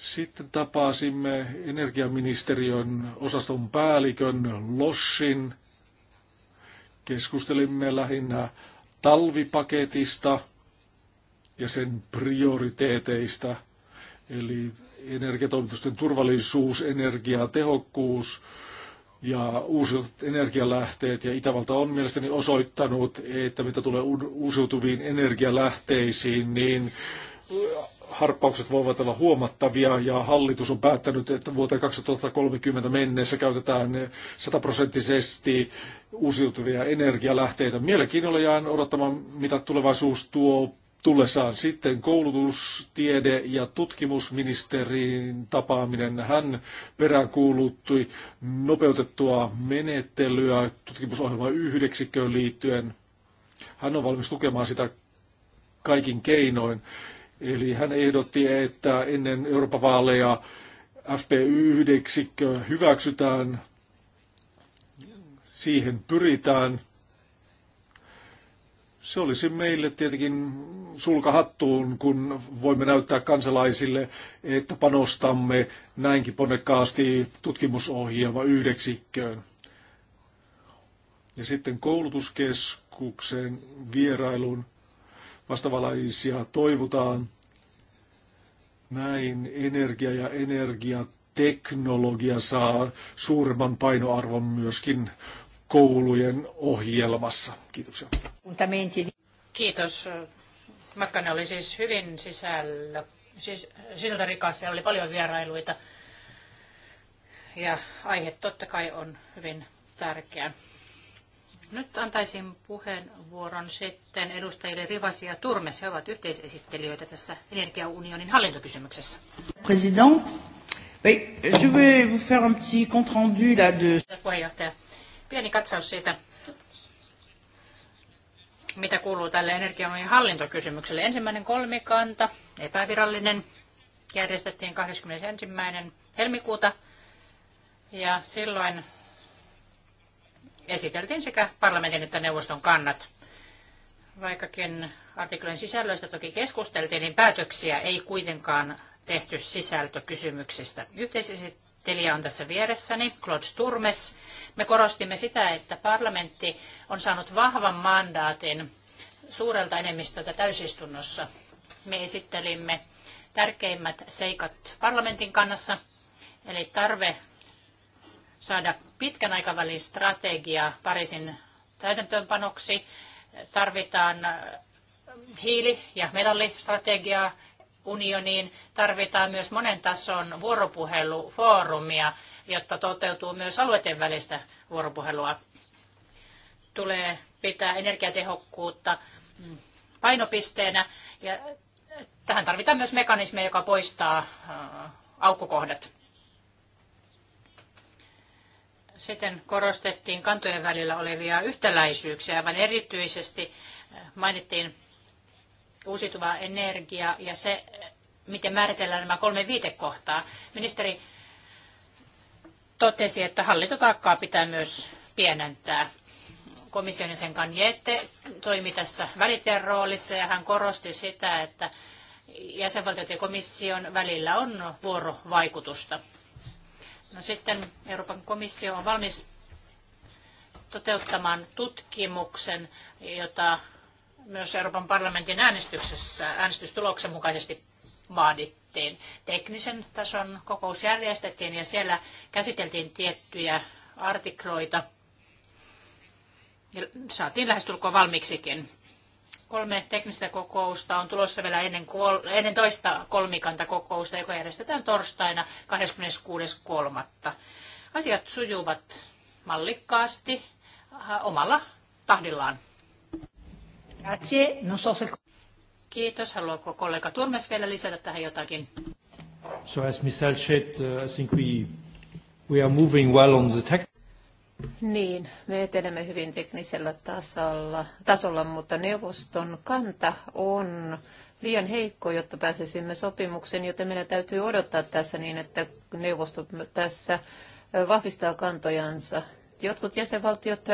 Sitten tapasimme energiaministeriön osaston päällikön Loshin. Keskustelimme lähinnä talvipaketista ja sen prioriteeteista, eli energiatoimitusten turvallisuus, energiatehokkuus ja uusiutuvat energialähteet. Ja Itävalta on mielestäni osoittanut, että mitä tulee uusiutuviin energialähteisiin, niin harppaukset voivat olla huomattavia ja hallitus on päättänyt, että vuoteen 2030 mennessä käytetään sataprosenttisesti uusiutuvia energialähteitä. Mielenkiinnolla jään odottamaan, mitä tulevaisuus tuo tullessaan sitten koulutus, tiede ja tutkimusministerin tapaaminen. Hän peräänkuulutti nopeutettua menettelyä tutkimusohjelma yhdeksikköön liittyen. Hän on valmis tukemaan sitä kaikin keinoin. Eli hän ehdotti, että ennen Euroopan vaaleja FP1 hyväksytään, siihen pyritään. Se olisi meille tietenkin sulkahattuun, kun voimme näyttää kansalaisille, että panostamme näinkin ponnekkaasti tutkimusohjelma yhdeksikköön. Ja sitten koulutuskeskuksen vierailun vastavalaisia toivotaan. Näin energia ja energiateknologia saa suurimman painoarvon myöskin koulujen ohjelmassa. Kiitoksia. Kiitos. Matkanne oli siis hyvin sisällä. Sisältä sisältörikas ja oli paljon vierailuita. Ja aihe totta kai on hyvin tärkeä. Nyt antaisin puheenvuoron sitten edustajille Rivasi ja Turmes. He ovat yhteisesittelijöitä tässä energiaunionin hallintokysymyksessä. President, oui, je vais vous faire un petit compte rendu là de... Puheenjohtaja, pieni katsaus siitä, mitä kuuluu tälle energiaunionin hallintokysymykselle. Ensimmäinen kolmikanta, epävirallinen, järjestettiin 21. helmikuuta ja silloin esiteltiin sekä parlamentin että neuvoston kannat. Vaikkakin artiklojen sisällöistä toki keskusteltiin, niin päätöksiä ei kuitenkaan tehty sisältökysymyksistä. Yhteisesittelijä on tässä vieressäni, Claude Turmes. Me korostimme sitä, että parlamentti on saanut vahvan mandaatin suurelta enemmistöltä täysistunnossa. Me esittelimme tärkeimmät seikat parlamentin kannassa, eli tarve saada pitkän aikavälin strategia Pariisin täytäntöönpanoksi. Tarvitaan äh, hiili- ja metallistrategiaa unioniin. Tarvitaan myös monen tason vuoropuhelufoorumia, jotta toteutuu myös alueiden välistä vuoropuhelua. Tulee pitää energiatehokkuutta mm, painopisteenä ja tähän tarvitaan myös mekanismeja, joka poistaa äh, aukkokohdat. Sitten korostettiin kantojen välillä olevia yhtäläisyyksiä, aivan erityisesti eh, mainittiin uusiutuva energia ja se, miten määritellään nämä kolme viitekohtaa. Ministeri totesi, että hallintotaakkaa pitää myös pienentää. Komission sen Kanjette toimi tässä välittäjän roolissa ja hän korosti sitä, että jäsenvaltiot ja komission välillä on vuorovaikutusta. No sitten Euroopan komissio on valmis toteuttamaan tutkimuksen, jota myös Euroopan parlamentin äänestyksessä äänestystuloksen mukaisesti vaadittiin. Teknisen tason kokous järjestettiin ja siellä käsiteltiin tiettyjä artikloita. Ja saatiin lähestulkoon valmiiksikin. Kolme teknistä kokousta on tulossa vielä ennen, kol- ennen toista kolmikantakokousta, joka järjestetään torstaina 26.3. Asiat sujuvat mallikkaasti omalla tahdillaan. Kiitos. Haluaako kollega Turmes vielä lisätä tähän jotakin? So as Michel said, uh, I think we, we are moving well on the tech. Niin, me etenemme hyvin teknisellä tasolla, tasolla, mutta neuvoston kanta on liian heikko, jotta pääsisimme sopimukseen, joten meidän täytyy odottaa tässä niin, että neuvosto tässä vahvistaa kantojansa. Jotkut jäsenvaltiot,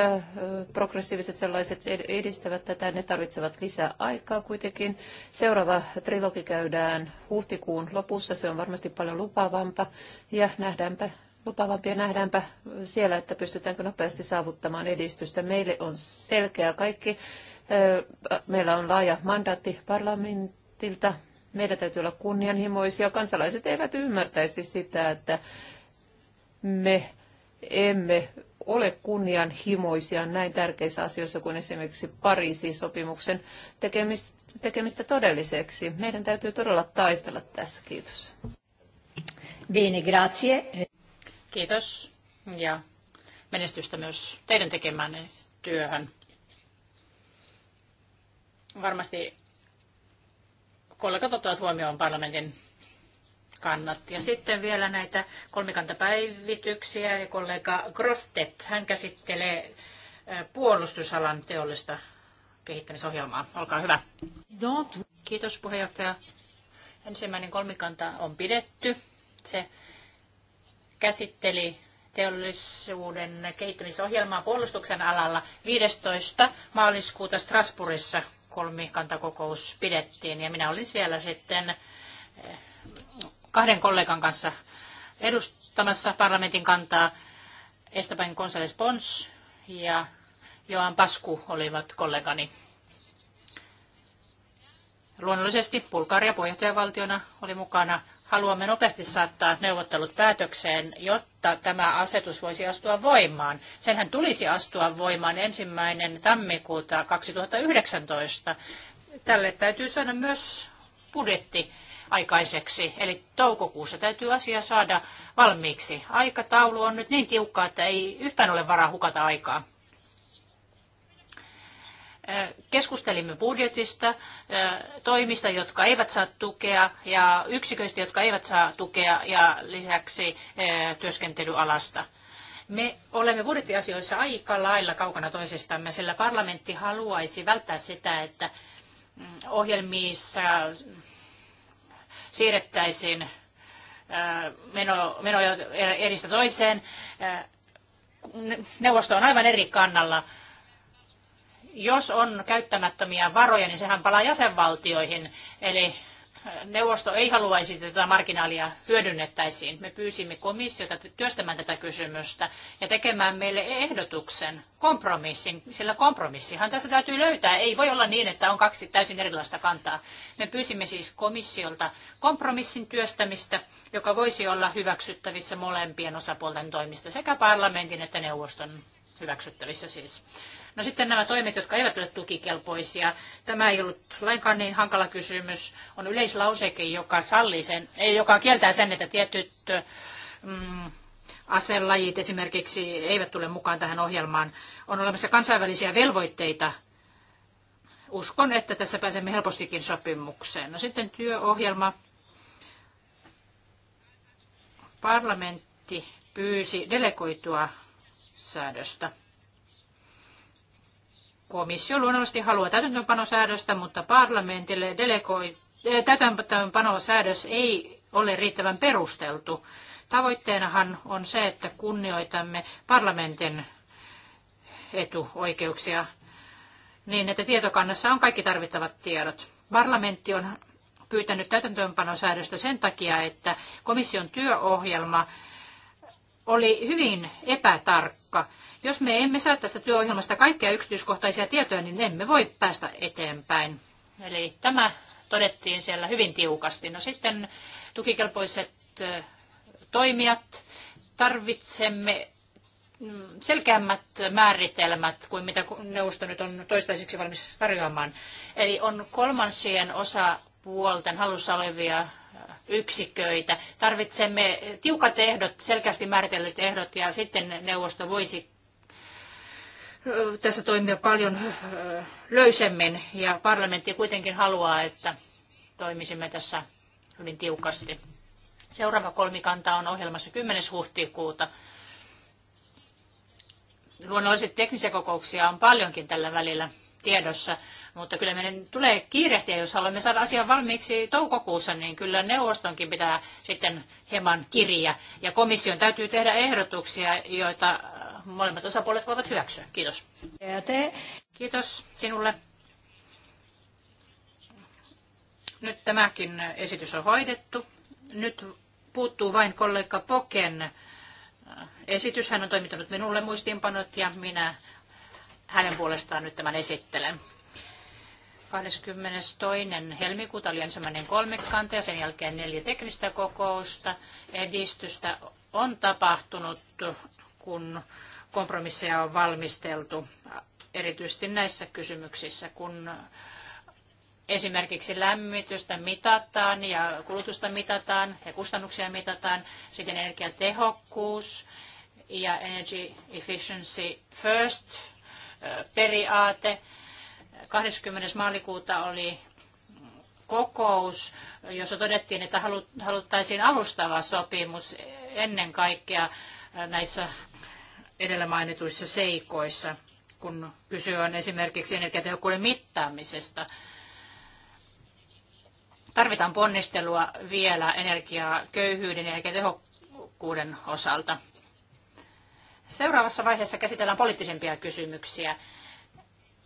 progressiiviset sellaiset, edistävät tätä. Ne tarvitsevat lisää aikaa kuitenkin. Seuraava trilogi käydään huhtikuun lopussa. Se on varmasti paljon lupaavampaa. Ja nähdäänpä lupaavampia. Nähdäänpä siellä, että pystytäänkö nopeasti saavuttamaan edistystä. Meille on selkeä kaikki. Meillä on laaja mandaatti parlamentilta. Meidän täytyy olla kunnianhimoisia. Kansalaiset eivät ymmärtäisi sitä, että me emme ole kunnianhimoisia näin tärkeissä asioissa kuin esimerkiksi Pariisin sopimuksen tekemistä, tekemistä todelliseksi. Meidän täytyy todella taistella tässä. Kiitos. Bene, grazie. Kiitos ja menestystä myös teidän tekemään työhön. Varmasti kollegat ottavat huomioon parlamentin kannat. Ja sitten vielä näitä kolmikantapäivityksiä ja kollega Grostet, hän käsittelee puolustusalan teollista kehittämisohjelmaa. Olkaa hyvä. Kiitos puheenjohtaja. Ensimmäinen kolmikanta on pidetty. Se käsitteli teollisuuden kehittämisohjelmaa puolustuksen alalla 15. maaliskuuta Strasbourgissa kolmikantakokous pidettiin ja minä olin siellä sitten eh, kahden kollegan kanssa edustamassa parlamentin kantaa. Estaban González Pons ja Joan Pasku olivat kollegani. Luonnollisesti Bulgaria puheenjohtajavaltiona oli mukana haluamme nopeasti saattaa neuvottelut päätökseen, jotta tämä asetus voisi astua voimaan. Senhän tulisi astua voimaan ensimmäinen tammikuuta 2019. Tälle täytyy saada myös budjetti aikaiseksi, eli toukokuussa täytyy asia saada valmiiksi. Aikataulu on nyt niin tiukka, että ei yhtään ole varaa hukata aikaa. Keskustelimme budjetista, toimista, jotka eivät saa tukea ja yksiköistä, jotka eivät saa tukea ja lisäksi työskentelyalasta. Me olemme budjettiasioissa aika lailla kaukana toisistamme, sillä parlamentti haluaisi välttää sitä, että mm, ohjelmissa siirrettäisiin meno, menoja eristä toiseen. Neuvosto on aivan eri kannalla jos on käyttämättömiä varoja, niin sehän palaa jäsenvaltioihin. Eli neuvosto ei haluaisi, että tätä marginaalia hyödynnettäisiin. Me pyysimme komissiota työstämään tätä kysymystä ja tekemään meille ehdotuksen, kompromissin, sillä kompromissihan tässä täytyy löytää. Ei voi olla niin, että on kaksi täysin erilaista kantaa. Me pyysimme siis komissiolta kompromissin työstämistä, joka voisi olla hyväksyttävissä molempien osapuolten toimista, sekä parlamentin että neuvoston hyväksyttävissä siis. No sitten nämä toimet, jotka eivät ole tukikelpoisia. Tämä ei ollut lainkaan niin hankala kysymys. On yleislauseke, joka, sallii sen, joka kieltää sen, että tietyt mm, aselajit esimerkiksi eivät tule mukaan tähän ohjelmaan. On olemassa kansainvälisiä velvoitteita. Uskon, että tässä pääsemme helpostikin sopimukseen. No sitten työohjelma. Parlamentti pyysi delegoitua säädöstä. Komissio luonnollisesti haluaa täytäntöönpanosäädöstä, mutta parlamentille delegoi, eh, täytäntöönpanosäädös ei ole riittävän perusteltu. Tavoitteenahan on se, että kunnioitamme parlamentin etuoikeuksia niin, että tietokannassa on kaikki tarvittavat tiedot. Parlamentti on pyytänyt täytäntöönpanosäädöstä sen takia, että komission työohjelma oli hyvin epätarkka jos me emme saa tästä työohjelmasta kaikkia yksityiskohtaisia tietoja, niin emme voi päästä eteenpäin. Eli tämä todettiin siellä hyvin tiukasti. No sitten tukikelpoiset toimijat. Tarvitsemme mm, selkeämmät määritelmät kuin mitä neuvosto nyt on toistaiseksi valmis tarjoamaan. Eli on kolmansien osapuolten hallussa olevia yksiköitä. Tarvitsemme tiukat ehdot, selkeästi määritellyt ehdot ja sitten neuvosto voisi tässä toimia paljon löysemmin ja parlamentti kuitenkin haluaa, että toimisimme tässä hyvin tiukasti. Seuraava kolmikanta on ohjelmassa 10. huhtikuuta. Luonnollisesti teknisiä kokouksia on paljonkin tällä välillä tiedossa, mutta kyllä meidän tulee kiirehtiä, jos haluamme saada asian valmiiksi toukokuussa, niin kyllä neuvostonkin pitää sitten hieman kirja. Ja komission täytyy tehdä ehdotuksia, joita molemmat osapuolet voivat hyväksyä. Kiitos. Kiitos sinulle. Nyt tämäkin esitys on hoidettu. Nyt puuttuu vain kollega Poken äh, esitys. Hän on toimittanut minulle muistiinpanot ja minä hänen puolestaan nyt tämän esittelen. 22. helmikuuta oli ensimmäinen kolmikanta ja sen jälkeen neljä teknistä kokousta. Edistystä on tapahtunut, kun kompromisseja on valmisteltu, erityisesti näissä kysymyksissä, kun esimerkiksi lämmitystä mitataan ja kulutusta mitataan ja kustannuksia mitataan, sitten energiatehokkuus ja Energy Efficiency First periaate. 20. maalikuuta oli kokous, jossa todettiin, että haluttaisiin alustava sopimus ennen kaikkea näissä edellä mainituissa seikoissa, kun kyse on esimerkiksi energiatehokkuuden mittaamisesta. Tarvitaan ponnistelua vielä energiaköyhyyden ja energiatehokkuuden osalta. Seuraavassa vaiheessa käsitellään poliittisempia kysymyksiä.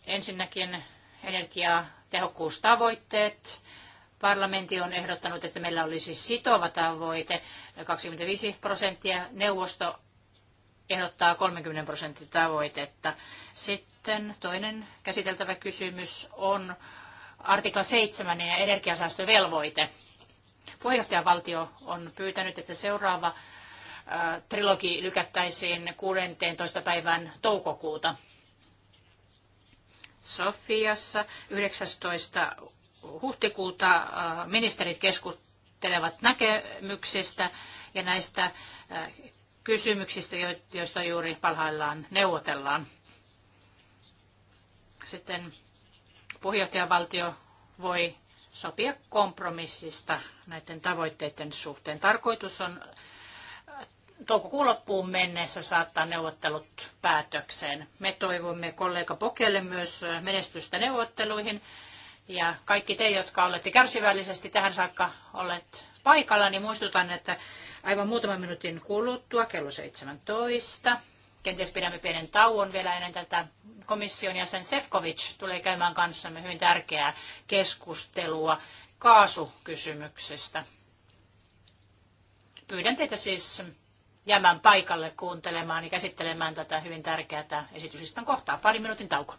Ensinnäkin energiatehokkuustavoitteet. Parlamentti on ehdottanut, että meillä olisi sitova tavoite 25 prosenttia. Neuvosto ehdottaa 30 prosentin tavoitetta. Sitten toinen käsiteltävä kysymys on artikla 7 ja energiasäästövelvoite. Puheenjohtajavaltio on pyytänyt, että seuraava äh, trilogi lykättäisiin 16. päivään toukokuuta. Sofiassa 19. huhtikuuta äh, ministerit keskustelevat näkemyksistä ja näistä äh, kysymyksistä, joista juuri parhaillaan neuvotellaan. Sitten puheenjohtajavaltio voi sopia kompromissista näiden tavoitteiden suhteen. Tarkoitus on äh, toukokuun loppuun mennessä saattaa neuvottelut päätökseen. Me toivomme kollega Pokelle myös äh, menestystä neuvotteluihin. Ja kaikki te, jotka olette kärsivällisesti tähän saakka olleet paikalla, niin muistutan, että aivan muutaman minuutin kuluttua kello 17. Kenties pidämme pienen tauon vielä ennen tätä. Komission jäsen Sefcovic tulee käymään kanssamme hyvin tärkeää keskustelua kaasukysymyksestä. Pyydän teitä siis jäämään paikalle kuuntelemaan ja käsittelemään tätä hyvin tärkeää esityslistan kohtaa. Pari minuutin tauko.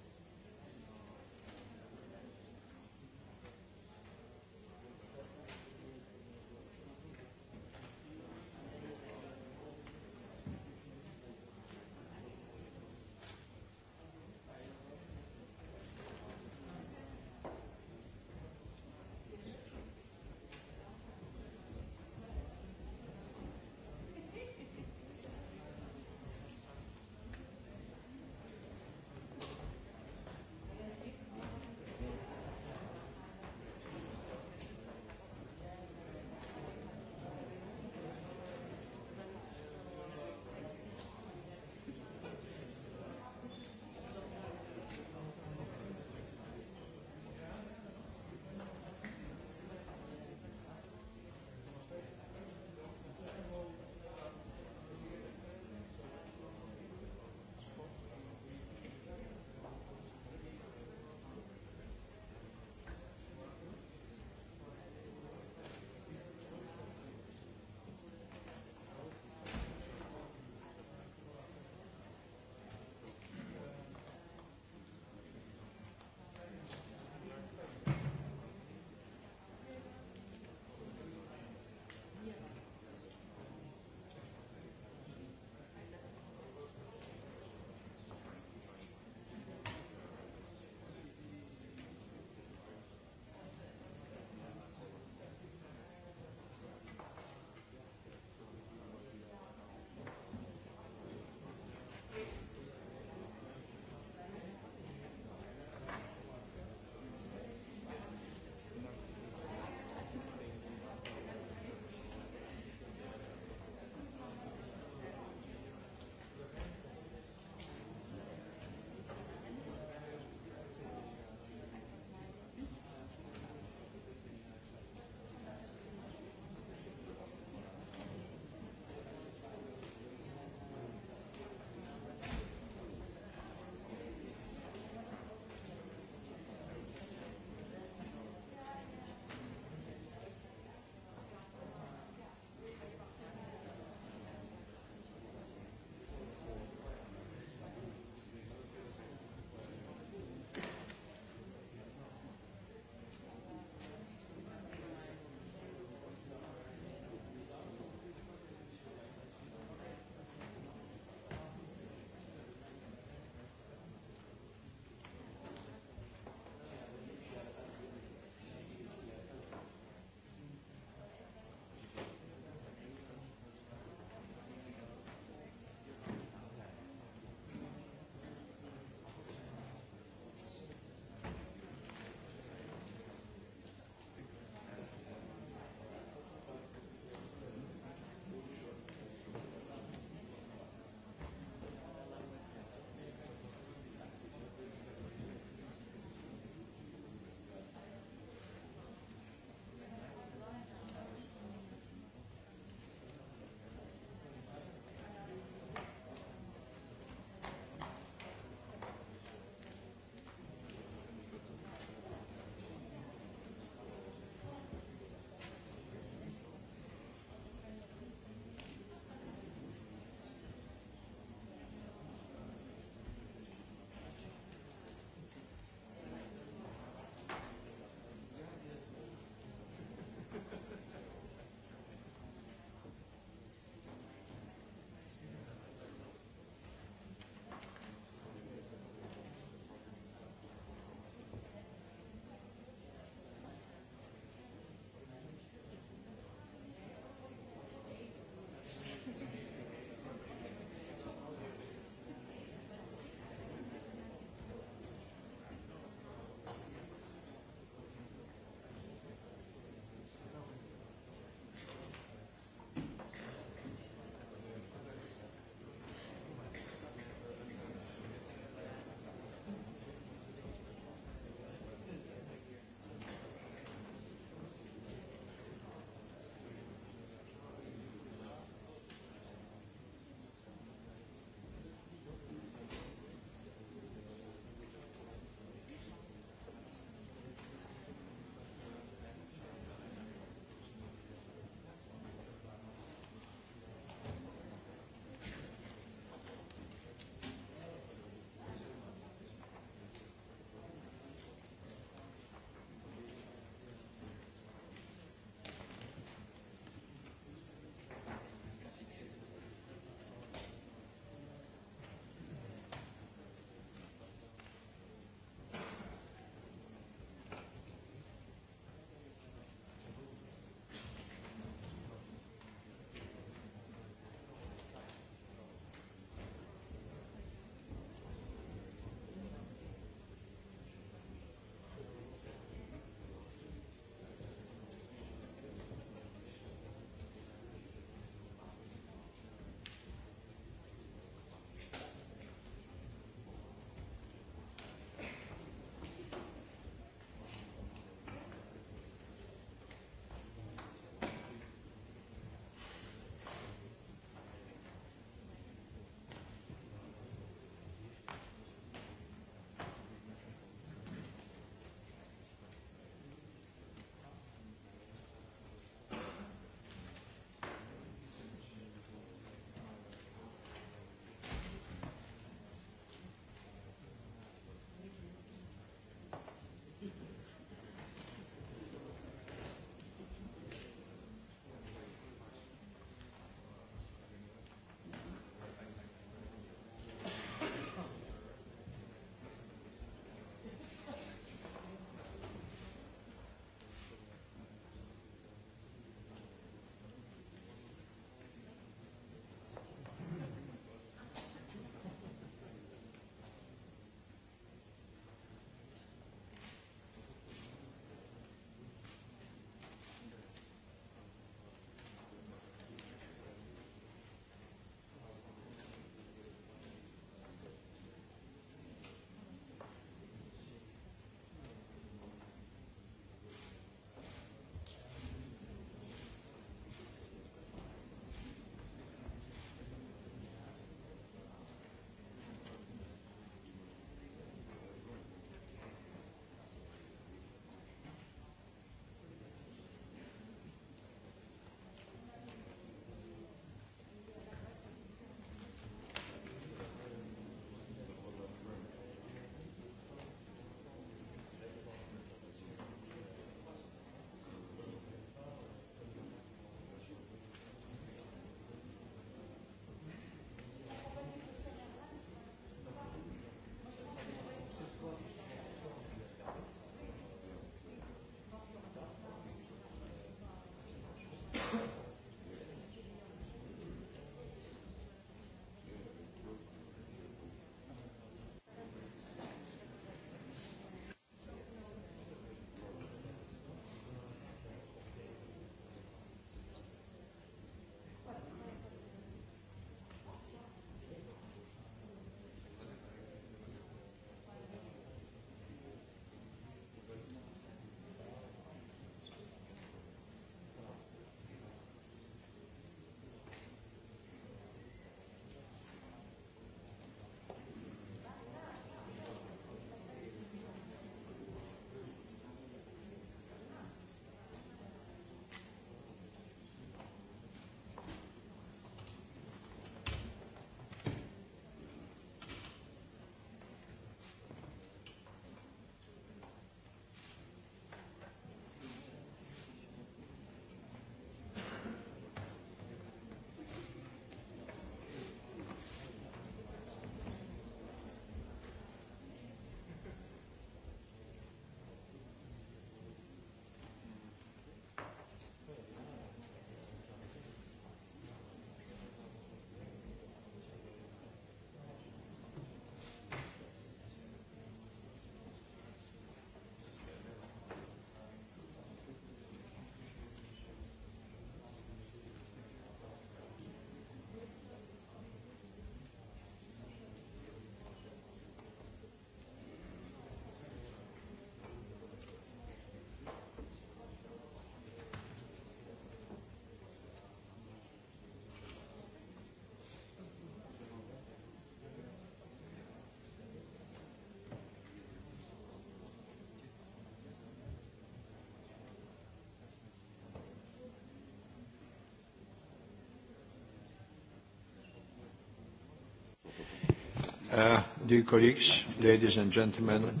Uh, dear colleagues, ladies and gentlemen.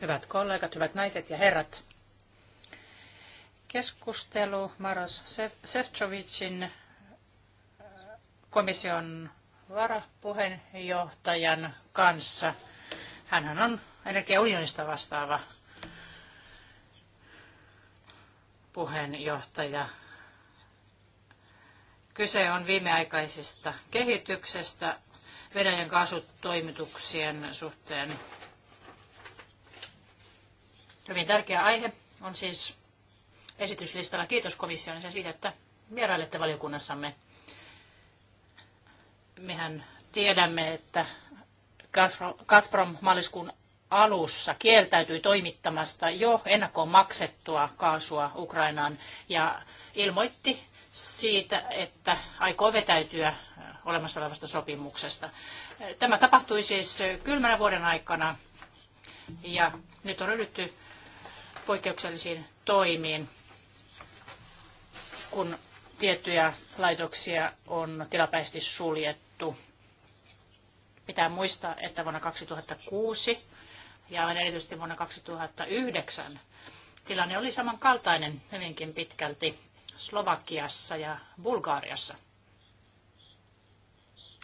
Hyvät kollegat, hyvät naiset ja herrat. Keskustelu Maros Sefcovicin uh, komission varapuheenjohtajan kanssa. Hänhän on energiaunionista vastaava puheenjohtaja. Kyse on viimeaikaisesta kehityksestä Venäjän kaasutoimituksien suhteen. Hyvin tärkeä aihe on siis esityslistalla. Kiitos komissioon siitä, että vierailette valiokunnassamme. Mehän tiedämme, että Gazprom maaliskuun alussa kieltäytyi toimittamasta jo ennakkoon maksettua kaasua Ukrainaan ja ilmoitti siitä, että aikoo vetäytyä olemassa olevasta sopimuksesta. Tämä tapahtui siis kylmänä vuoden aikana ja nyt on ryhdytty poikkeuksellisiin toimiin, kun tiettyjä laitoksia on tilapäisesti suljettu. Pitää muistaa, että vuonna 2006 ja erityisesti vuonna 2009 tilanne oli samankaltainen hyvinkin pitkälti Slovakiassa ja Bulgaariassa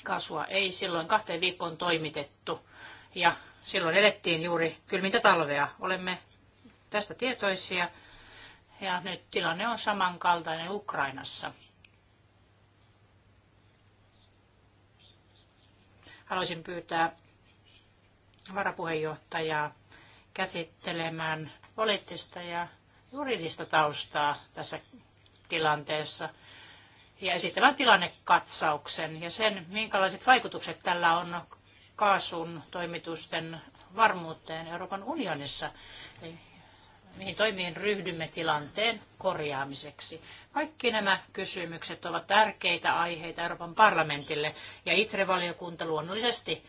kasvua ei silloin kahteen viikkoon toimitettu ja silloin elettiin juuri kylmintä talvea. Olemme tästä tietoisia ja nyt tilanne on samankaltainen Ukrainassa. Haluaisin pyytää varapuheenjohtajaa käsittelemään poliittista ja juridista taustaa tässä tilanteessa – ja esittävät tilannekatsauksen ja sen, minkälaiset vaikutukset tällä on kaasun toimitusten varmuuteen Euroopan unionissa. Eli mihin toimiin ryhdymme tilanteen korjaamiseksi. Kaikki nämä kysymykset ovat tärkeitä aiheita Euroopan parlamentille ja ITRE-valiokunta luonnollisesti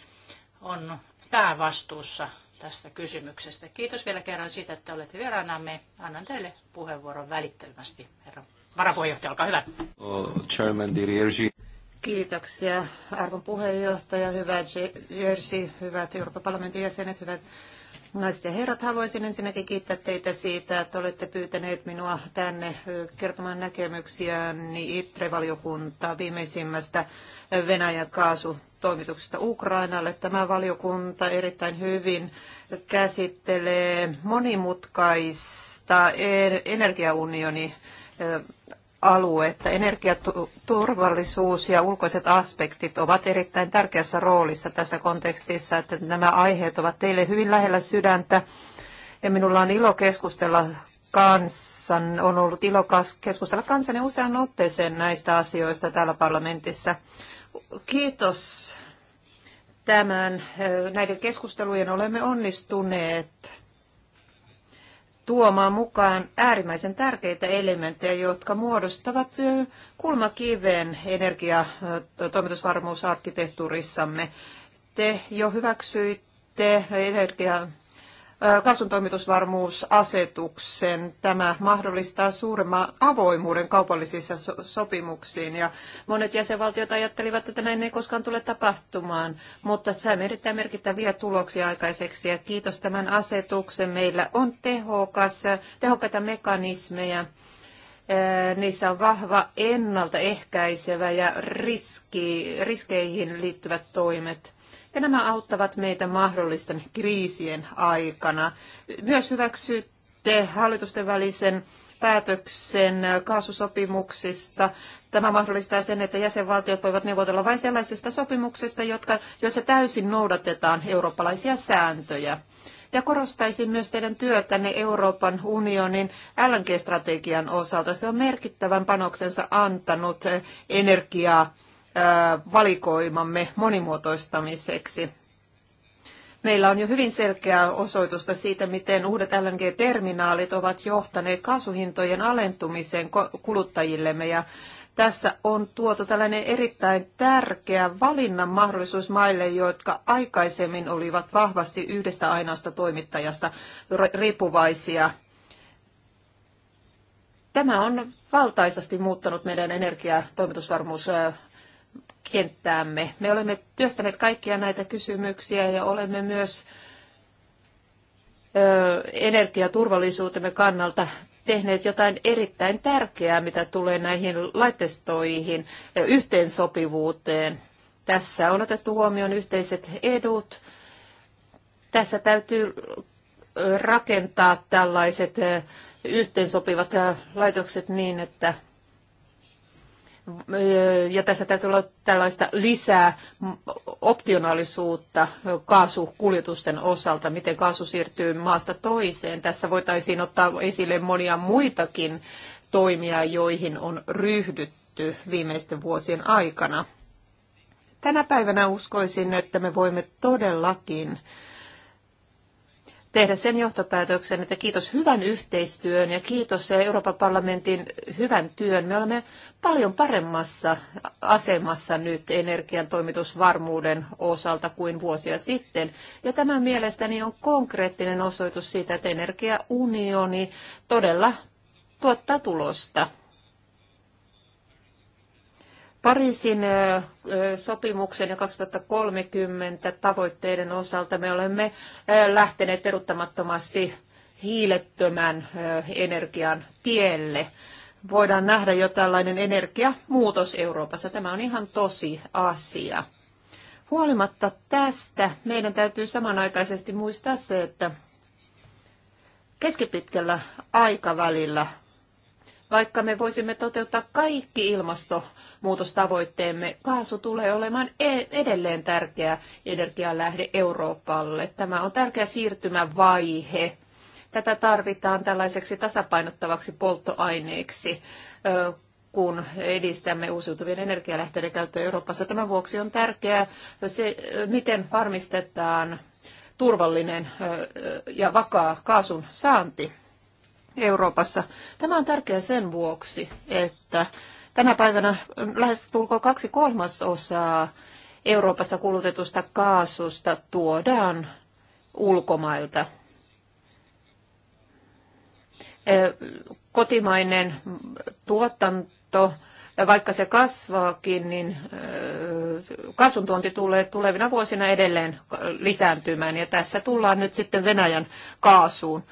on päävastuussa tästä kysymyksestä. Kiitos vielä kerran siitä, että olette vieraanamme. Annan teille puheenvuoron välittömästi, herra Varapuheenjohtaja, olkaa hyvä. Oh, Chairman Kiitoksia arvon puheenjohtaja, hyvät Jersi, hyvät Euroopan parlamentin jäsenet, hyvät Naiset ja herrat, haluaisin ensinnäkin kiittää teitä siitä, että olette pyytäneet minua tänne kertomaan näkemyksiäni ITRE-valiokuntaa viimeisimmästä Venäjän toimituksesta Ukrainalle. Tämä valiokunta erittäin hyvin käsittelee monimutkaista er- energiaunioni Alue, että Energiaturvallisuus ja ulkoiset aspektit ovat erittäin tärkeässä roolissa tässä kontekstissa, että nämä aiheet ovat teille hyvin lähellä sydäntä. Ja minulla on ilo keskustella kanssan, on ollut ilo keskustella kanssanne usean otteeseen näistä asioista täällä parlamentissa. Kiitos tämän. Näiden keskustelujen olemme onnistuneet tuomaan mukaan äärimmäisen tärkeitä elementtejä, jotka muodostavat energia energiatoimitusvarmuusarkkitehtuurissamme. Te jo hyväksyitte energia kasvun toimitusvarmuusasetuksen. Tämä mahdollistaa suuremman avoimuuden kaupallisissa so- sopimuksiin ja monet jäsenvaltiot ajattelivat, että näin ei koskaan tule tapahtumaan, mutta saimme erittäin merkittäviä tuloksia aikaiseksi ja kiitos tämän asetuksen. Meillä on tehokas, tehokkaita mekanismeja niissä on vahva ennaltaehkäisevä ja riski, riskeihin liittyvät toimet. Ja nämä auttavat meitä mahdollisten kriisien aikana. Myös hyväksytte hallitusten välisen päätöksen kaasusopimuksista. Tämä mahdollistaa sen, että jäsenvaltiot voivat neuvotella vain sellaisista sopimuksista, jotka, joissa täysin noudatetaan eurooppalaisia sääntöjä. Ja korostaisin myös teidän työtänne Euroopan unionin LNG-strategian osalta. Se on merkittävän panoksensa antanut energiaa valikoimamme monimuotoistamiseksi. Meillä on jo hyvin selkeää osoitusta siitä, miten uudet LNG-terminaalit ovat johtaneet kaasuhintojen alentumiseen kuluttajillemme ja tässä on tuotu tällainen erittäin tärkeä valinnan mahdollisuus maille, jotka aikaisemmin olivat vahvasti yhdestä ainoasta toimittajasta riippuvaisia. Tämä on valtaisasti muuttanut meidän energiatoimitusvarmuus kenttäämme. Me olemme työstäneet kaikkia näitä kysymyksiä ja olemme myös energiaturvallisuutemme kannalta tehneet jotain erittäin tärkeää, mitä tulee näihin laitteistoihin, yhteensopivuuteen. Tässä on otettu huomioon yhteiset edut. Tässä täytyy rakentaa tällaiset yhteensopivat laitokset niin, että ja tässä täytyy olla tällaista lisää optionaalisuutta kaasukuljetusten osalta, miten kaasu siirtyy maasta toiseen. Tässä voitaisiin ottaa esille monia muitakin toimia, joihin on ryhdytty viimeisten vuosien aikana. Tänä päivänä uskoisin, että me voimme todellakin tehdä sen johtopäätöksen, että kiitos hyvän yhteistyön ja kiitos Euroopan parlamentin hyvän työn. Me olemme paljon paremmassa asemassa nyt energian toimitusvarmuuden osalta kuin vuosia sitten. Ja tämä mielestäni on konkreettinen osoitus siitä, että energiaunioni todella tuottaa tulosta. Pariisin sopimuksen ja 2030 tavoitteiden osalta me olemme lähteneet peruttamattomasti hiilettömän energian tielle. Voidaan nähdä jo tällainen energiamuutos Euroopassa. Tämä on ihan tosi asia. Huolimatta tästä meidän täytyy samanaikaisesti muistaa se, että keskipitkällä aikavälillä vaikka me voisimme toteuttaa kaikki ilmastonmuutostavoitteemme, kaasu tulee olemaan e- edelleen tärkeä energialähde Euroopalle. Tämä on tärkeä siirtymävaihe. Tätä tarvitaan tällaiseksi tasapainottavaksi polttoaineeksi kun edistämme uusiutuvien energialähteiden käyttöä Euroopassa. Tämän vuoksi on tärkeää se, miten varmistetaan turvallinen ja vakaa kaasun saanti. Euroopassa. Tämä on tärkeää sen vuoksi, että tänä päivänä lähes tulkoon kaksi kolmasosaa Euroopassa kulutetusta kaasusta tuodaan ulkomailta. Kotimainen tuotanto, vaikka se kasvaakin, niin kaasuntuonti tulee tulevina vuosina edelleen lisääntymään. Ja tässä tullaan nyt sitten Venäjän kaasuun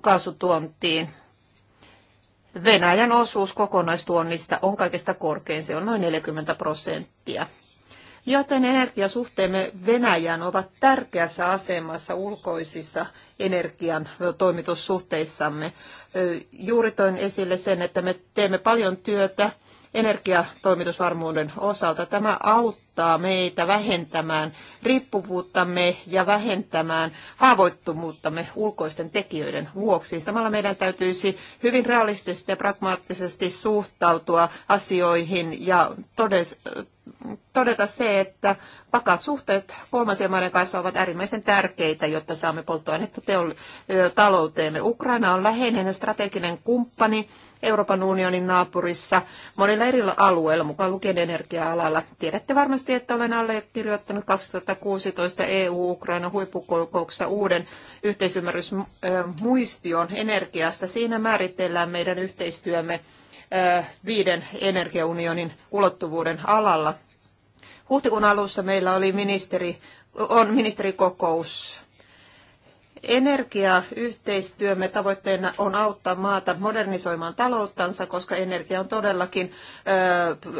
kaasutuontiin. Venäjän osuus kokonaistuonnista on kaikista korkein, se on noin 40 prosenttia. Joten energiasuhteemme Venäjään ovat tärkeässä asemassa ulkoisissa energian toimitussuhteissamme. Juuri toin esille sen, että me teemme paljon työtä energiatoimitusvarmuuden osalta. Tämä auttaa meitä vähentämään riippuvuuttamme ja vähentämään haavoittuvuuttamme ulkoisten tekijöiden vuoksi. Samalla meidän täytyisi hyvin realistisesti ja pragmaattisesti suhtautua asioihin ja todes, todeta se, että vakaat suhteet kolmansien maiden kanssa ovat äärimmäisen tärkeitä, jotta saamme polttoainetta teoll- talouteemme. Ukraina on läheinen ja strateginen kumppani Euroopan unionin naapurissa monilla eri alueilla, mukaan lukien energia-alalla. Tiedätte varmasti, että olen allekirjoittanut 2016 EU-Ukraina huippukokouksessa uuden yhteisymmärrysmuistion energiasta. Siinä määritellään meidän yhteistyömme viiden energiaunionin ulottuvuuden alalla. Huhtikuun alussa meillä oli ministeri, on ministerikokous. Energiayhteistyömme tavoitteena on auttaa maata modernisoimaan talouttansa, koska energia on todellakin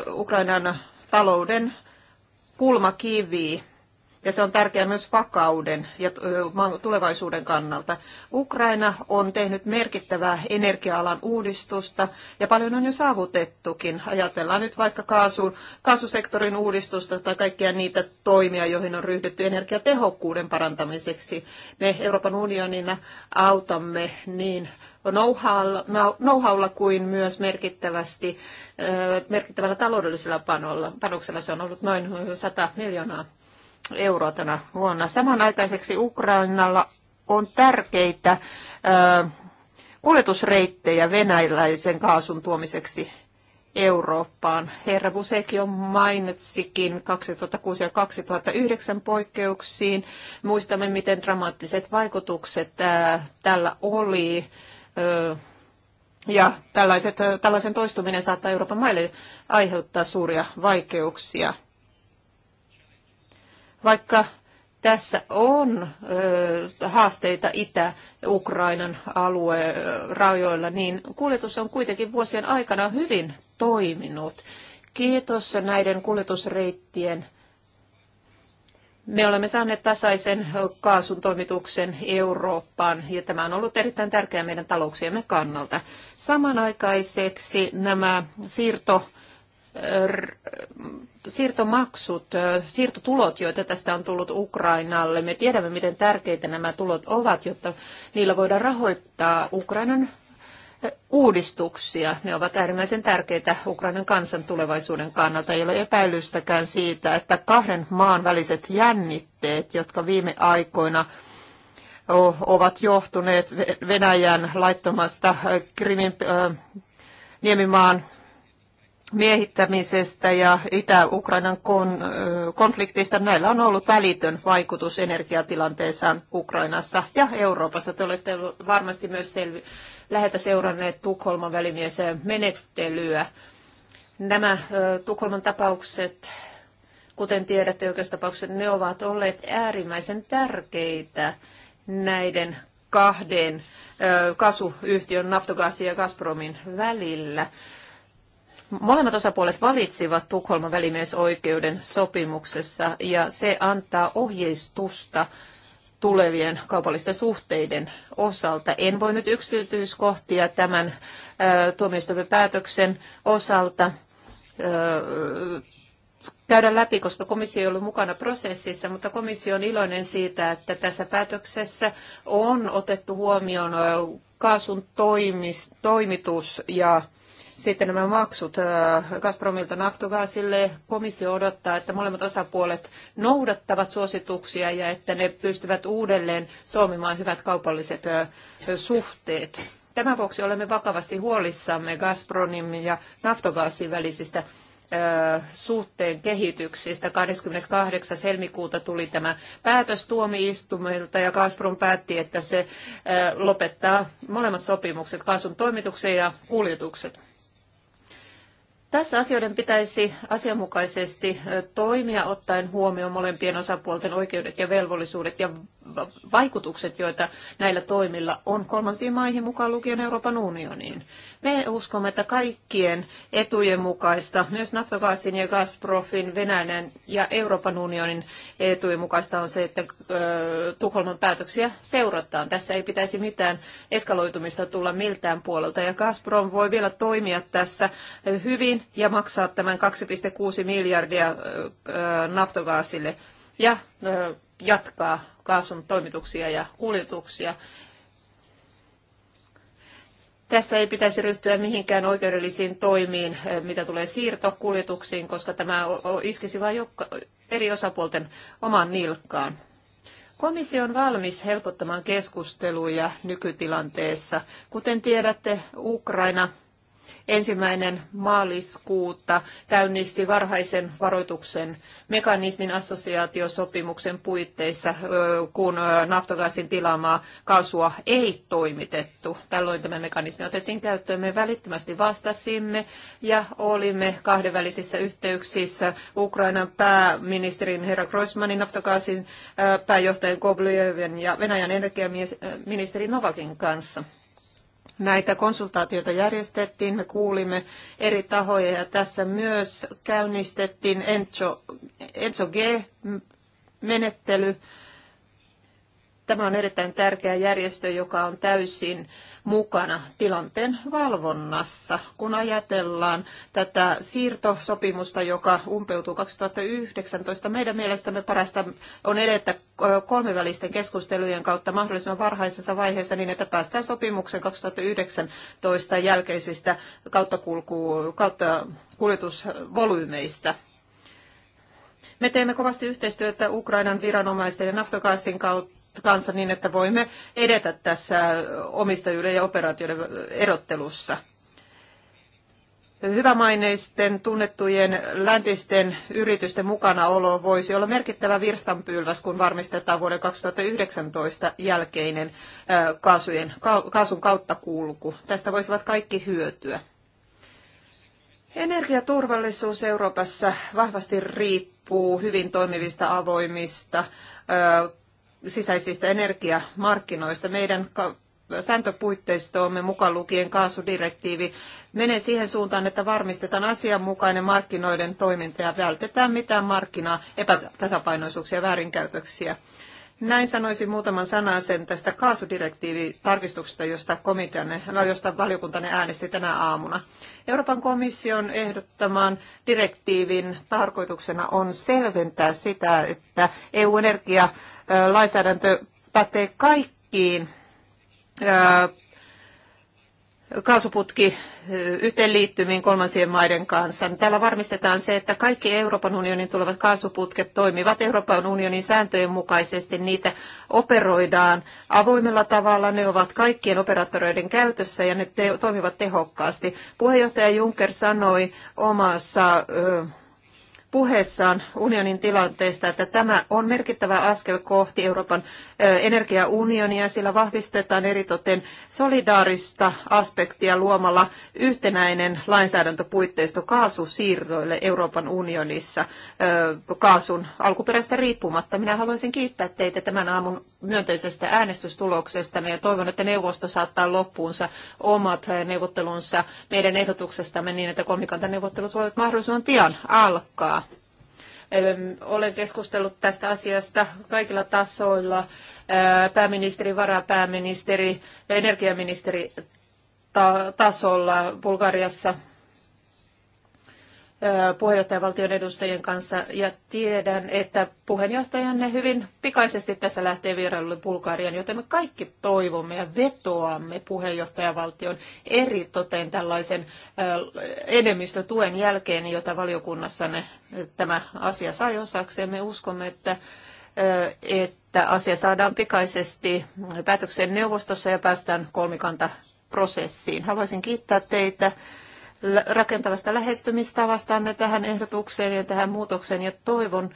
ö, Ukrainan talouden kulmakivi ja se on tärkeää myös vakauden ja tulevaisuuden kannalta. Ukraina on tehnyt merkittävää energia-alan uudistusta ja paljon on jo saavutettukin. Ajatellaan nyt vaikka kaasun, kaasusektorin uudistusta tai kaikkia niitä toimia, joihin on ryhdytty energiatehokkuuden parantamiseksi. Me Euroopan unionina autamme niin know-howlla kuin myös merkittävästi, merkittävällä taloudellisella panolla. panoksella. Se on ollut noin 100 miljoonaa euroa tänä vuonna. Samanaikaiseksi Ukrainalla on tärkeitä ö, kuljetusreittejä venäläisen kaasun tuomiseksi Eurooppaan. Herra Busek jo mainitsikin 2006 ja 2009 poikkeuksiin. Muistamme, miten dramaattiset vaikutukset tällä oli. Ja tällaiset, tällaisen toistuminen saattaa Euroopan maille aiheuttaa suuria vaikeuksia. Vaikka tässä on ö, haasteita Itä-Ukrainan alue rajoilla, niin kuljetus on kuitenkin vuosien aikana hyvin toiminut. Kiitos näiden kuljetusreittien. Me olemme saaneet tasaisen kaasun toimituksen Eurooppaan ja tämä on ollut erittäin tärkeää meidän talouksiemme kannalta. Samanaikaiseksi nämä siirto siirtomaksut, siirtotulot, joita tästä on tullut Ukrainalle. Me tiedämme, miten tärkeitä nämä tulot ovat, jotta niillä voidaan rahoittaa Ukrainan uudistuksia. Ne ovat äärimmäisen tärkeitä Ukrainan kansan tulevaisuuden kannalta. Ei ole epäilystäkään siitä, että kahden maan väliset jännitteet, jotka viime aikoina ovat johtuneet Venäjän laittomasta Krimin niemimaan miehittämisestä ja Itä-Ukrainan konfliktista. Näillä on ollut välitön vaikutus energiatilanteeseen Ukrainassa ja Euroopassa. Te olette varmasti myös selvi- lähetä seuranneet Tukholman välimiesen menettelyä. Nämä Tukholman tapaukset, kuten tiedätte oikeustapaukset, ne ovat olleet äärimmäisen tärkeitä näiden kahden kasuyhtiön Naftogasin ja Gazpromin välillä. Molemmat osapuolet valitsivat Tukholman välimiesoikeuden sopimuksessa ja se antaa ohjeistusta tulevien kaupallisten suhteiden osalta. En voi nyt yksityiskohtia tämän tuomioistuimen päätöksen osalta käydä läpi, koska komissio ei ollut mukana prosessissa, mutta komissio on iloinen siitä, että tässä päätöksessä on otettu huomioon kaasun toimis, toimitus ja sitten nämä maksut äh, Gazpromilta naftogaasille Komissio odottaa, että molemmat osapuolet noudattavat suosituksia ja että ne pystyvät uudelleen solmimaan hyvät kaupalliset äh, suhteet. Tämän vuoksi olemme vakavasti huolissamme Gazpromin ja naftogaasin välisistä äh, suhteen kehityksistä. 28. helmikuuta tuli tämä päätös tuomioistumelta ja Gazprom päätti, että se lopettaa molemmat sopimukset, kaasun toimituksen ja kuljetukset. Tässä asioiden pitäisi asianmukaisesti toimia ottaen huomioon molempien osapuolten oikeudet ja velvollisuudet ja vaikutukset, joita näillä toimilla on kolmansiin maihin mukaan lukien Euroopan unioniin. Me uskomme, että kaikkien etujen mukaista, myös Naftogaasin ja Gazprofin, Venäjän ja Euroopan unionin etujen mukaista on se, että Tukholman päätöksiä seurataan. Tässä ei pitäisi mitään eskaloitumista tulla miltään puolelta ja Gazprom voi vielä toimia tässä hyvin ja maksaa tämän 2,6 miljardia Naftogaasille ja jatkaa kaasun toimituksia ja kuljetuksia. Tässä ei pitäisi ryhtyä mihinkään oikeudellisiin toimiin, eh, mitä tulee siirtokuljetuksiin, koska tämä iskisi vain eri osapuolten oman nilkkaan. Komissio on valmis helpottamaan keskusteluja nykytilanteessa. Kuten tiedätte, Ukraina ensimmäinen maaliskuuta käynnisti varhaisen varoituksen mekanismin assosiaatiosopimuksen puitteissa, kun naftogasin tilaamaa kasua ei toimitettu. Tällöin tämä mekanismi otettiin käyttöön. Me välittömästi vastasimme ja olimme kahdenvälisissä yhteyksissä Ukrainan pääministerin herra Grossmanin, naftogaasin pääjohtajan Koblievin ja Venäjän energiaministerin Novakin kanssa. Näitä konsultaatioita järjestettiin, me kuulimme eri tahoja ja tässä myös käynnistettiin Enzo, Enzo G-menettely, Tämä on erittäin tärkeä järjestö, joka on täysin mukana tilanteen valvonnassa. Kun ajatellaan tätä siirtosopimusta, joka umpeutuu 2019, meidän mielestämme parasta on edetä kolmivälisten keskustelujen kautta mahdollisimman varhaisessa vaiheessa niin, että päästään sopimuksen 2019 jälkeisistä kautta, kulku, kautta kuljetusvolyymeista. Me teemme kovasti yhteistyötä Ukrainan viranomaisten ja Naftogaasin kautta kanssa niin, että voimme edetä tässä omistajuuden ja operaatioiden erottelussa. Hyvämaineisten, tunnettujen läntisten yritysten mukanaolo voisi olla merkittävä virstanpylväs, kun varmistetaan vuoden 2019 jälkeinen kaasujen, kaasun kulku. Tästä voisivat kaikki hyötyä. Energiaturvallisuus Euroopassa vahvasti riippuu hyvin toimivista avoimista sisäisistä energiamarkkinoista. Meidän sääntöpuitteistoomme mukaan lukien kaasudirektiivi menee siihen suuntaan, että varmistetaan asianmukainen markkinoiden toiminta ja vältetään mitään markkinaa epätasapainoisuuksia ja väärinkäytöksiä. Näin sanoisin muutaman sanan sen tästä kaasudirektiivitarkistuksesta, josta, no, josta valiokuntanne äänesti tänä aamuna. Euroopan komission ehdottaman direktiivin tarkoituksena on selventää sitä, että EU-energia lainsäädäntö pätee kaikkiin kaasuputki yhteenliittymiin kolmansien maiden kanssa. Tällä varmistetaan se, että kaikki Euroopan unionin tulevat kaasuputket toimivat Euroopan unionin sääntöjen mukaisesti. Niitä operoidaan avoimella tavalla. Ne ovat kaikkien operaattoreiden käytössä ja ne te- toimivat tehokkaasti. Puheenjohtaja Juncker sanoi omassa... Ö, puheessaan unionin tilanteesta, että tämä on merkittävä askel kohti Euroopan energiaunionia, sillä vahvistetaan eritoten solidaarista aspektia luomalla yhtenäinen lainsäädäntöpuitteisto kaasusiirroille Euroopan unionissa kaasun alkuperästä riippumatta. Minä haluaisin kiittää teitä tämän aamun myönteisestä äänestystuloksesta ja toivon, että neuvosto saattaa loppuunsa omat neuvottelunsa meidän ehdotuksestamme niin, että kolmikantaneuvottelut voivat mahdollisimman pian alkaa. Olen keskustellut tästä asiasta kaikilla tasoilla, pääministeri, varapääministeri, energiaministeri tasolla Bulgariassa puheenjohtajavaltion edustajien kanssa ja tiedän, että puheenjohtajanne hyvin pikaisesti tässä lähtee vierailulle Bulgarian, joten me kaikki toivomme ja vetoamme puheenjohtajavaltion eri toteen tällaisen enemmistötuen jälkeen, jota valiokunnassanne tämä asia sai osakseen. Me uskomme, että että asia saadaan pikaisesti päätökseen neuvostossa ja päästään kolmikanta prosessiin. Haluaisin kiittää teitä rakentavasta lähestymistavasta tähän ehdotukseen ja tähän muutokseen ja toivon,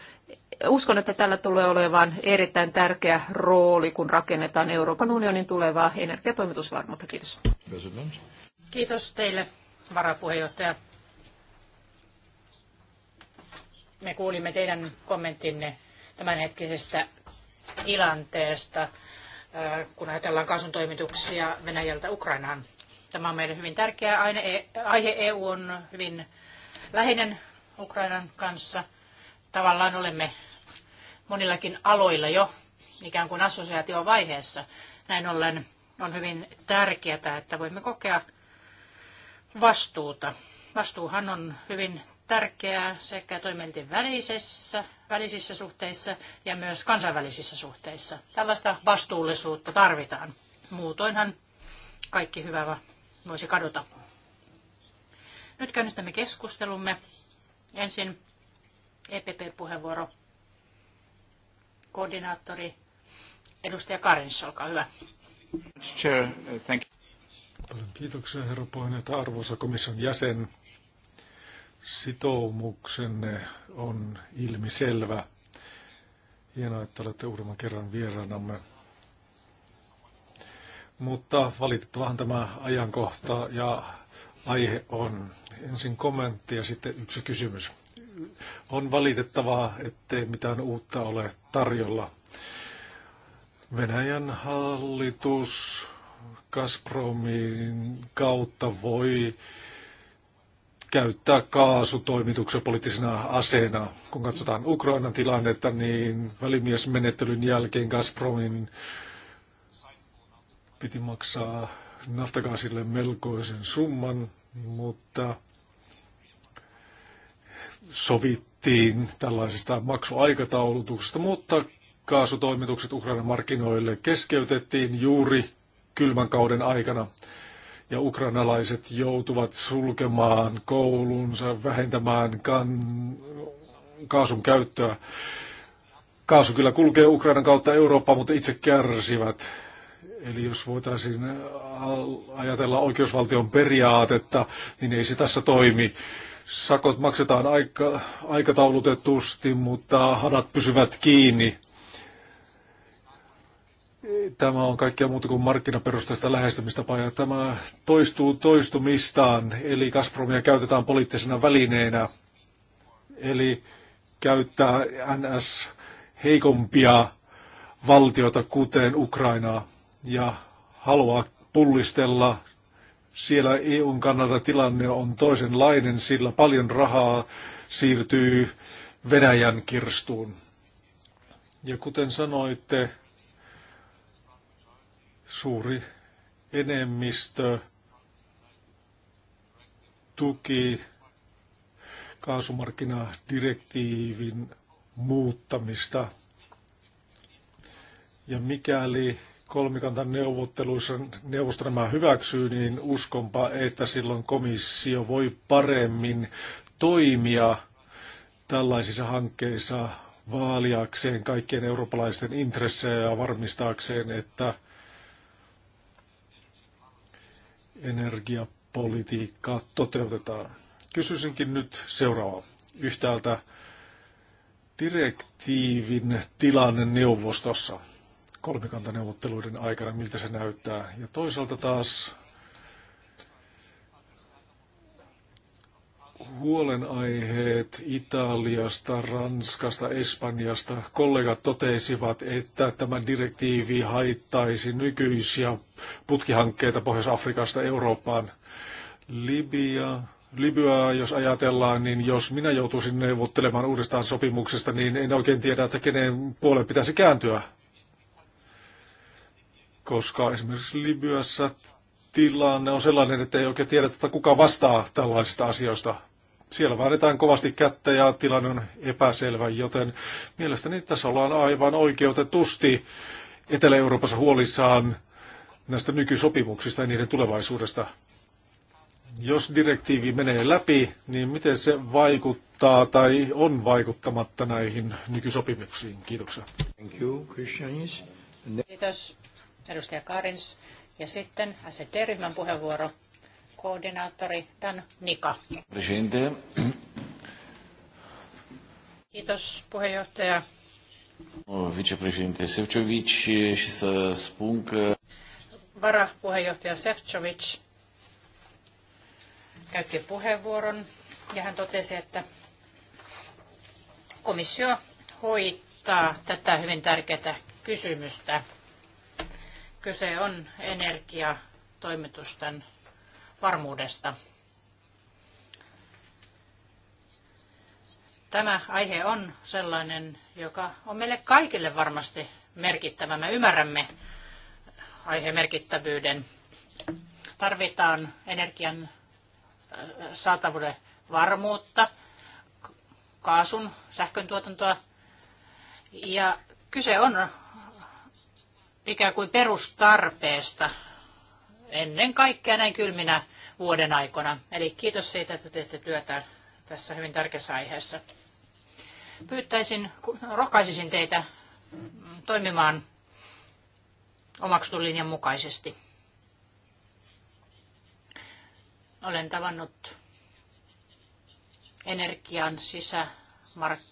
uskon, että tällä tulee olemaan erittäin tärkeä rooli, kun rakennetaan Euroopan unionin tulevaa energiatoimitusvarmuutta. Kiitos. Kiitos teille, varapuheenjohtaja. Me kuulimme teidän kommenttinne tämänhetkisestä tilanteesta, äh, kun ajatellaan kaasuntoimituksia Venäjältä Ukrainaan. Tämä on meille hyvin tärkeä aine. E- aihe. EU on hyvin läheinen Ukrainan kanssa. Tavallaan olemme monillakin aloilla jo ikään kuin assosiaatiovaiheessa. Näin ollen on hyvin tärkeää, että voimme kokea vastuuta. Vastuuhan on hyvin tärkeää sekä toimielten välisissä, välisissä suhteissa ja myös kansainvälisissä suhteissa. Tällaista vastuullisuutta tarvitaan. Muutoinhan kaikki hyvä voisi kadota. Nyt käynnistämme keskustelumme. Ensin EPP-puheenvuoro. Koordinaattori edustaja Karins, olkaa hyvä. Chair, thank you. Paljon kiitoksia, herra puheenjohtaja, arvoisa komission jäsen. Sitoumuksenne on ilmiselvä. Hienoa, että olette uudemman kerran vieraanamme mutta valitettavahan tämä ajankohta ja aihe on. Ensin kommentti ja sitten yksi kysymys. On valitettavaa, ettei mitään uutta ole tarjolla. Venäjän hallitus Gazpromin kautta voi käyttää kaasutoimituksen poliittisena aseena. Kun katsotaan Ukrainan tilannetta, niin välimiesmenettelyn jälkeen Gazpromin piti maksaa naftakaasille melkoisen summan, mutta sovittiin tällaisesta maksuaikataulutuksesta, mutta kaasutoimitukset Ukrainan markkinoille keskeytettiin juuri kylmän kauden aikana. Ja ukrainalaiset joutuvat sulkemaan koulunsa, vähentämään kan- kaasun käyttöä. Kaasu kyllä kulkee Ukrainan kautta Eurooppaan, mutta itse kärsivät. Eli jos voitaisiin ajatella oikeusvaltion periaatetta, niin ei se tässä toimi. Sakot maksetaan aika, aikataulutetusti, mutta hanat pysyvät kiinni. Tämä on kaikkea muuta kuin markkinaperusteista lähestymistapaa tämä toistuu toistumistaan, eli Gazpromia käytetään poliittisena välineenä, eli käyttää NS heikompia valtiota, kuten Ukrainaa ja haluaa pullistella. Siellä EUn kannalta tilanne on toisenlainen, sillä paljon rahaa siirtyy Venäjän kirstuun. Ja kuten sanoitte, suuri enemmistö tuki kaasumarkkinadirektiivin muuttamista. Ja mikäli kolmikantan neuvotteluissa neuvosto nämä hyväksyy, niin uskonpa, että silloin komissio voi paremmin toimia tällaisissa hankkeissa vaaliakseen kaikkien eurooppalaisten intressejä ja varmistaakseen, että energiapolitiikkaa toteutetaan. Kysyisinkin nyt seuraavaa. Yhtäältä direktiivin tilanne neuvostossa kolmikantaneuvotteluiden aikana, miltä se näyttää. Ja toisaalta taas huolenaiheet Italiasta, Ranskasta, Espanjasta. Kollegat totesivat, että tämä direktiivi haittaisi nykyisiä putkihankkeita Pohjois-Afrikasta Eurooppaan. Libya, Libyaa, jos ajatellaan, niin jos minä joutuisin neuvottelemaan uudestaan sopimuksesta, niin en oikein tiedä, että kenen puoleen pitäisi kääntyä koska esimerkiksi Libyassa tilanne on sellainen, että ei oikein tiedä, että kuka vastaa tällaisista asioista. Siellä vaaditaan kovasti kättä ja tilanne on epäselvä, joten mielestäni tässä ollaan aivan oikeutetusti Etelä-Euroopassa huolissaan näistä nykysopimuksista ja niiden tulevaisuudesta. Jos direktiivi menee läpi, niin miten se vaikuttaa tai on vaikuttamatta näihin nykysopimuksiin? Kiitoksia. Thank you, Kiitos edustaja Karins. Ja sitten ST-ryhmän puheenvuoro, koordinaattori Dan Nika. Presidente. Kiitos puheenjohtaja. Vicepresidente Sefcovic Varapuheenjohtaja Sefcovic käytti puheenvuoron ja hän totesi, että komissio hoitaa tätä hyvin tärkeää kysymystä. Kyse on energiatoimitusten varmuudesta. Tämä aihe on sellainen, joka on meille kaikille varmasti merkittävä. Me ymmärrämme aiheen merkittävyyden. Tarvitaan energian äh, saatavuuden varmuutta, kaasun, sähkön tuotantoa. Ja kyse on ikään kuin perustarpeesta ennen kaikkea näin kylminä vuoden aikana. Eli kiitos siitä, että teette työtä tässä hyvin tärkeässä aiheessa. Pyyttäisin, rohkaisisin teitä toimimaan omaksutun linjan mukaisesti. Olen tavannut energian sisämark-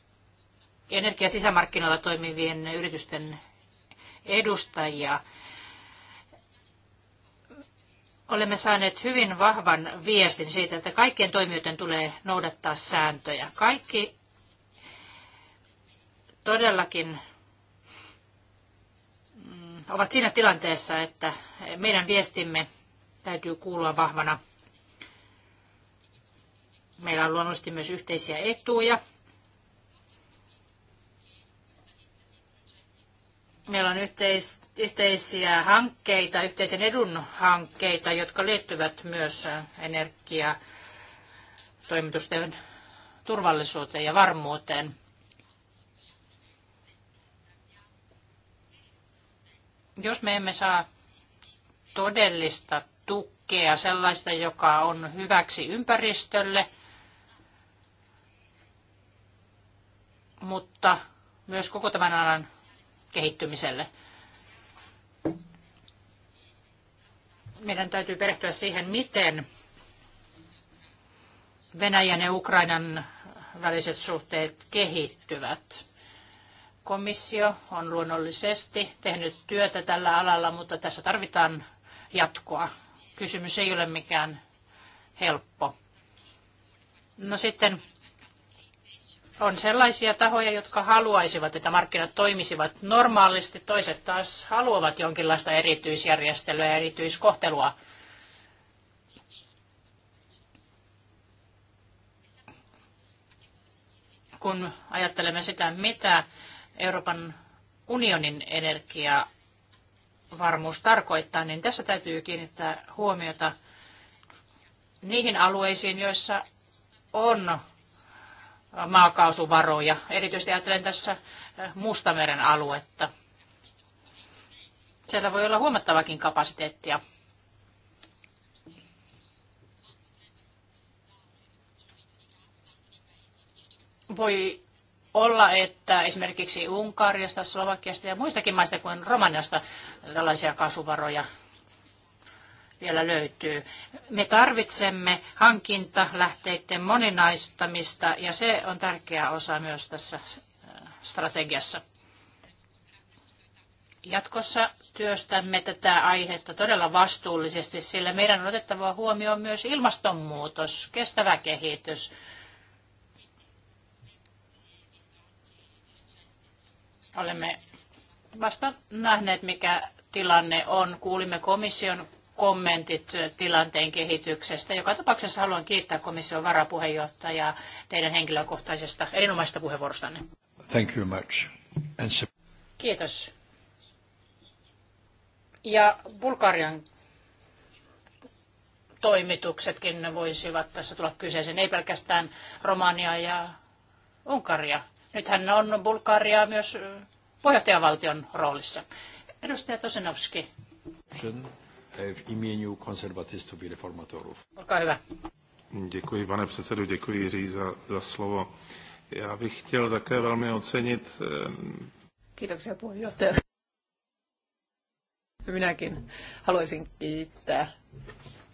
energiasisämarkkinoilla toimivien yritysten edustajia. Olemme saaneet hyvin vahvan viestin siitä, että kaikkien toimijoiden tulee noudattaa sääntöjä. Kaikki todellakin mm, ovat siinä tilanteessa, että meidän viestimme täytyy kuulua vahvana. Meillä on luonnollisesti myös yhteisiä etuja Meillä on yhteis, yhteisiä hankkeita, yhteisen edun hankkeita, jotka liittyvät myös äh, energiatoimitusten turvallisuuteen ja varmuuteen. Jos me emme saa todellista tukea, sellaista, joka on hyväksi ympäristölle, mutta myös koko tämän alan kehittymiselle. Meidän täytyy perehtyä siihen, miten Venäjän ja Ukrainan väliset suhteet kehittyvät. Komissio on luonnollisesti tehnyt työtä tällä alalla, mutta tässä tarvitaan jatkoa. Kysymys ei ole mikään helppo. No sitten on sellaisia tahoja, jotka haluaisivat, että markkinat toimisivat normaalisti, toiset taas haluavat jonkinlaista erityisjärjestelyä ja erityiskohtelua. Kun ajattelemme sitä, mitä Euroopan unionin energiavarmuus tarkoittaa, niin tässä täytyy kiinnittää huomiota niihin alueisiin, joissa on maakaasuvaroja. Erityisesti ajattelen tässä äh, Mustameren aluetta. Siellä voi olla huomattavakin kapasiteettia. Voi olla, että esimerkiksi Unkarista, Slovakiasta ja muistakin maista kuin Romaniasta tällaisia kasuvaroja vielä löytyy. Me tarvitsemme hankintalähteiden moninaistamista ja se on tärkeä osa myös tässä äh, strategiassa. Jatkossa työstämme tätä aihetta todella vastuullisesti, sillä meidän on otettava huomioon myös ilmastonmuutos, kestävä kehitys, olemme vasta nähneet, mikä tilanne on. Kuulimme komission kommentit tilanteen kehityksestä. Joka tapauksessa haluan kiittää komission varapuheenjohtajaa teidän henkilökohtaisesta erinomaisesta puheenvuorostanne. Thank you much. And... Kiitos. Ja Bulgarian toimituksetkin voisivat tässä tulla kyseeseen, ei pelkästään Romania ja Unkaria. Nythän on Bulgaria myös puheenjohtajavaltion roolissa. Edustaja Tosinovski. Sen v imieniu i Děkuji, pane předsedu, děkuji Jiří za, za slovo. Já bych chtěl také velmi ocenit... Eh, Kiitoksia puheenjohtaja. Minäkin haluaisin kiittää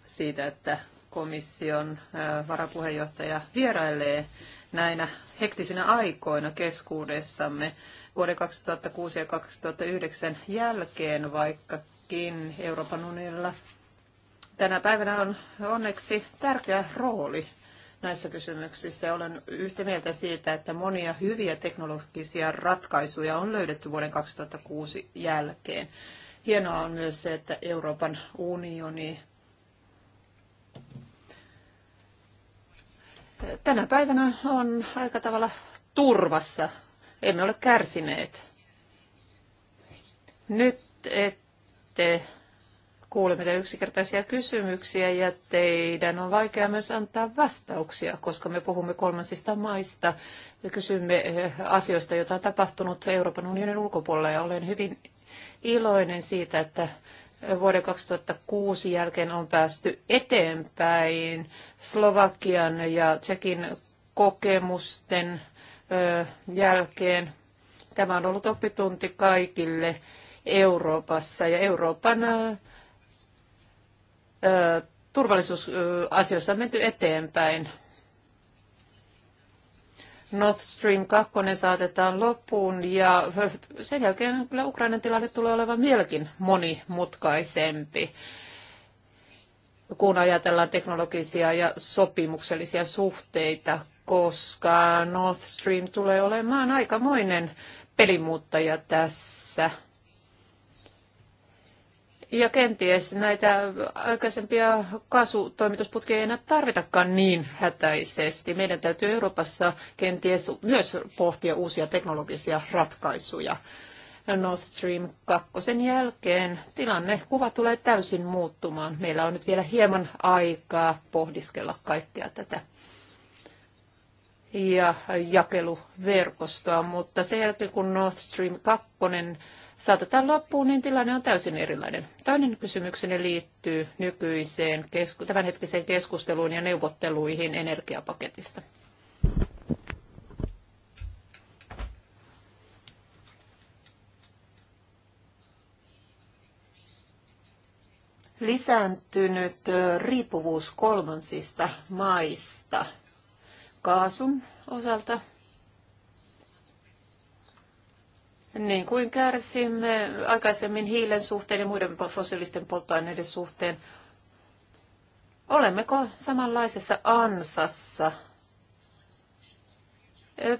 siitä, että komission eh, varapuheenjohtaja vierailee näinä hektisinä aikoina keskuudessamme vuoden 2006 ja 2009 jälkeen, vaikka Todellakin Euroopan unionilla tänä päivänä on onneksi tärkeä rooli näissä kysymyksissä. Olen yhtä mieltä siitä, että monia hyviä teknologisia ratkaisuja on löydetty vuoden 2006 jälkeen. Hienoa on myös se, että Euroopan unioni tänä päivänä on aika tavalla turvassa. Emme ole kärsineet. Nyt te kuulemme yksinkertaisia kysymyksiä ja teidän on vaikea myös antaa vastauksia, koska me puhumme kolmansista maista ja kysymme eh, asioista, joita on tapahtunut Euroopan unionin ulkopuolella. Ja olen hyvin iloinen siitä, että vuoden 2006 jälkeen on päästy eteenpäin Slovakian ja Tsekin kokemusten eh, jälkeen. Tämä on ollut oppitunti kaikille Euroopassa ja Euroopan turvallisuusasioissa on menty eteenpäin. Nord Stream 2 saatetaan loppuun ja sen jälkeen kyllä Ukrainan tilanne tulee olemaan vieläkin monimutkaisempi kun ajatellaan teknologisia ja sopimuksellisia suhteita, koska Nord Stream tulee olemaan aikamoinen pelimuuttaja tässä. Ja kenties näitä aikaisempia kaasutoimitusputkia ei enää tarvitakaan niin hätäisesti. Meidän täytyy Euroopassa kenties myös pohtia uusia teknologisia ratkaisuja. Nord Stream 2 jälkeen tilanne, kuva tulee täysin muuttumaan. Meillä on nyt vielä hieman aikaa pohdiskella kaikkea tätä ja jakeluverkostoa, mutta sen jälkeen kun Nord Stream 2 saatetaan loppuun, niin tilanne on täysin erilainen. Toinen kysymykseni liittyy nykyiseen kesku- tämänhetkiseen keskusteluun ja neuvotteluihin energiapaketista. Lisääntynyt riippuvuus kolmansista maista kaasun osalta Niin kuin kärsimme aikaisemmin hiilen suhteen ja muiden fossiilisten polttoaineiden suhteen, olemmeko samanlaisessa ansassa?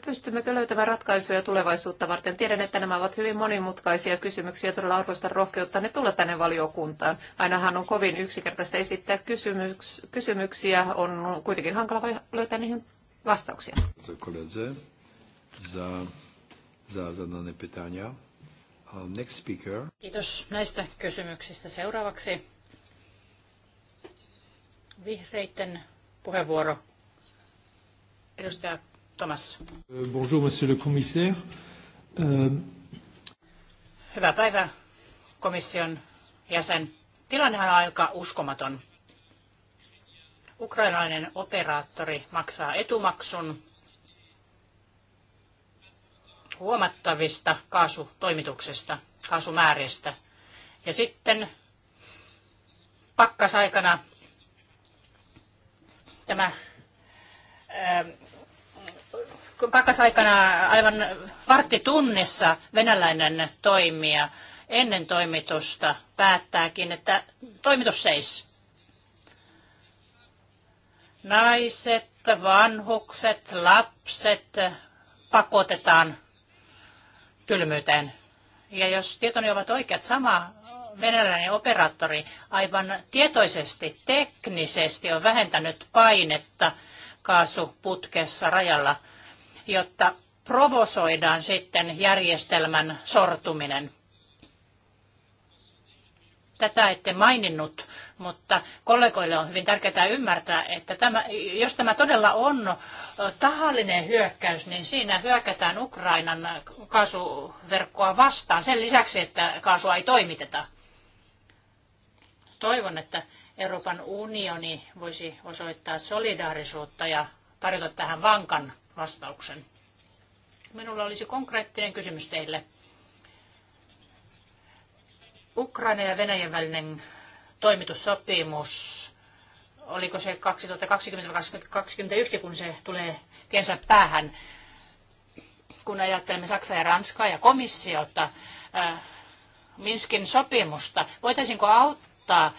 Pystymmekö löytämään ratkaisuja tulevaisuutta varten? Tiedän, että nämä ovat hyvin monimutkaisia kysymyksiä. Todella arvoista rohkeutta ne tulla tänne valiokuntaan. Ainahan on kovin yksinkertaista esittää kysymyks- kysymyksiä. On kuitenkin hankala löytää niihin vastauksia. Kollega, za za zadane pytania. Next speaker. Kiitos näistä kysymyksistä. Seuraavaksi vihreiden puheenvuoro. Edustaja Thomas. Euh, bonjour, monsieur le commissaire. Euh, Hyvää päivää, komission jäsen. Tilannehan on aika uskomaton. Ukrainalainen operaattori maksaa etumaksun huomattavista kaasutoimituksesta, kaasumääristä. Ja sitten pakkasaikana tämä ähm, pakkasaikana aivan varttitunnissa venäläinen toimija ennen toimitusta päättääkin, että toimitus seis. Naiset, vanhukset, lapset pakotetaan kylmyyteen. Ja jos tietoni ovat oikeat, sama venäläinen operaattori aivan tietoisesti, teknisesti on vähentänyt painetta kaasuputkessa rajalla, jotta provosoidaan sitten järjestelmän sortuminen. Tätä ette maininnut mutta kollegoille on hyvin tärkeää ymmärtää, että tämä, jos tämä todella on tahallinen hyökkäys, niin siinä hyökätään Ukrainan kaasuverkkoa vastaan sen lisäksi, että kaasua ei toimiteta. Toivon, että Euroopan unioni voisi osoittaa solidaarisuutta ja tarjota tähän vankan vastauksen. Minulla olisi konkreettinen kysymys teille. Ukraina ja Venäjän välinen toimitussopimus, oliko se 2020-2021, kun se tulee tiensä päähän, kun ajattelemme Saksaa ja Ranskaa ja komissiota, äh, Minskin sopimusta, voitaisiinko auttaa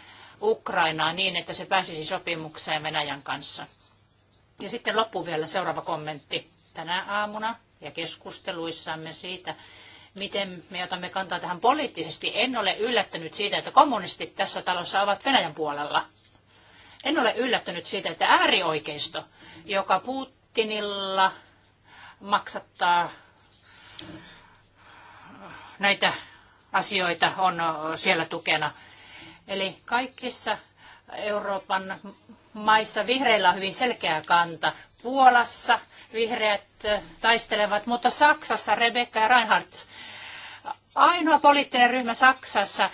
Ukrainaa niin, että se pääsisi sopimukseen Venäjän kanssa? Ja sitten loppu vielä seuraava kommentti tänä aamuna ja keskusteluissamme siitä, miten me otamme kantaa tähän poliittisesti. En ole yllättynyt siitä, että kommunistit tässä talossa ovat Venäjän puolella. En ole yllättynyt siitä, että äärioikeisto, joka Putinilla maksattaa näitä asioita, on siellä tukena. Eli kaikissa Euroopan maissa vihreillä on hyvin selkeä kanta. Puolassa – vihreät äh, taistelevat, mutta Saksassa Rebecca ja Reinhardt, ainoa poliittinen ryhmä Saksassa, äh,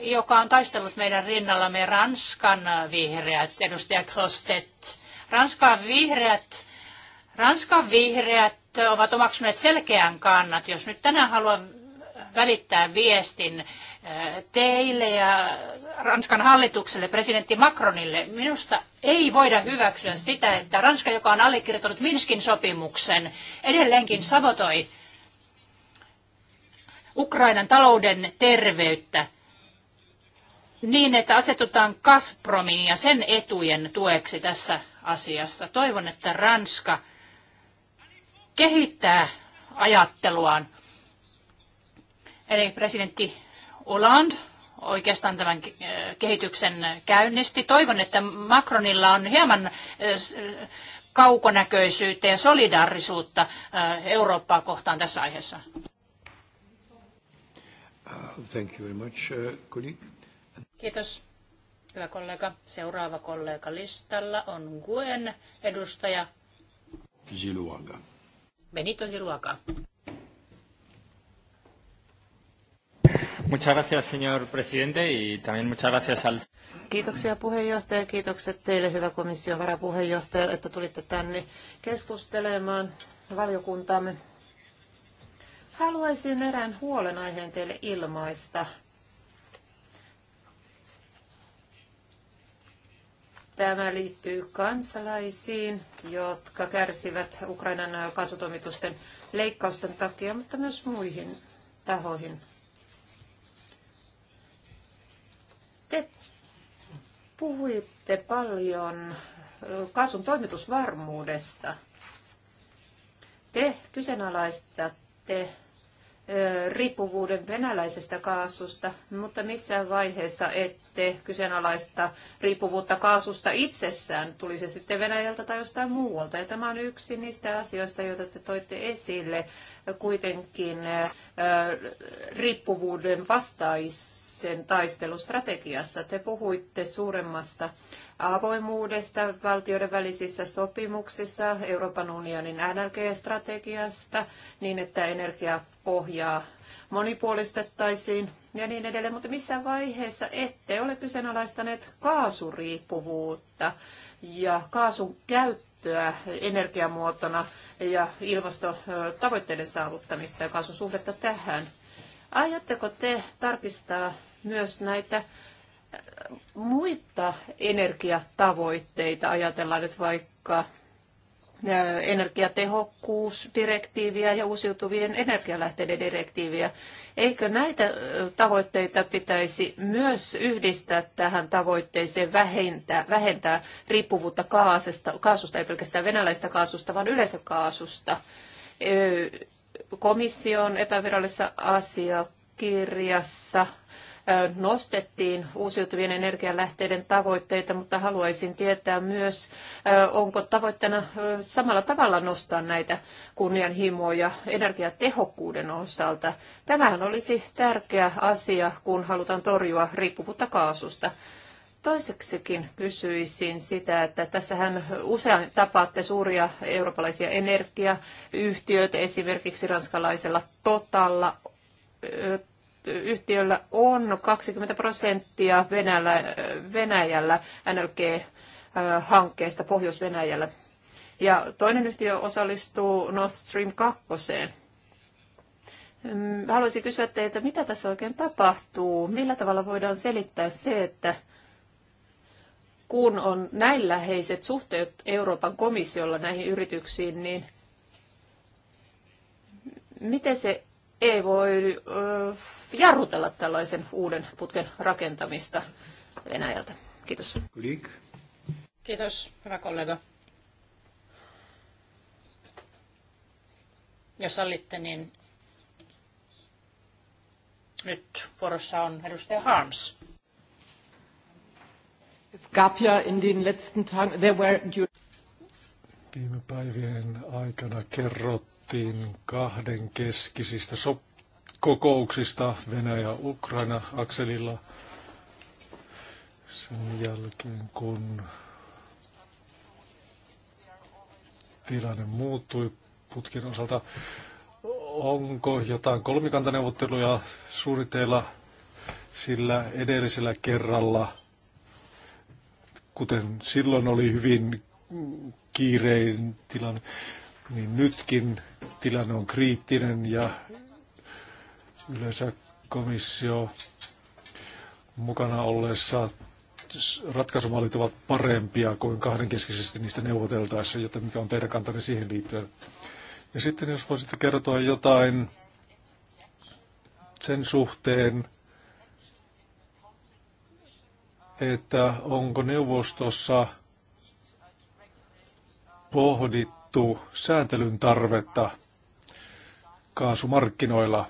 joka on taistellut meidän rinnallamme Ranskan vihreät, edustaja Krostet. Ranskan vihreät, Ranskan vihreät ovat omaksuneet selkeän kannat. Jos nyt tänään haluan välittää viestin äh, teille ja Ranskan hallitukselle, presidentti Macronille. Minusta ei voida hyväksyä sitä, että Ranska, joka on allekirjoittanut Minskin sopimuksen, edelleenkin sabotoi Ukrainan talouden terveyttä niin, että asetutaan Gazpromin ja sen etujen tueksi tässä asiassa. Toivon, että Ranska kehittää ajatteluaan. Eli presidentti Hollande oikeastaan tämän eh, kehityksen käynnisti. Toivon, että Macronilla on hieman eh, kaukonäköisyyttä ja solidaarisuutta eh, Eurooppaa kohtaan tässä aiheessa. Uh, thank you very much, uh, Kiitos, hyvä kollega. Seuraava kollega listalla on Guen edustaja. Ziluaga. Benito Ziluaga. Muchas gracias, señor presidente, y también muchas gracias al... Kiitoksia puheenjohtaja, kiitokset teille, hyvä komission varapuheenjohtaja, että tulitte tänne keskustelemaan valiokuntaamme. Haluaisin erään huolenaiheen teille ilmaista. Tämä liittyy kansalaisiin, jotka kärsivät Ukrainan kasvutoimitusten leikkausten takia, mutta myös muihin tahoihin puhuitte paljon kaasun toimitusvarmuudesta. Te kyseenalaistatte riippuvuuden venäläisestä kaasusta, mutta missään vaiheessa et sitten kyseenalaista riippuvuutta kaasusta itsessään, tuli se sitten Venäjältä tai jostain muualta. Ja tämä on yksi niistä asioista, joita te toitte esille kuitenkin riippuvuuden vastaisen taistelustrategiassa. Te puhuitte suuremmasta avoimuudesta valtioiden välisissä sopimuksissa, Euroopan unionin NLG-strategiasta, niin että energia monipuolistettaisiin ja niin edelleen, mutta missään vaiheessa ette ole kyseenalaistaneet kaasuriippuvuutta ja kaasun käyttöä energiamuotona ja ilmastotavoitteiden saavuttamista ja kaasun suhdetta tähän. Aiotteko te tarkistaa myös näitä äh, muita energiatavoitteita? Ajatellaan nyt vaikka äh, energiatehokkuusdirektiiviä ja uusiutuvien energialähteiden direktiiviä. Eikö näitä tavoitteita pitäisi myös yhdistää tähän tavoitteeseen vähentää, vähentää riippuvuutta kaasusta, kaasusta, ei pelkästään venäläistä kaasusta, vaan yleensä kaasusta? Komission epävirallisessa asiakirjassa nostettiin uusiutuvien energialähteiden tavoitteita, mutta haluaisin tietää myös, onko tavoitteena samalla tavalla nostaa näitä kunnianhimoja energiatehokkuuden osalta. Tämähän olisi tärkeä asia, kun halutaan torjua riippuvuutta kaasusta. Toiseksikin kysyisin sitä, että tässähän usein tapaatte suuria eurooppalaisia energiayhtiöitä, esimerkiksi ranskalaisella Totalla yhtiöllä on 20 prosenttia Venäjällä, Venäjällä NLG-hankkeesta äh, Pohjois-Venäjällä. Ja toinen yhtiö osallistuu Nord Stream 2. Mm, haluaisin kysyä teiltä, mitä tässä oikein tapahtuu? Millä tavalla voidaan selittää se, että kun on näin läheiset suhteet Euroopan komissiolla näihin yrityksiin, niin miten se ei voi jarrutella tällaisen uuden putken rakentamista Venäjältä. Kiitos. Kiitos, hyvä kollega. Jos sallitte, niin nyt vuorossa on edustaja Hans. Es gab ja in den letzten Tagen, there were... Viime päivien aikana kerrottu puhuttiin kahden keskisistä sop- kokouksista Venäjä-Ukraina-akselilla sen jälkeen, kun tilanne muuttui putkin osalta. Onko jotain kolmikantaneuvotteluja suunnitteilla sillä edellisellä kerralla, kuten silloin oli hyvin kiirein tilanne niin nytkin tilanne on kriittinen ja yleensä komissio mukana olleessa ratkaisumallit ovat parempia kuin kahdenkeskisesti niistä neuvoteltaessa, joten mikä on teidän kantanne siihen liittyen. Ja sitten jos voisitte kertoa jotain sen suhteen, että onko neuvostossa pohdittu, kattuu sääntelyn tarvetta kaasumarkkinoilla.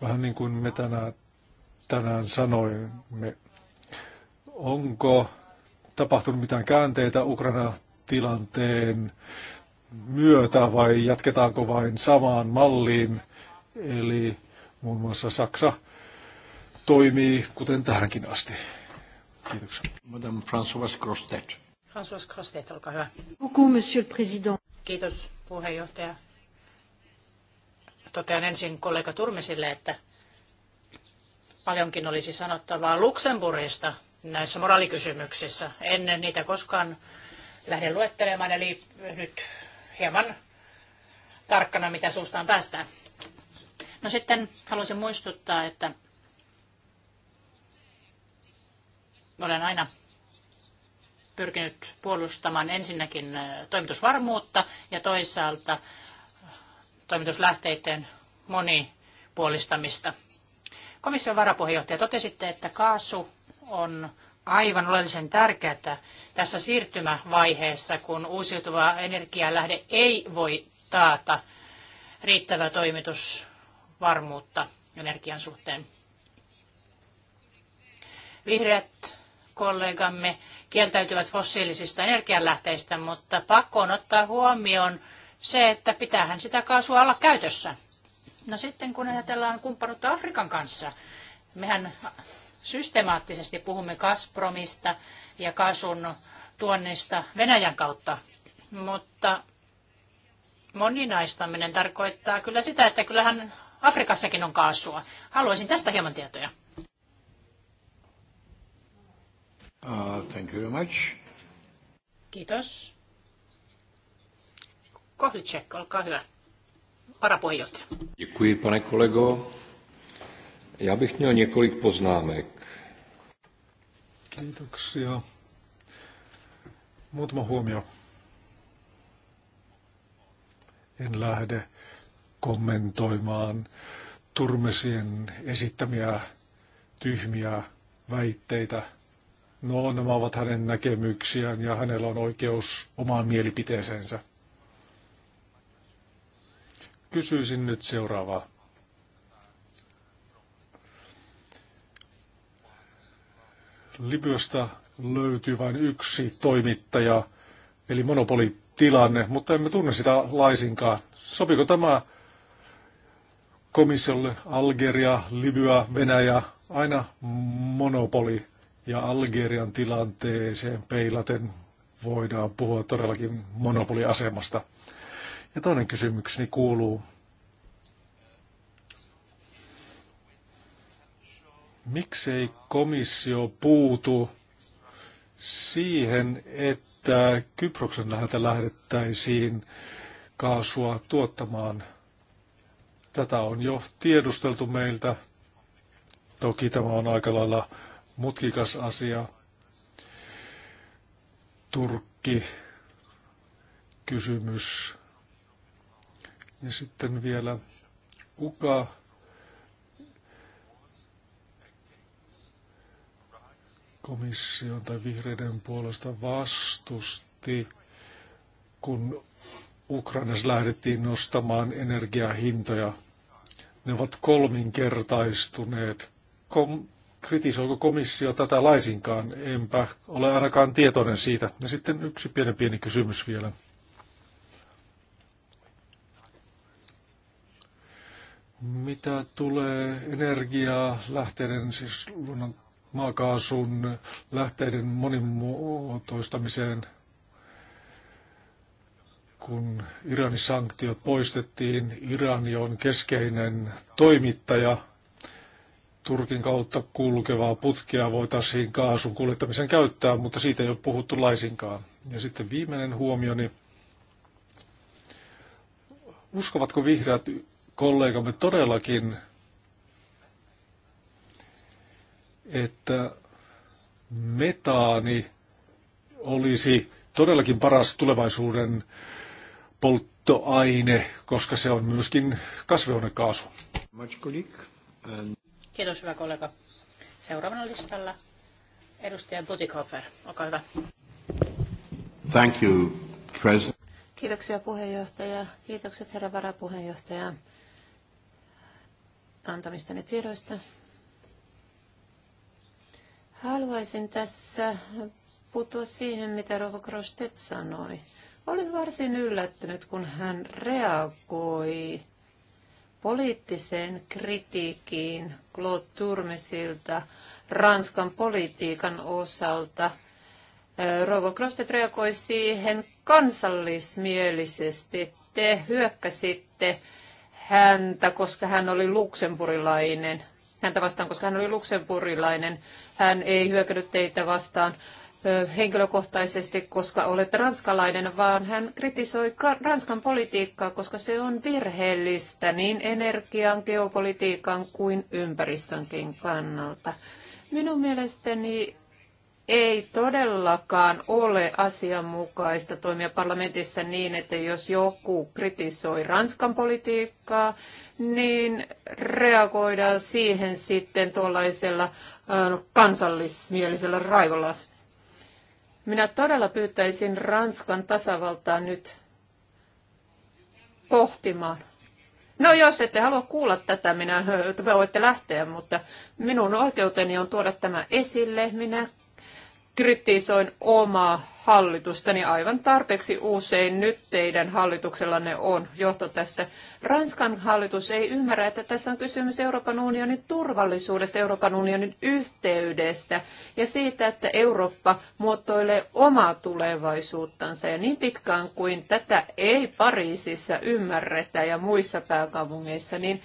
Vähän niin kuin me tänään, tänään sanoimme, onko tapahtunut mitään käänteitä Ukraina-tilanteen myötä vai jatketaanko vain samaan malliin? Eli muun muassa Saksa toimii kuten tähänkin asti. Kiitoksia. Madame Françoise Grostet. François Crostet, olkaa hyvä. Beaucoup, monsieur le président. Kiitos puheenjohtaja. Totean ensin kollega Turmisille, että paljonkin olisi sanottavaa Luxemburgista näissä moraalikysymyksissä. En niitä koskaan lähde luettelemaan, eli nyt hieman tarkkana, mitä suustaan päästään. No sitten haluaisin muistuttaa, että olen aina pyrkinyt puolustamaan ensinnäkin toimitusvarmuutta ja toisaalta toimituslähteiden monipuolistamista. Komission varapuheenjohtaja totesitte, että kaasu on aivan oleellisen tärkeää tässä siirtymävaiheessa, kun uusiutuva energialähde ei voi taata riittävää toimitusvarmuutta energian suhteen. Vihreät kollegamme kieltäytyvät fossiilisista energianlähteistä, mutta pakko on ottaa huomioon se, että pitäähän sitä kaasua olla käytössä. No sitten kun ajatellaan kumppanuutta Afrikan kanssa, mehän systemaattisesti puhumme Gazpromista ja kaasun tuonnista Venäjän kautta, mutta moninaistaminen tarkoittaa kyllä sitä, että kyllähän Afrikassakin on kaasua. Haluaisin tästä hieman tietoja. Uh, thank you very much. Kiitos. Kohlicek, olkaa hyvä. Parapuheenjohtaja. Děkuji, pane kolego. Já bych měl několik poznámek. Kiitoksia. Muutama huomio. En lähde kommentoimaan Turmesien esittämiä tyhmiä väitteitä – No, nämä ovat hänen näkemyksiään ja hänellä on oikeus omaan mielipiteeseensä. Kysyisin nyt seuraavaa. Libyasta löytyy vain yksi toimittaja, eli monopolitilanne, mutta emme tunne sitä laisinkaan. Sopiko tämä komissiolle Algeria, Libya, Venäjä, aina monopoli? ja Algerian tilanteeseen peilaten voidaan puhua todellakin monopoliasemasta. Ja toinen kysymykseni kuuluu, miksei komissio puutu siihen, että Kyproksen läheltä lähdettäisiin kaasua tuottamaan. Tätä on jo tiedusteltu meiltä. Toki tämä on aika lailla mutkikas asia. Turkki kysymys. Ja sitten vielä kuka Komission tai vihreiden puolesta vastusti, kun Ukrainassa lähdettiin nostamaan energiahintoja. Ne ovat kolminkertaistuneet. Kom- kritisoiko komissio tätä laisinkaan? Enpä ole ainakaan tietoinen siitä. Ja sitten yksi pieni pieni kysymys vielä. Mitä tulee energiaa, lähteiden, siis luonnon maakaasun lähteiden monimuotoistamiseen, kun Iranin sanktiot poistettiin, Irani on keskeinen toimittaja – Turkin kautta kulkevaa putkea voitaisiin kaasun kuljettamiseen käyttää, mutta siitä ei ole puhuttu laisinkaan. Ja sitten viimeinen huomioni. Uskovatko vihreät kollegamme todellakin, että metaani olisi todellakin paras tulevaisuuden polttoaine, koska se on myöskin kasvihuonekaasu? Much And... Kiitos, hyvä kollega. Seuraavana listalla edustaja Butikhofer. Olkaa hyvä. Thank you, President. Kiitoksia puheenjohtaja. Kiitokset herra varapuheenjohtaja antamistani tiedoista. Haluaisin tässä puuttua siihen, mitä Rova Krostet sanoi. Olin varsin yllättynyt, kun hän reagoi poliittiseen kritiikkiin Claude Turmesilta Ranskan politiikan osalta. Rouva Krostet reagoi siihen kansallismielisesti. Te hyökkäsitte häntä, koska hän oli luksemburilainen. Häntä vastaan, koska hän oli luksemburilainen. Hän ei hyökännyt teitä vastaan henkilökohtaisesti, koska olet ranskalainen, vaan hän kritisoi Ranskan politiikkaa, koska se on virheellistä niin energian, geopolitiikan kuin ympäristönkin kannalta. Minun mielestäni ei todellakaan ole asianmukaista toimia parlamentissa niin, että jos joku kritisoi Ranskan politiikkaa, niin reagoidaan siihen sitten tuollaisella kansallismielisellä raivolla minä todella pyytäisin Ranskan tasavaltaa nyt pohtimaan. No jos ette halua kuulla tätä, minä voitte lähteä, mutta minun oikeuteni on tuoda tämä esille. Minä kritisoin omaa hallitustani aivan tarpeeksi usein. Nyt teidän hallituksellanne on johto tässä. Ranskan hallitus ei ymmärrä, että tässä on kysymys Euroopan unionin turvallisuudesta, Euroopan unionin yhteydestä ja siitä, että Eurooppa muotoilee omaa tulevaisuuttansa. Ja niin pitkään kuin tätä ei Pariisissa ymmärretä ja muissa pääkaupungeissa, niin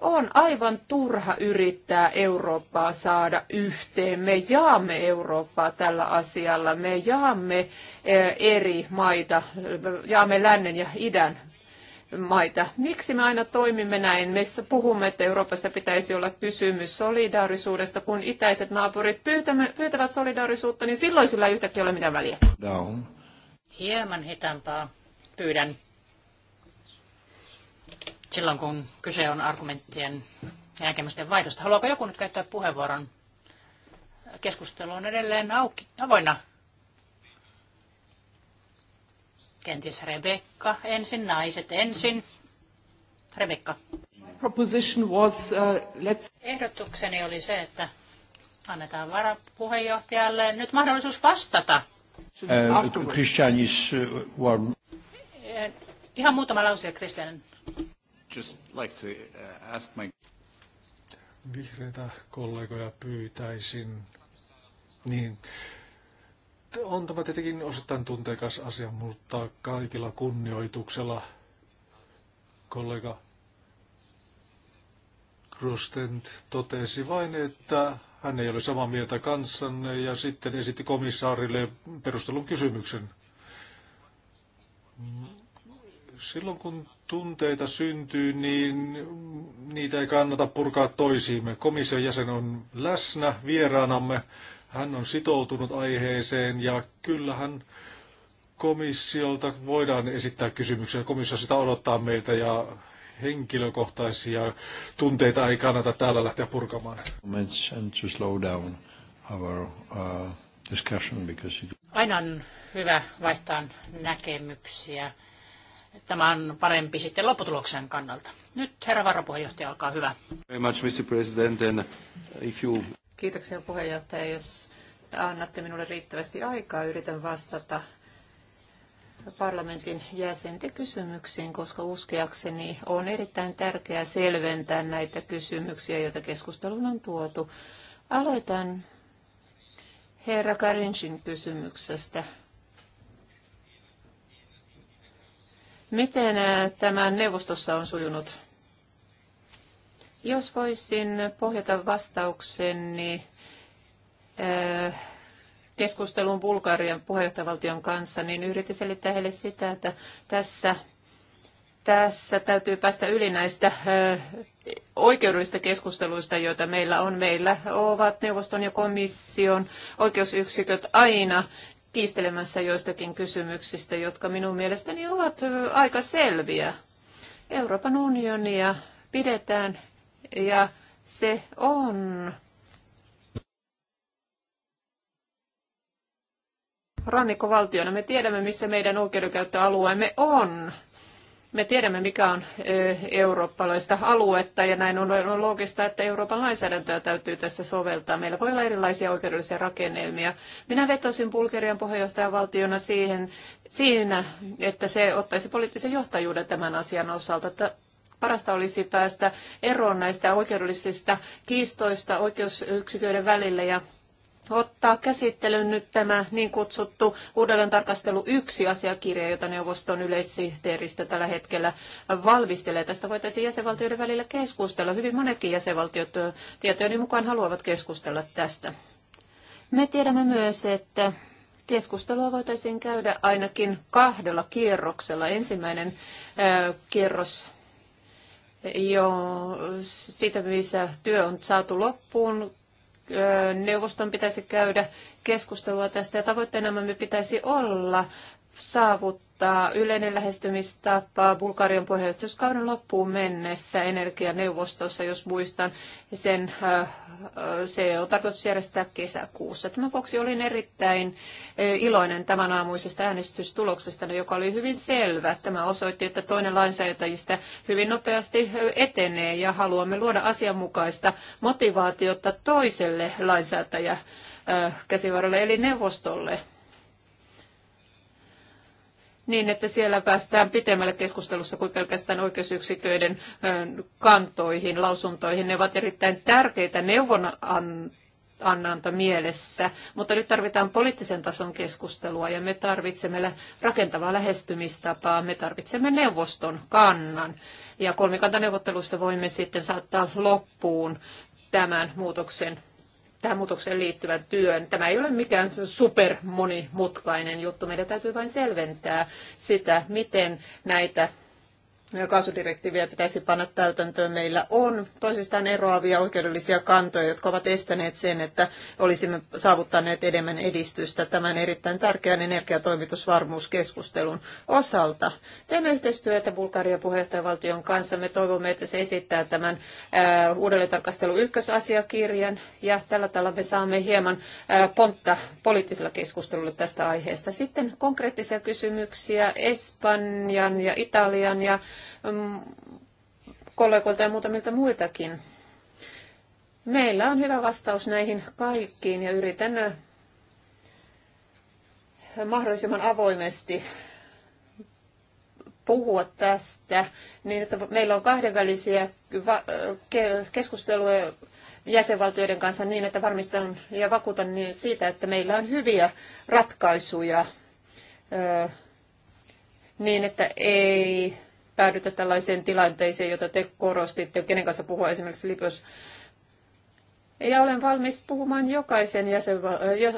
on aivan turha yrittää Eurooppaa saada yhteen. Me jaamme Eurooppaa tällä asialla. Me jaamme eh, eri maita, jaamme lännen ja idän maita. Miksi me aina toimimme näin? Me puhumme, että Euroopassa pitäisi olla kysymys solidaarisuudesta. Kun itäiset naapurit pyytävät solidaarisuutta, niin silloin sillä ei yhtäkkiä ole mitään väliä. Down. Hieman hitaampaa. Pyydän silloin, kun kyse on argumenttien ja näkemysten vaihdosta. Haluaako joku nyt käyttää puheenvuoron? Keskustelu on edelleen auki, avoinna. Kenties Rebekka ensin, naiset ensin. Rebekka. Proposition was, uh, let's... Ehdotukseni oli se, että annetaan varapuheenjohtajalle nyt mahdollisuus vastata. Uh, eh, Christian is, uh, warm. Eh, ihan muutama lause, Christian just like to uh, ask my... Vihreitä kollegoja pyytäisin. Niin, on tämä tietenkin osittain tunteikas asia, mutta kaikilla kunnioituksella kollega Krustent totesi vain, että hän ei ole samaa mieltä kanssanne ja sitten esitti komissaarille perustelun kysymyksen. Silloin kun tunteita syntyy, niin niitä ei kannata purkaa toisiimme. Komission jäsen on läsnä vieraanamme. Hän on sitoutunut aiheeseen ja kyllähän komissiolta voidaan esittää kysymyksiä. Komissio sitä odottaa meiltä ja henkilökohtaisia tunteita ei kannata täällä lähteä purkamaan. Uh, Aina on hyvä vaihtaa näkemyksiä tämä on parempi sitten lopputuloksen kannalta. Nyt herra varapuheenjohtaja, olkaa hyvä. Very much, Mr. President, and if you... Kiitoksia puheenjohtaja. Jos annatte minulle riittävästi aikaa, yritän vastata parlamentin jäsenten kysymyksiin, koska uskeakseni on erittäin tärkeää selventää näitä kysymyksiä, joita keskusteluun on tuotu. Aloitan herra Karinsin kysymyksestä Miten tämä neuvostossa on sujunut? Jos voisin pohjata vastaukseni keskustelun Bulgarian puheenjohtajavaltion kanssa, niin yritin selittää heille sitä, että tässä, tässä täytyy päästä yli näistä oikeudellisista keskusteluista, joita meillä on. Meillä ovat neuvoston ja komission oikeusyksiköt aina kiistelemässä joistakin kysymyksistä, jotka minun mielestäni ovat aika selviä. Euroopan unionia pidetään ja se on rannikkovaltiona. Me tiedämme, missä meidän oikeudenkäyttöalueemme on. Me tiedämme, mikä on eurooppalaista aluetta ja näin on loogista, että Euroopan lainsäädäntöä täytyy tässä soveltaa. Meillä voi olla erilaisia oikeudellisia rakennelmia. Minä vetosin Bulgarian puheenjohtajavaltiona siihen, siinä, että se ottaisi poliittisen johtajuuden tämän asian osalta. Että parasta olisi päästä eroon näistä oikeudellisista kiistoista oikeusyksiköiden välillä ja ottaa käsittelyyn nyt tämä niin kutsuttu uudelleen tarkastelu yksi asiakirja, jota neuvoston yleissihteeristö tällä hetkellä valmistelee. Tästä voitaisiin jäsenvaltioiden välillä keskustella. Hyvin monetkin jäsenvaltiot tietojeni mukaan haluavat keskustella tästä. Me tiedämme myös, että Keskustelua voitaisiin käydä ainakin kahdella kierroksella. Ensimmäinen kierros jo siitä, missä työ on saatu loppuun, neuvoston pitäisi käydä keskustelua tästä ja tavoitteena me pitäisi olla saavut, mutta yleinen lähestymistapa Bulgarian puheenjohtajuuskauden loppuun mennessä energianeuvostossa, jos muistan, sen, äh, äh, se on tarkoitus järjestää kesäkuussa. Tämän vuoksi olin erittäin äh, iloinen tämän aamuisesta äänestystuloksesta, no, joka oli hyvin selvä. Tämä osoitti, että toinen lainsäätäjistä hyvin nopeasti etenee ja haluamme luoda asianmukaista motivaatiota toiselle lainsäätäjä käsivarrelle eli neuvostolle niin, että siellä päästään pitemmälle keskustelussa kuin pelkästään oikeusyksiköiden kantoihin, lausuntoihin. Ne ovat erittäin tärkeitä neuvonannanta mielessä, mutta nyt tarvitaan poliittisen tason keskustelua ja me tarvitsemme rakentavaa lähestymistapaa, me tarvitsemme neuvoston kannan. Ja kolmikantaneuvotteluissa voimme sitten saattaa loppuun tämän muutoksen tähän muutokseen liittyvän työn. Tämä ei ole mikään super monimutkainen juttu. Meidän täytyy vain selventää sitä, miten näitä kaasudirektiiviä pitäisi panna täytäntöön. Meillä on toisistaan eroavia oikeudellisia kantoja, jotka ovat estäneet sen, että olisimme saavuttaneet enemmän edistystä tämän erittäin tärkeän energiatoimitusvarmuuskeskustelun osalta. Teemme yhteistyötä Bulgarian puheenjohtajavaltion kanssa. Me toivomme, että se esittää tämän äh, uudelleen ykkösasiakirjan ja tällä tavalla me saamme hieman äh, pontta poliittisella keskustelulla tästä aiheesta. Sitten konkreettisia kysymyksiä Espanjan ja Italian ja kollegoilta ja muutamilta muitakin. Meillä on hyvä vastaus näihin kaikkiin ja yritän mahdollisimman avoimesti puhua tästä, niin että meillä on kahdenvälisiä keskusteluja jäsenvaltioiden kanssa niin, että varmistan ja vakuutan niin siitä, että meillä on hyviä ratkaisuja niin, että ei päädytä tällaiseen tilanteeseen, jota te korostitte, kenen kanssa puhua esimerkiksi Libyassa. Ja olen valmis puhumaan jokaisen, jäsen,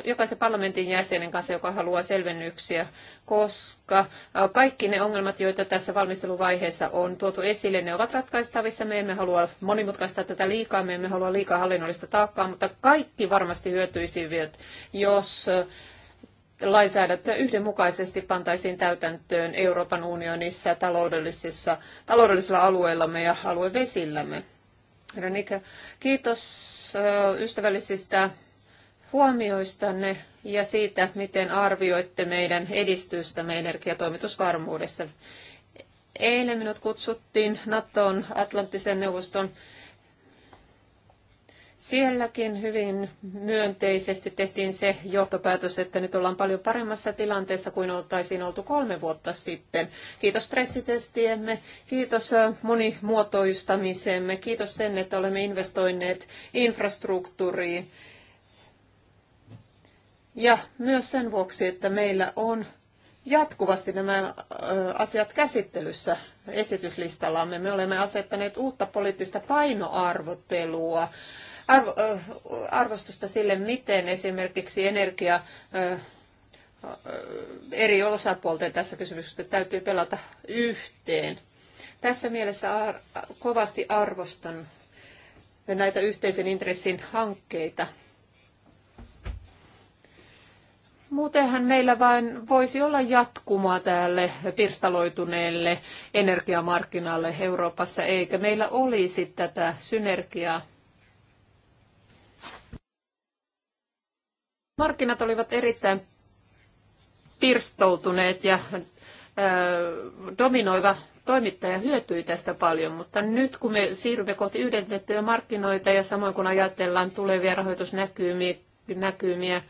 jokaisen parlamentin jäsenen kanssa, joka haluaa selvennyksiä, koska kaikki ne ongelmat, joita tässä valmisteluvaiheessa on tuotu esille, ne ovat ratkaistavissa. Me emme halua monimutkaistaa tätä liikaa, me emme halua liikaa hallinnollista taakkaa, mutta kaikki varmasti hyötyisivät, jos lainsäädäntöä yhdenmukaisesti pantaisiin täytäntöön Euroopan unionissa taloudellisissa, taloudellisilla alueillamme ja aluevesillämme. Renika, kiitos ystävällisistä huomioistanne ja siitä, miten arvioitte meidän edistystämme energiatoimitusvarmuudessa. Eilen minut kutsuttiin NATOn Atlanttisen neuvoston Sielläkin hyvin myönteisesti tehtiin se johtopäätös, että nyt ollaan paljon paremmassa tilanteessa kuin oltaisiin oltu kolme vuotta sitten. Kiitos stressitestiemme, kiitos monimuotoistamisemme, kiitos sen, että olemme investoineet infrastruktuuriin. Ja myös sen vuoksi, että meillä on jatkuvasti nämä asiat käsittelyssä esityslistallamme. Me olemme asettaneet uutta poliittista painoarvottelua arvo, arvostusta sille, miten esimerkiksi energia eri osapuolten tässä kysymyksessä täytyy pelata yhteen. Tässä mielessä ar- kovasti arvostan näitä yhteisen intressin hankkeita. Muutenhan meillä vain voisi olla jatkumaa tälle pirstaloituneelle energiamarkkinalle Euroopassa, eikä meillä olisi tätä synergiaa Markkinat olivat erittäin pirstoutuneet ja dominoiva toimittaja hyötyi tästä paljon, mutta nyt kun me siirrymme kohti yhdentettyjä markkinoita ja samoin kun ajatellaan tulevia rahoitusnäkymiä näkymiä,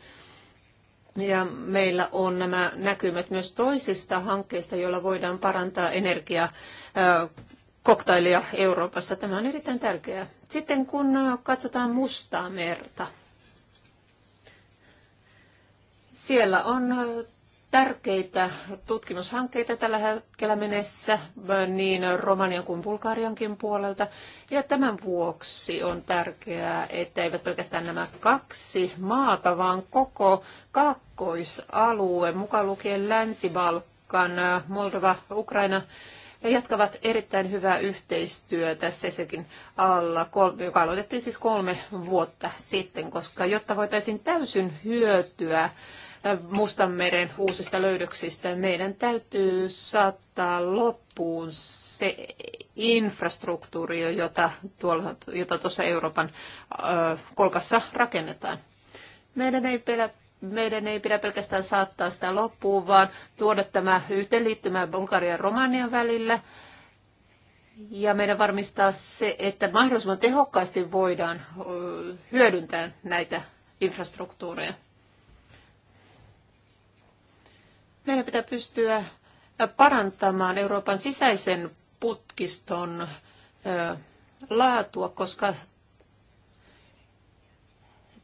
ja meillä on nämä näkymät myös toisista hankkeista, joilla voidaan parantaa energiakoktailia koktailia Euroopassa. Tämä on erittäin tärkeää. Sitten kun katsotaan Mustaa merta, siellä on tärkeitä tutkimushankkeita tällä hetkellä menessä niin Romanian kuin Bulgariankin puolelta. Ja tämän vuoksi on tärkeää, että eivät pelkästään nämä kaksi maata, vaan koko kakkoisalue, mukaan lukien Länsi-Balkan, Moldova, Ukraina, ja jatkavat erittäin hyvää yhteistyötä sekin alla, joka aloitettiin siis kolme vuotta sitten, koska jotta voitaisiin täysin hyötyä Äh, meren uusista löydöksistä. Meidän täytyy saattaa loppuun se infrastruktuuri, jota, tuolla, jota tuossa Euroopan ö, äh, kolkassa rakennetaan. Meidän ei, pelä, meidän ei pidä pelkästään saattaa sitä loppuun, vaan tuoda tämä yhteenliittymä Bulgarian ja Romanian välillä. Ja meidän varmistaa se, että mahdollisimman tehokkaasti voidaan hyödyntää näitä infrastruktuureja. Meidän pitää pystyä parantamaan Euroopan sisäisen putkiston laatua, koska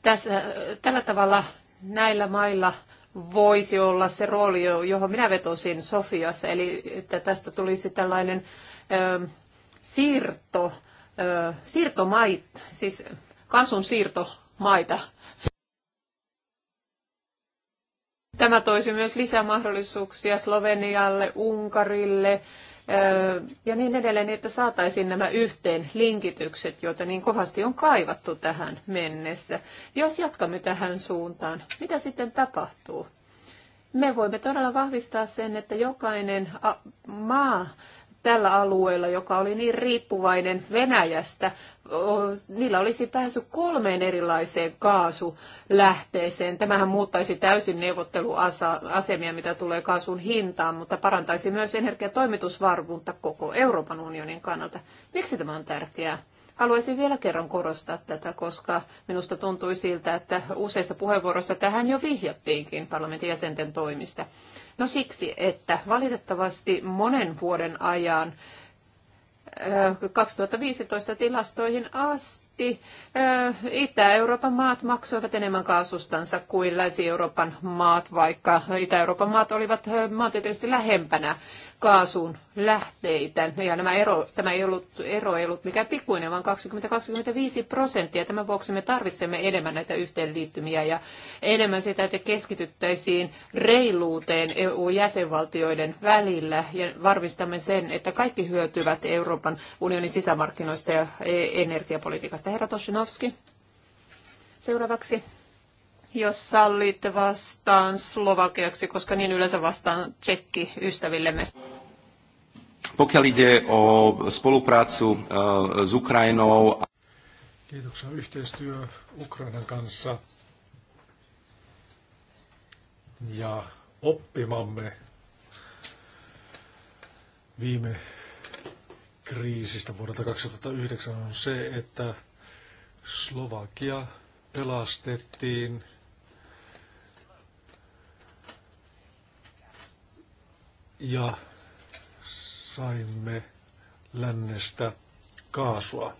tässä, tällä tavalla näillä mailla voisi olla se rooli, johon minä vetosin Sofiassa, eli että tästä tulisi tällainen ö, siirto, ö, siirtomait, siis kasvun siirtomaita. Tämä toisi myös lisää mahdollisuuksia Slovenialle, Unkarille ja niin edelleen, niin että saataisiin nämä yhteen linkitykset, joita niin kovasti on kaivattu tähän mennessä. Jos jatkamme tähän suuntaan, mitä sitten tapahtuu? Me voimme todella vahvistaa sen, että jokainen maa tällä alueella, joka oli niin riippuvainen Venäjästä, niillä olisi pääsy kolmeen erilaiseen kaasulähteeseen. Tämähän muuttaisi täysin neuvotteluasemia, mitä tulee kaasun hintaan, mutta parantaisi myös energiatoimitusvarmuutta koko Euroopan unionin kannalta. Miksi tämä on tärkeää? Haluaisin vielä kerran korostaa tätä, koska minusta tuntui siltä, että useissa puheenvuoroissa tähän jo vihjattiinkin parlamentin jäsenten toimista. No siksi, että valitettavasti monen vuoden ajan 2015 tilastoihin asti selvästi eh, Itä-Euroopan maat maksoivat enemmän kaasustansa kuin Länsi-Euroopan maat, vaikka Itä-Euroopan maat olivat eh, maantieteellisesti lähempänä kaasun lähteitä. Ja nämä ero, tämä ei ollut, ero ei ollut mikään pikkuinen, vaan 20-25 prosenttia. Tämän vuoksi me tarvitsemme enemmän näitä yhteenliittymiä ja enemmän sitä, että keskityttäisiin reiluuteen EU-jäsenvaltioiden välillä ja varmistamme sen, että kaikki hyötyvät Euroopan unionin sisämarkkinoista ja e- energiapolitiikasta tästä herra Toshinovski. Seuraavaksi, jos sallitte vastaan slovakiaksi, koska niin yleensä vastaan tsekki ystävillemme. Pokiaľ ide o spoluprácu eh, s Ukrajinou. Kiitoksia yhteistyö Ukrainan kanssa ja oppimamme viime kriisistä vuodelta 2009 on se, että Slovakia pelastettiin ja saimme lännestä kaasua.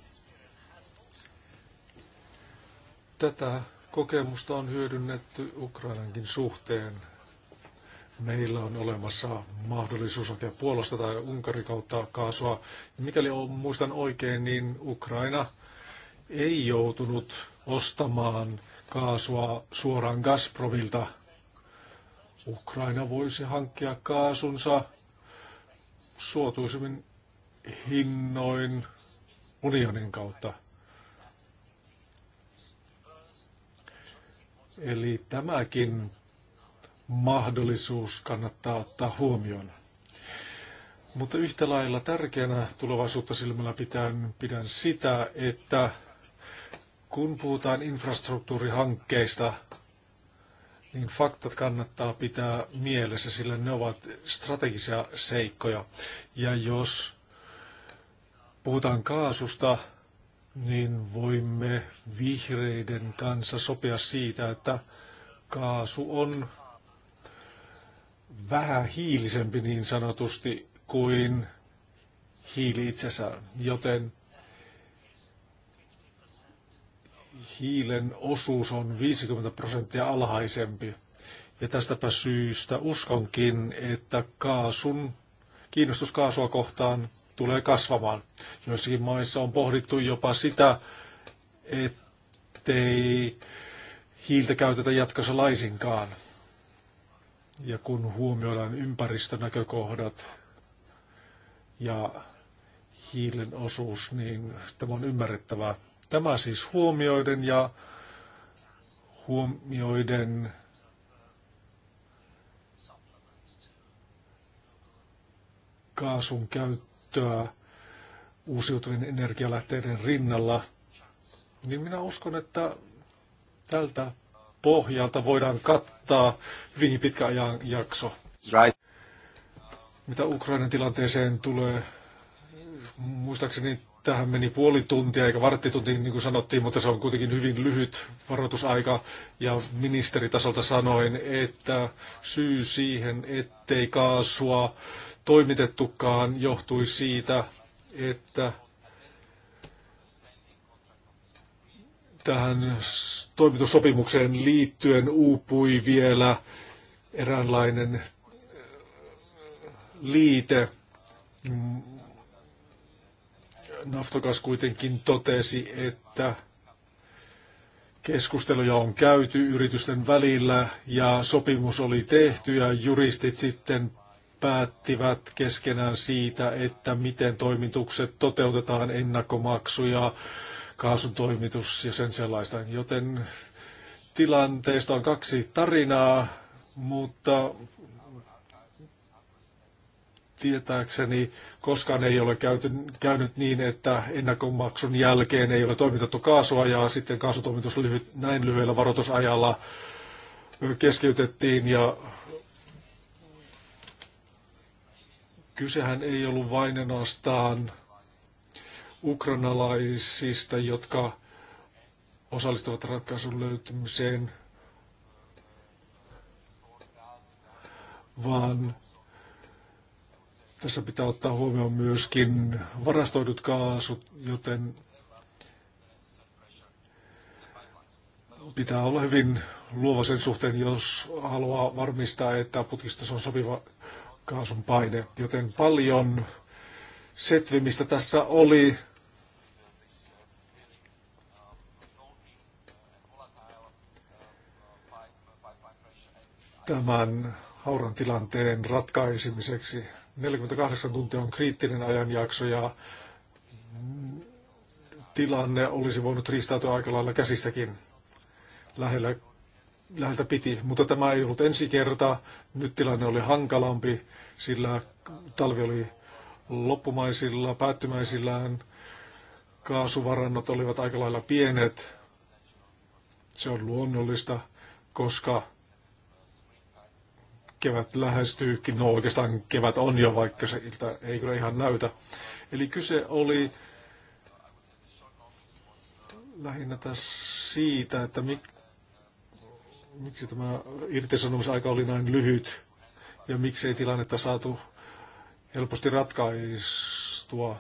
Tätä kokemusta on hyödynnetty Ukrainankin suhteen. Meillä on olemassa mahdollisuus hakea Puolasta tai Unkarin kautta kaasua. Mikäli on, muistan oikein, niin Ukraina – ei joutunut ostamaan kaasua suoraan Gazpromilta. Ukraina voisi hankkia kaasunsa suotuisemmin hinnoin unionin kautta. Eli tämäkin mahdollisuus kannattaa ottaa huomioon. Mutta yhtä lailla tärkeänä tulevaisuutta silmällä pitäen pidän sitä, että kun puhutaan infrastruktuurihankkeista, niin faktat kannattaa pitää mielessä, sillä ne ovat strategisia seikkoja. Ja jos puhutaan kaasusta, niin voimme vihreiden kanssa sopia siitä, että kaasu on vähän hiilisempi niin sanotusti kuin hiili itsessään, joten hiilen osuus on 50 prosenttia alhaisempi. Ja tästäpä syystä uskonkin, että kaasun, kiinnostus kaasua kohtaan tulee kasvamaan. Joissakin maissa on pohdittu jopa sitä, ettei hiiltä käytetä jatkossa laisinkaan. Ja kun huomioidaan ympäristönäkökohdat ja hiilen osuus, niin tämä on ymmärrettävää. Tämä siis huomioiden ja huomioiden kaasun käyttöä uusiutuvien energialähteiden rinnalla, niin minä uskon, että tältä pohjalta voidaan kattaa hyvin pitkä ajan jakso. Right. Mitä Ukrainan tilanteeseen tulee, muistaakseni Tähän meni puoli tuntia eikä varttitunti, niin kuin sanottiin, mutta se on kuitenkin hyvin lyhyt varoitusaika. Ja ministeritasolta sanoin, että syy siihen, ettei kaasua toimitettukaan, johtui siitä, että tähän toimitussopimukseen liittyen uupui vielä eräänlainen liite, Naftokas kuitenkin totesi, että keskusteluja on käyty yritysten välillä ja sopimus oli tehty ja juristit sitten päättivät keskenään siitä, että miten toimitukset toteutetaan, ennakkomaksuja, kaasutoimitus ja sen sellaista. Joten tilanteesta on kaksi tarinaa, mutta tietääkseni koskaan ei ole käyty, käynyt niin, että ennakkomaksun jälkeen ei ole toimitettu kaasua ja sitten kaasutoimitus lyhyt, näin lyhyellä varoitusajalla keskeytettiin ja kysehän ei ollut vain ainoastaan ukrainalaisista, jotka osallistuvat ratkaisun löytymiseen, vaan tässä pitää ottaa huomioon myöskin varastoidut kaasut, joten pitää olla hyvin luova sen suhteen, jos haluaa varmistaa, että putkistossa on sopiva kaasun paine. Joten paljon setvimistä tässä oli. tämän hauran tilanteen ratkaisemiseksi. 48 tuntia on kriittinen ajanjakso ja tilanne olisi voinut riistäytyä aika lailla käsistäkin lähellä, läheltä piti. Mutta tämä ei ollut ensi kerta. Nyt tilanne oli hankalampi, sillä talvi oli loppumaisilla, päättymäisillään. Kaasuvarannot olivat aika lailla pienet. Se on luonnollista, koska kevät lähestyykin. No oikeastaan kevät on jo, vaikka se ilta ei kyllä ihan näytä. Eli kyse oli lähinnä tässä siitä, että mik, miksi tämä irtisanomisaika oli näin lyhyt ja miksi ei tilannetta saatu helposti ratkaistua.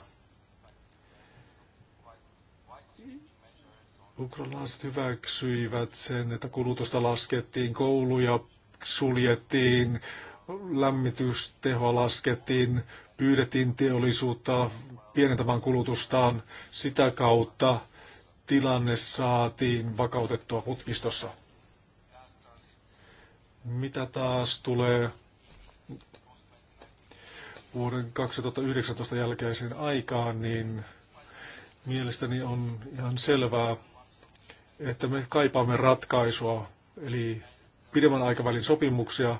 Ukrainalaiset hyväksyivät sen, että kulutusta laskettiin, kouluja suljettiin, lämmitystehoa laskettiin, pyydettiin teollisuutta pienentämään kulutustaan. Sitä kautta tilanne saatiin vakautettua putkistossa. Mitä taas tulee vuoden 2019 jälkeisen aikaan, niin mielestäni on ihan selvää, että me kaipaamme ratkaisua, eli pidemmän aikavälin sopimuksia.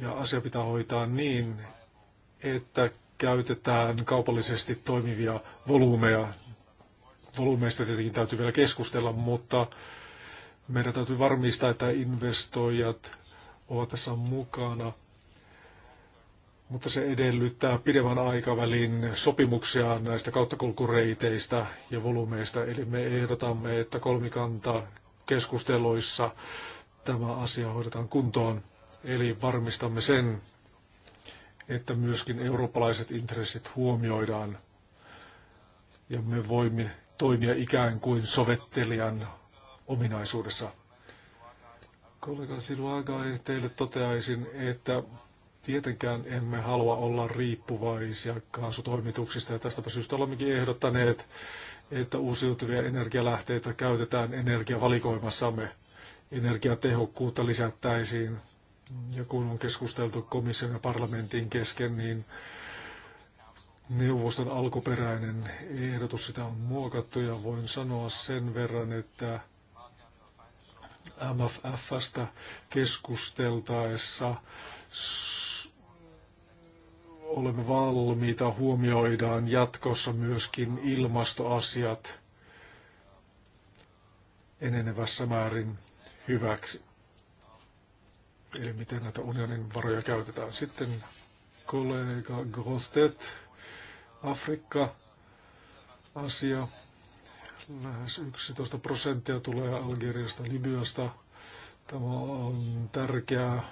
Ja asia pitää hoitaa niin, että käytetään kaupallisesti toimivia volyymeja. Volyymeista tietenkin täytyy vielä keskustella, mutta meidän täytyy varmistaa, että investoijat ovat tässä mukana. Mutta se edellyttää pidemmän aikavälin sopimuksia näistä kauttakulkureiteistä ja volyymeista. Eli me ehdotamme, että kolmikanta keskusteluissa tämä asia hoidetaan kuntoon. Eli varmistamme sen, että myöskin eurooppalaiset intressit huomioidaan ja me voimme toimia ikään kuin sovittelijan ominaisuudessa. Kollega Siluaga, teille toteaisin, että Tietenkään emme halua olla riippuvaisia kaasutoimituksista ja tästäpä syystä olemmekin ehdottaneet, että uusiutuvia energialähteitä käytetään energiavalikoimassamme. Energiatehokkuutta lisättäisiin ja kun on keskusteltu komission ja parlamentin kesken, niin neuvoston alkuperäinen ehdotus sitä on muokattu ja voin sanoa sen verran, että MFFstä keskusteltaessa olemme valmiita huomioidaan jatkossa myöskin ilmastoasiat enenevässä määrin hyväksi. Eli miten näitä unionin varoja käytetään. Sitten kollega Grostet, Afrikka, asia. Lähes 11 prosenttia tulee Algeriasta, Libyasta. Tämä on tärkeä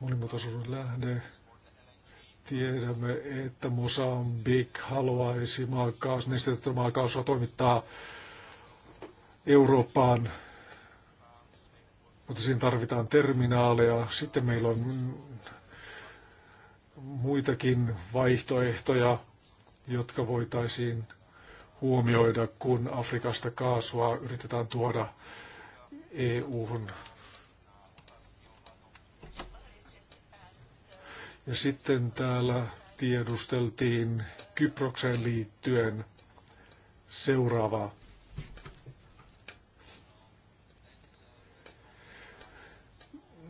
monimuotoisuuden lähde. Tiedämme, että Mosambik haluaisi maakaas, nestettä maakaasua toimittaa Eurooppaan, mutta siinä tarvitaan terminaaleja. Sitten meillä on muitakin vaihtoehtoja, jotka voitaisiin huomioida, kun Afrikasta kaasua yritetään tuoda EU-hun Ja sitten täällä tiedusteltiin Kyprokseen liittyen seuraavaa.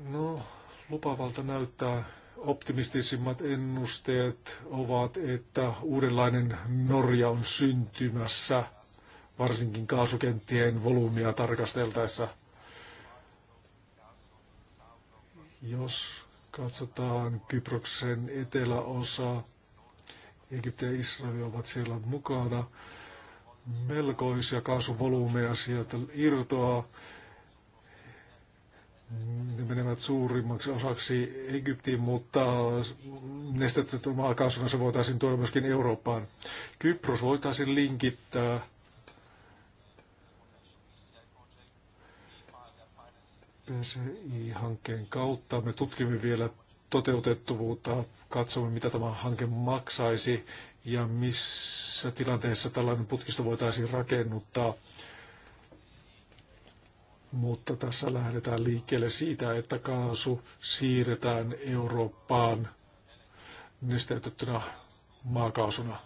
No, lupavalta näyttää optimistisimmat ennusteet ovat, että uudenlainen Norja on syntymässä, varsinkin kaasukenttien volyymia tarkasteltaessa. Jos katsotaan Kyproksen eteläosa, Egypti ja Israel ovat siellä mukana. Melkoisia kaasuvolyymeja sieltä irtoaa. Ne menevät suurimmaksi osaksi Egyptiin, mutta nestetetty maakaasuna se voitaisiin tuoda myöskin Eurooppaan. Kypros voitaisiin linkittää PCI-hankkeen kautta. Me tutkimme vielä toteutettavuutta, katsomme mitä tämä hanke maksaisi ja missä tilanteessa tällainen putkisto voitaisiin rakennuttaa. Mutta tässä lähdetään liikkeelle siitä, että kaasu siirretään Eurooppaan nesteytettynä maakaasuna.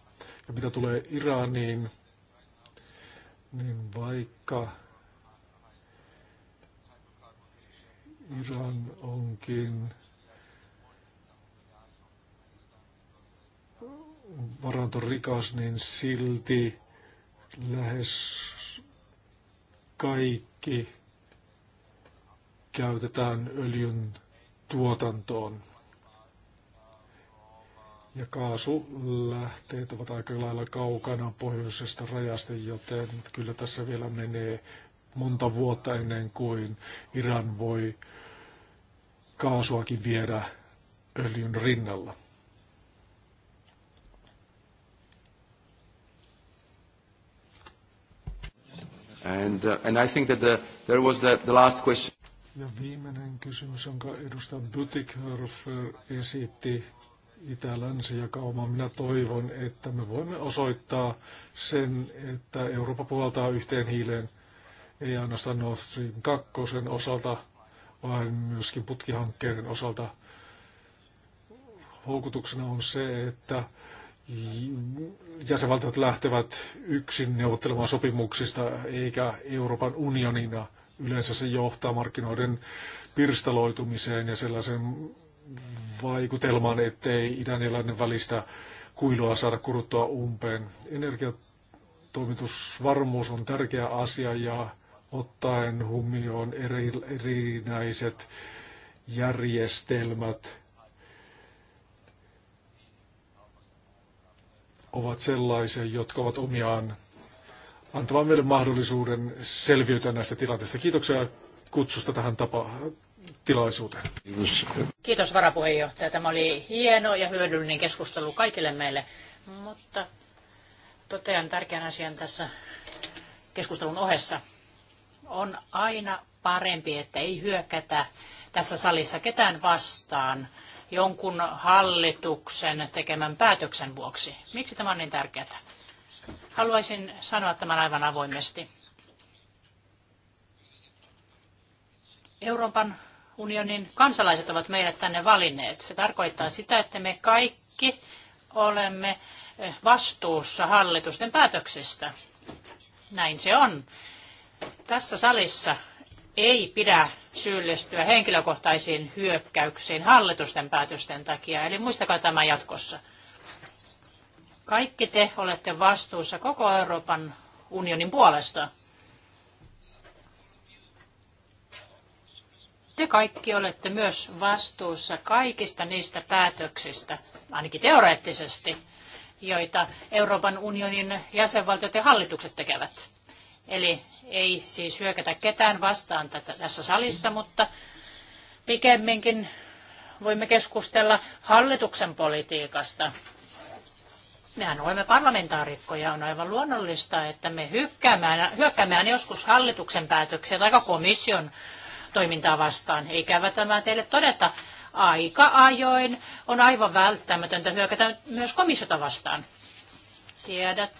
Ja mitä tulee Iraniin, niin vaikka Iran onkin varantorikas, niin silti lähes kaikki käytetään öljyn tuotantoon. Ja kaasulähteet ovat aika lailla kaukana pohjoisesta rajasta, joten kyllä tässä vielä menee monta vuotta ennen kuin Iran voi kaasuakin viedä öljyn rinnalla. And, uh, and I think that the, there was the, the last question. Ja viimeinen kysymys, jonka edustaja Bütikhofer äh, esitti Itä-Länsi ja kauma. Minä toivon, että me voimme osoittaa sen, että Eurooppa puhaltaa yhteen hiileen ei ainoastaan Nord Stream 2 osalta, vaan myöskin putkihankkeiden osalta. Houkutuksena on se, että jäsenvaltiot lähtevät yksin neuvottelemaan sopimuksista, eikä Euroopan unionina. Yleensä se johtaa markkinoiden pirstaloitumiseen ja sellaisen vaikutelman, ettei idän ja välistä kuilua saada kuruttua umpeen. Energiatoimitusvarmuus on tärkeä asia ja ottaen huomioon eri, erinäiset järjestelmät ovat sellaisia, jotka ovat omiaan antamaan meille mahdollisuuden selviytyä näistä tilanteista. Kiitoksia kutsusta tähän tapa, tilaisuuteen. Kiitos varapuheenjohtaja. Tämä oli hieno ja hyödyllinen keskustelu kaikille meille, mutta totean tärkeän asian tässä keskustelun ohessa on aina parempi, että ei hyökätä tässä salissa ketään vastaan jonkun hallituksen tekemän päätöksen vuoksi. Miksi tämä on niin tärkeää? Haluaisin sanoa tämän aivan avoimesti. Euroopan unionin kansalaiset ovat meidät tänne valinneet. Se tarkoittaa sitä, että me kaikki olemme vastuussa hallitusten päätöksistä. Näin se on. Tässä salissa ei pidä syyllistyä henkilökohtaisiin hyökkäyksiin hallitusten päätösten takia, eli muistakaa tämä jatkossa. Kaikki te olette vastuussa koko Euroopan unionin puolesta. Te kaikki olette myös vastuussa kaikista niistä päätöksistä, ainakin teoreettisesti, joita Euroopan unionin jäsenvaltiot ja hallitukset tekevät. Eli ei siis hyökätä ketään vastaan tässä salissa, mutta pikemminkin voimme keskustella hallituksen politiikasta. Mehän olemme parlamentaarikkoja, on aivan luonnollista, että me hyökkäämään, hyökkäämään joskus hallituksen päätöksiä tai komission toimintaa vastaan. Ikävä tämä teille todeta. Aika ajoin on aivan välttämätöntä hyökätä myös komissiota vastaan. Tiedät,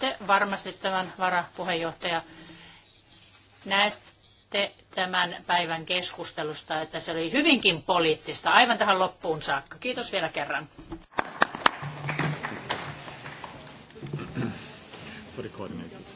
tunnette varmasti tämän varapuheenjohtaja. Näette tämän päivän keskustelusta, että se oli hyvinkin poliittista aivan tähän loppuun saakka. Kiitos vielä kerran. For the coordinators.